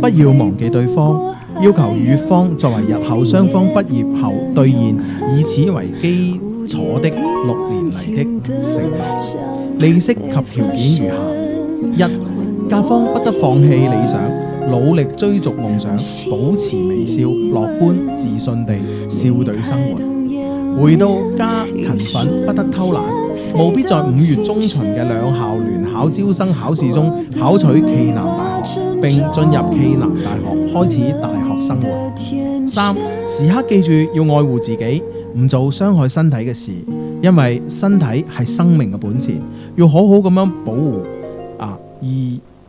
不要忘記對方，要求乙方作為日後雙方畢業後兌現，以此為基。坐的六年嚟的承諾，利息及條件如下：一、甲方不得放棄理想，努力追逐夢想，保持微笑、樂觀、自信地笑對生活；回到家勤奮，不得偷懶，務必在五月中旬嘅兩校聯考招生考試中考取暨南大學，並進入暨南大學開始大學生活。三、時刻記住要愛護自己。唔做傷害身體嘅事，因為身體係生命嘅本錢，要好好咁樣保護啊！而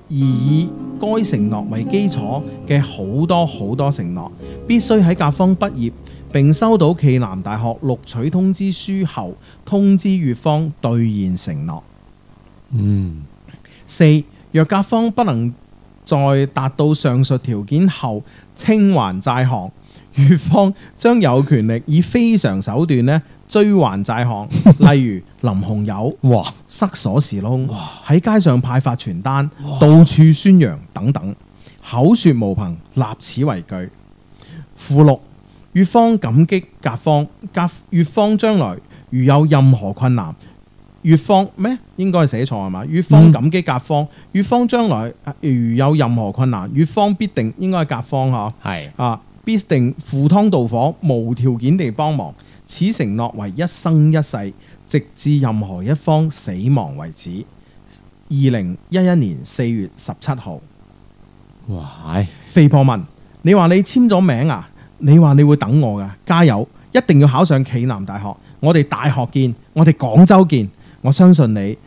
而以該承諾為基礎嘅好多好多承諾必須喺甲方畢業並收到暨南大學錄取通知書後通知乙方兌現承諾。嗯。四，若甲方不能在達到上述條件後清還債項。乙方將有權力以非常手段咧追還債項，例如林紅友哇塞鎖匙窿喺街上派發傳單，到處宣揚等等，口說無憑，立此為據。附六：乙方感激甲方，甲乙方將來如有任何困難，乙方咩應該寫錯係嘛？乙方感激甲方，乙方將來如有任何困難，乙方必定應該係甲方嗬係啊。必定赴湯蹈火，無條件地幫忙。此承諾為一生一世，直至任何一方死亡為止。二零一一年四月十七號。哇！肥婆問：你話你簽咗名啊？你話你會等我噶。加油！一定要考上暨南大學。我哋大學見，我哋廣州見。我相信你。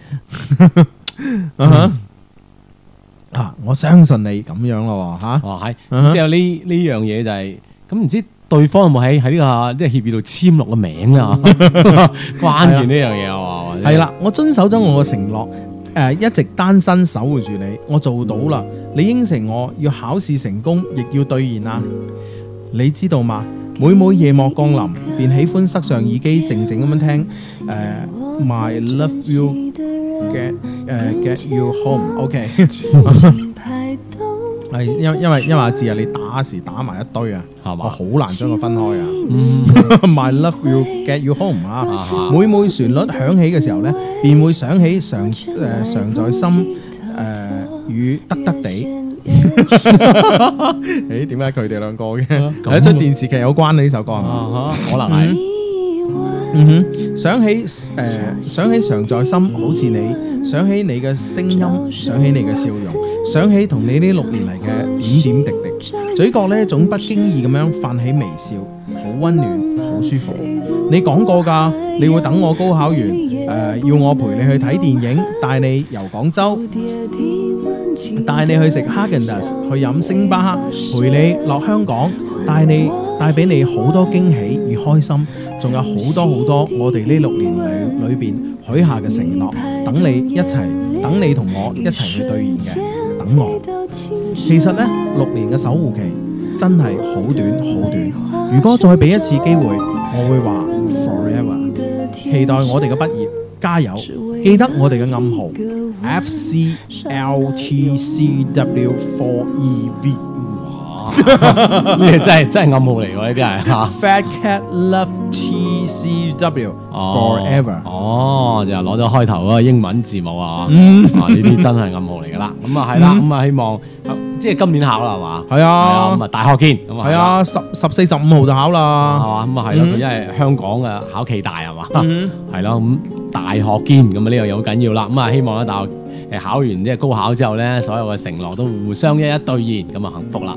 啊、我相信你咁樣咯，吓、啊，係、啊，即係呢呢樣嘢，就係、是，咁唔知對方有冇喺喺呢個即係協議度簽落個名啊？ 關鍵呢樣嘢啊，係啦了，我遵守咗我嘅承諾，誒、呃，一直單身守護住你，我做到啦，嗯、你應承我要考試成功，亦要兌現啊，嗯、你知道嘛？每，每每夜幕降臨，便喜歡塞上耳機，靜靜咁樣聽，誒、呃、 ，My love you g 誒、uh,，get you home，OK，、okay. 係 因因為因為阿志啊，你打時打埋一堆啊，係嘛吧，我好難將佢分開啊。Mm hmm. My love you get you home 啊，uh huh. 每每旋律響起嘅時候咧，便會想起常誒、呃、常在心誒雨得得地。誒、呃，點解佢哋兩個嘅？一、uh, 出電視劇有關啊？呢首歌可能係。嗯哼，想起誒、呃，想起常在心，好似你，想起你嘅聲音，想起你嘅笑容，想起同你呢六年嚟嘅點點滴滴，嘴角咧總不經意咁樣泛起微笑，好溫暖，好舒服。你講過噶，你會等我高考完，誒、呃，要我陪你去睇電影，帶你遊廣州，帶你去食 Häagen-Dazs，去飲星巴克，陪你落香港，帶你帶俾你好多驚喜與開心。仲有好多好多，我哋呢六年裏裏邊許下嘅承諾，等你一齊，等你同我一齊去兌現嘅，等我。其實咧，六年嘅守護期真係好短好短。如果再俾一次機會，我會話 forever。期待我哋嘅畢業，加油！記得我哋嘅暗號，F C L T C W 4 E V。呢 真係真係暗號嚟嘅，呢啲係？Fat Cat Love T C W Forever。哦，啊、就攞咗開頭個英文字母啊！呢啲、 啊、真係暗號嚟噶啦。咁啊係啦，咁啊、 嗯、希望啊即係今年考啦係嘛？係啊，咁 啊、嗯、大學見。咁啊係啊，十十四十五號就考啦係嘛？咁啊係啦，因為香港嘅考期大係嘛？係咯，咁大學見咁、嗯嗯嗯嗯嗯、啊呢樣又好緊要啦。咁啊、嗯、希望咧大學誒考完即係高考之後咧，所有嘅承諾都互相一一兌現，咁啊幸福啦。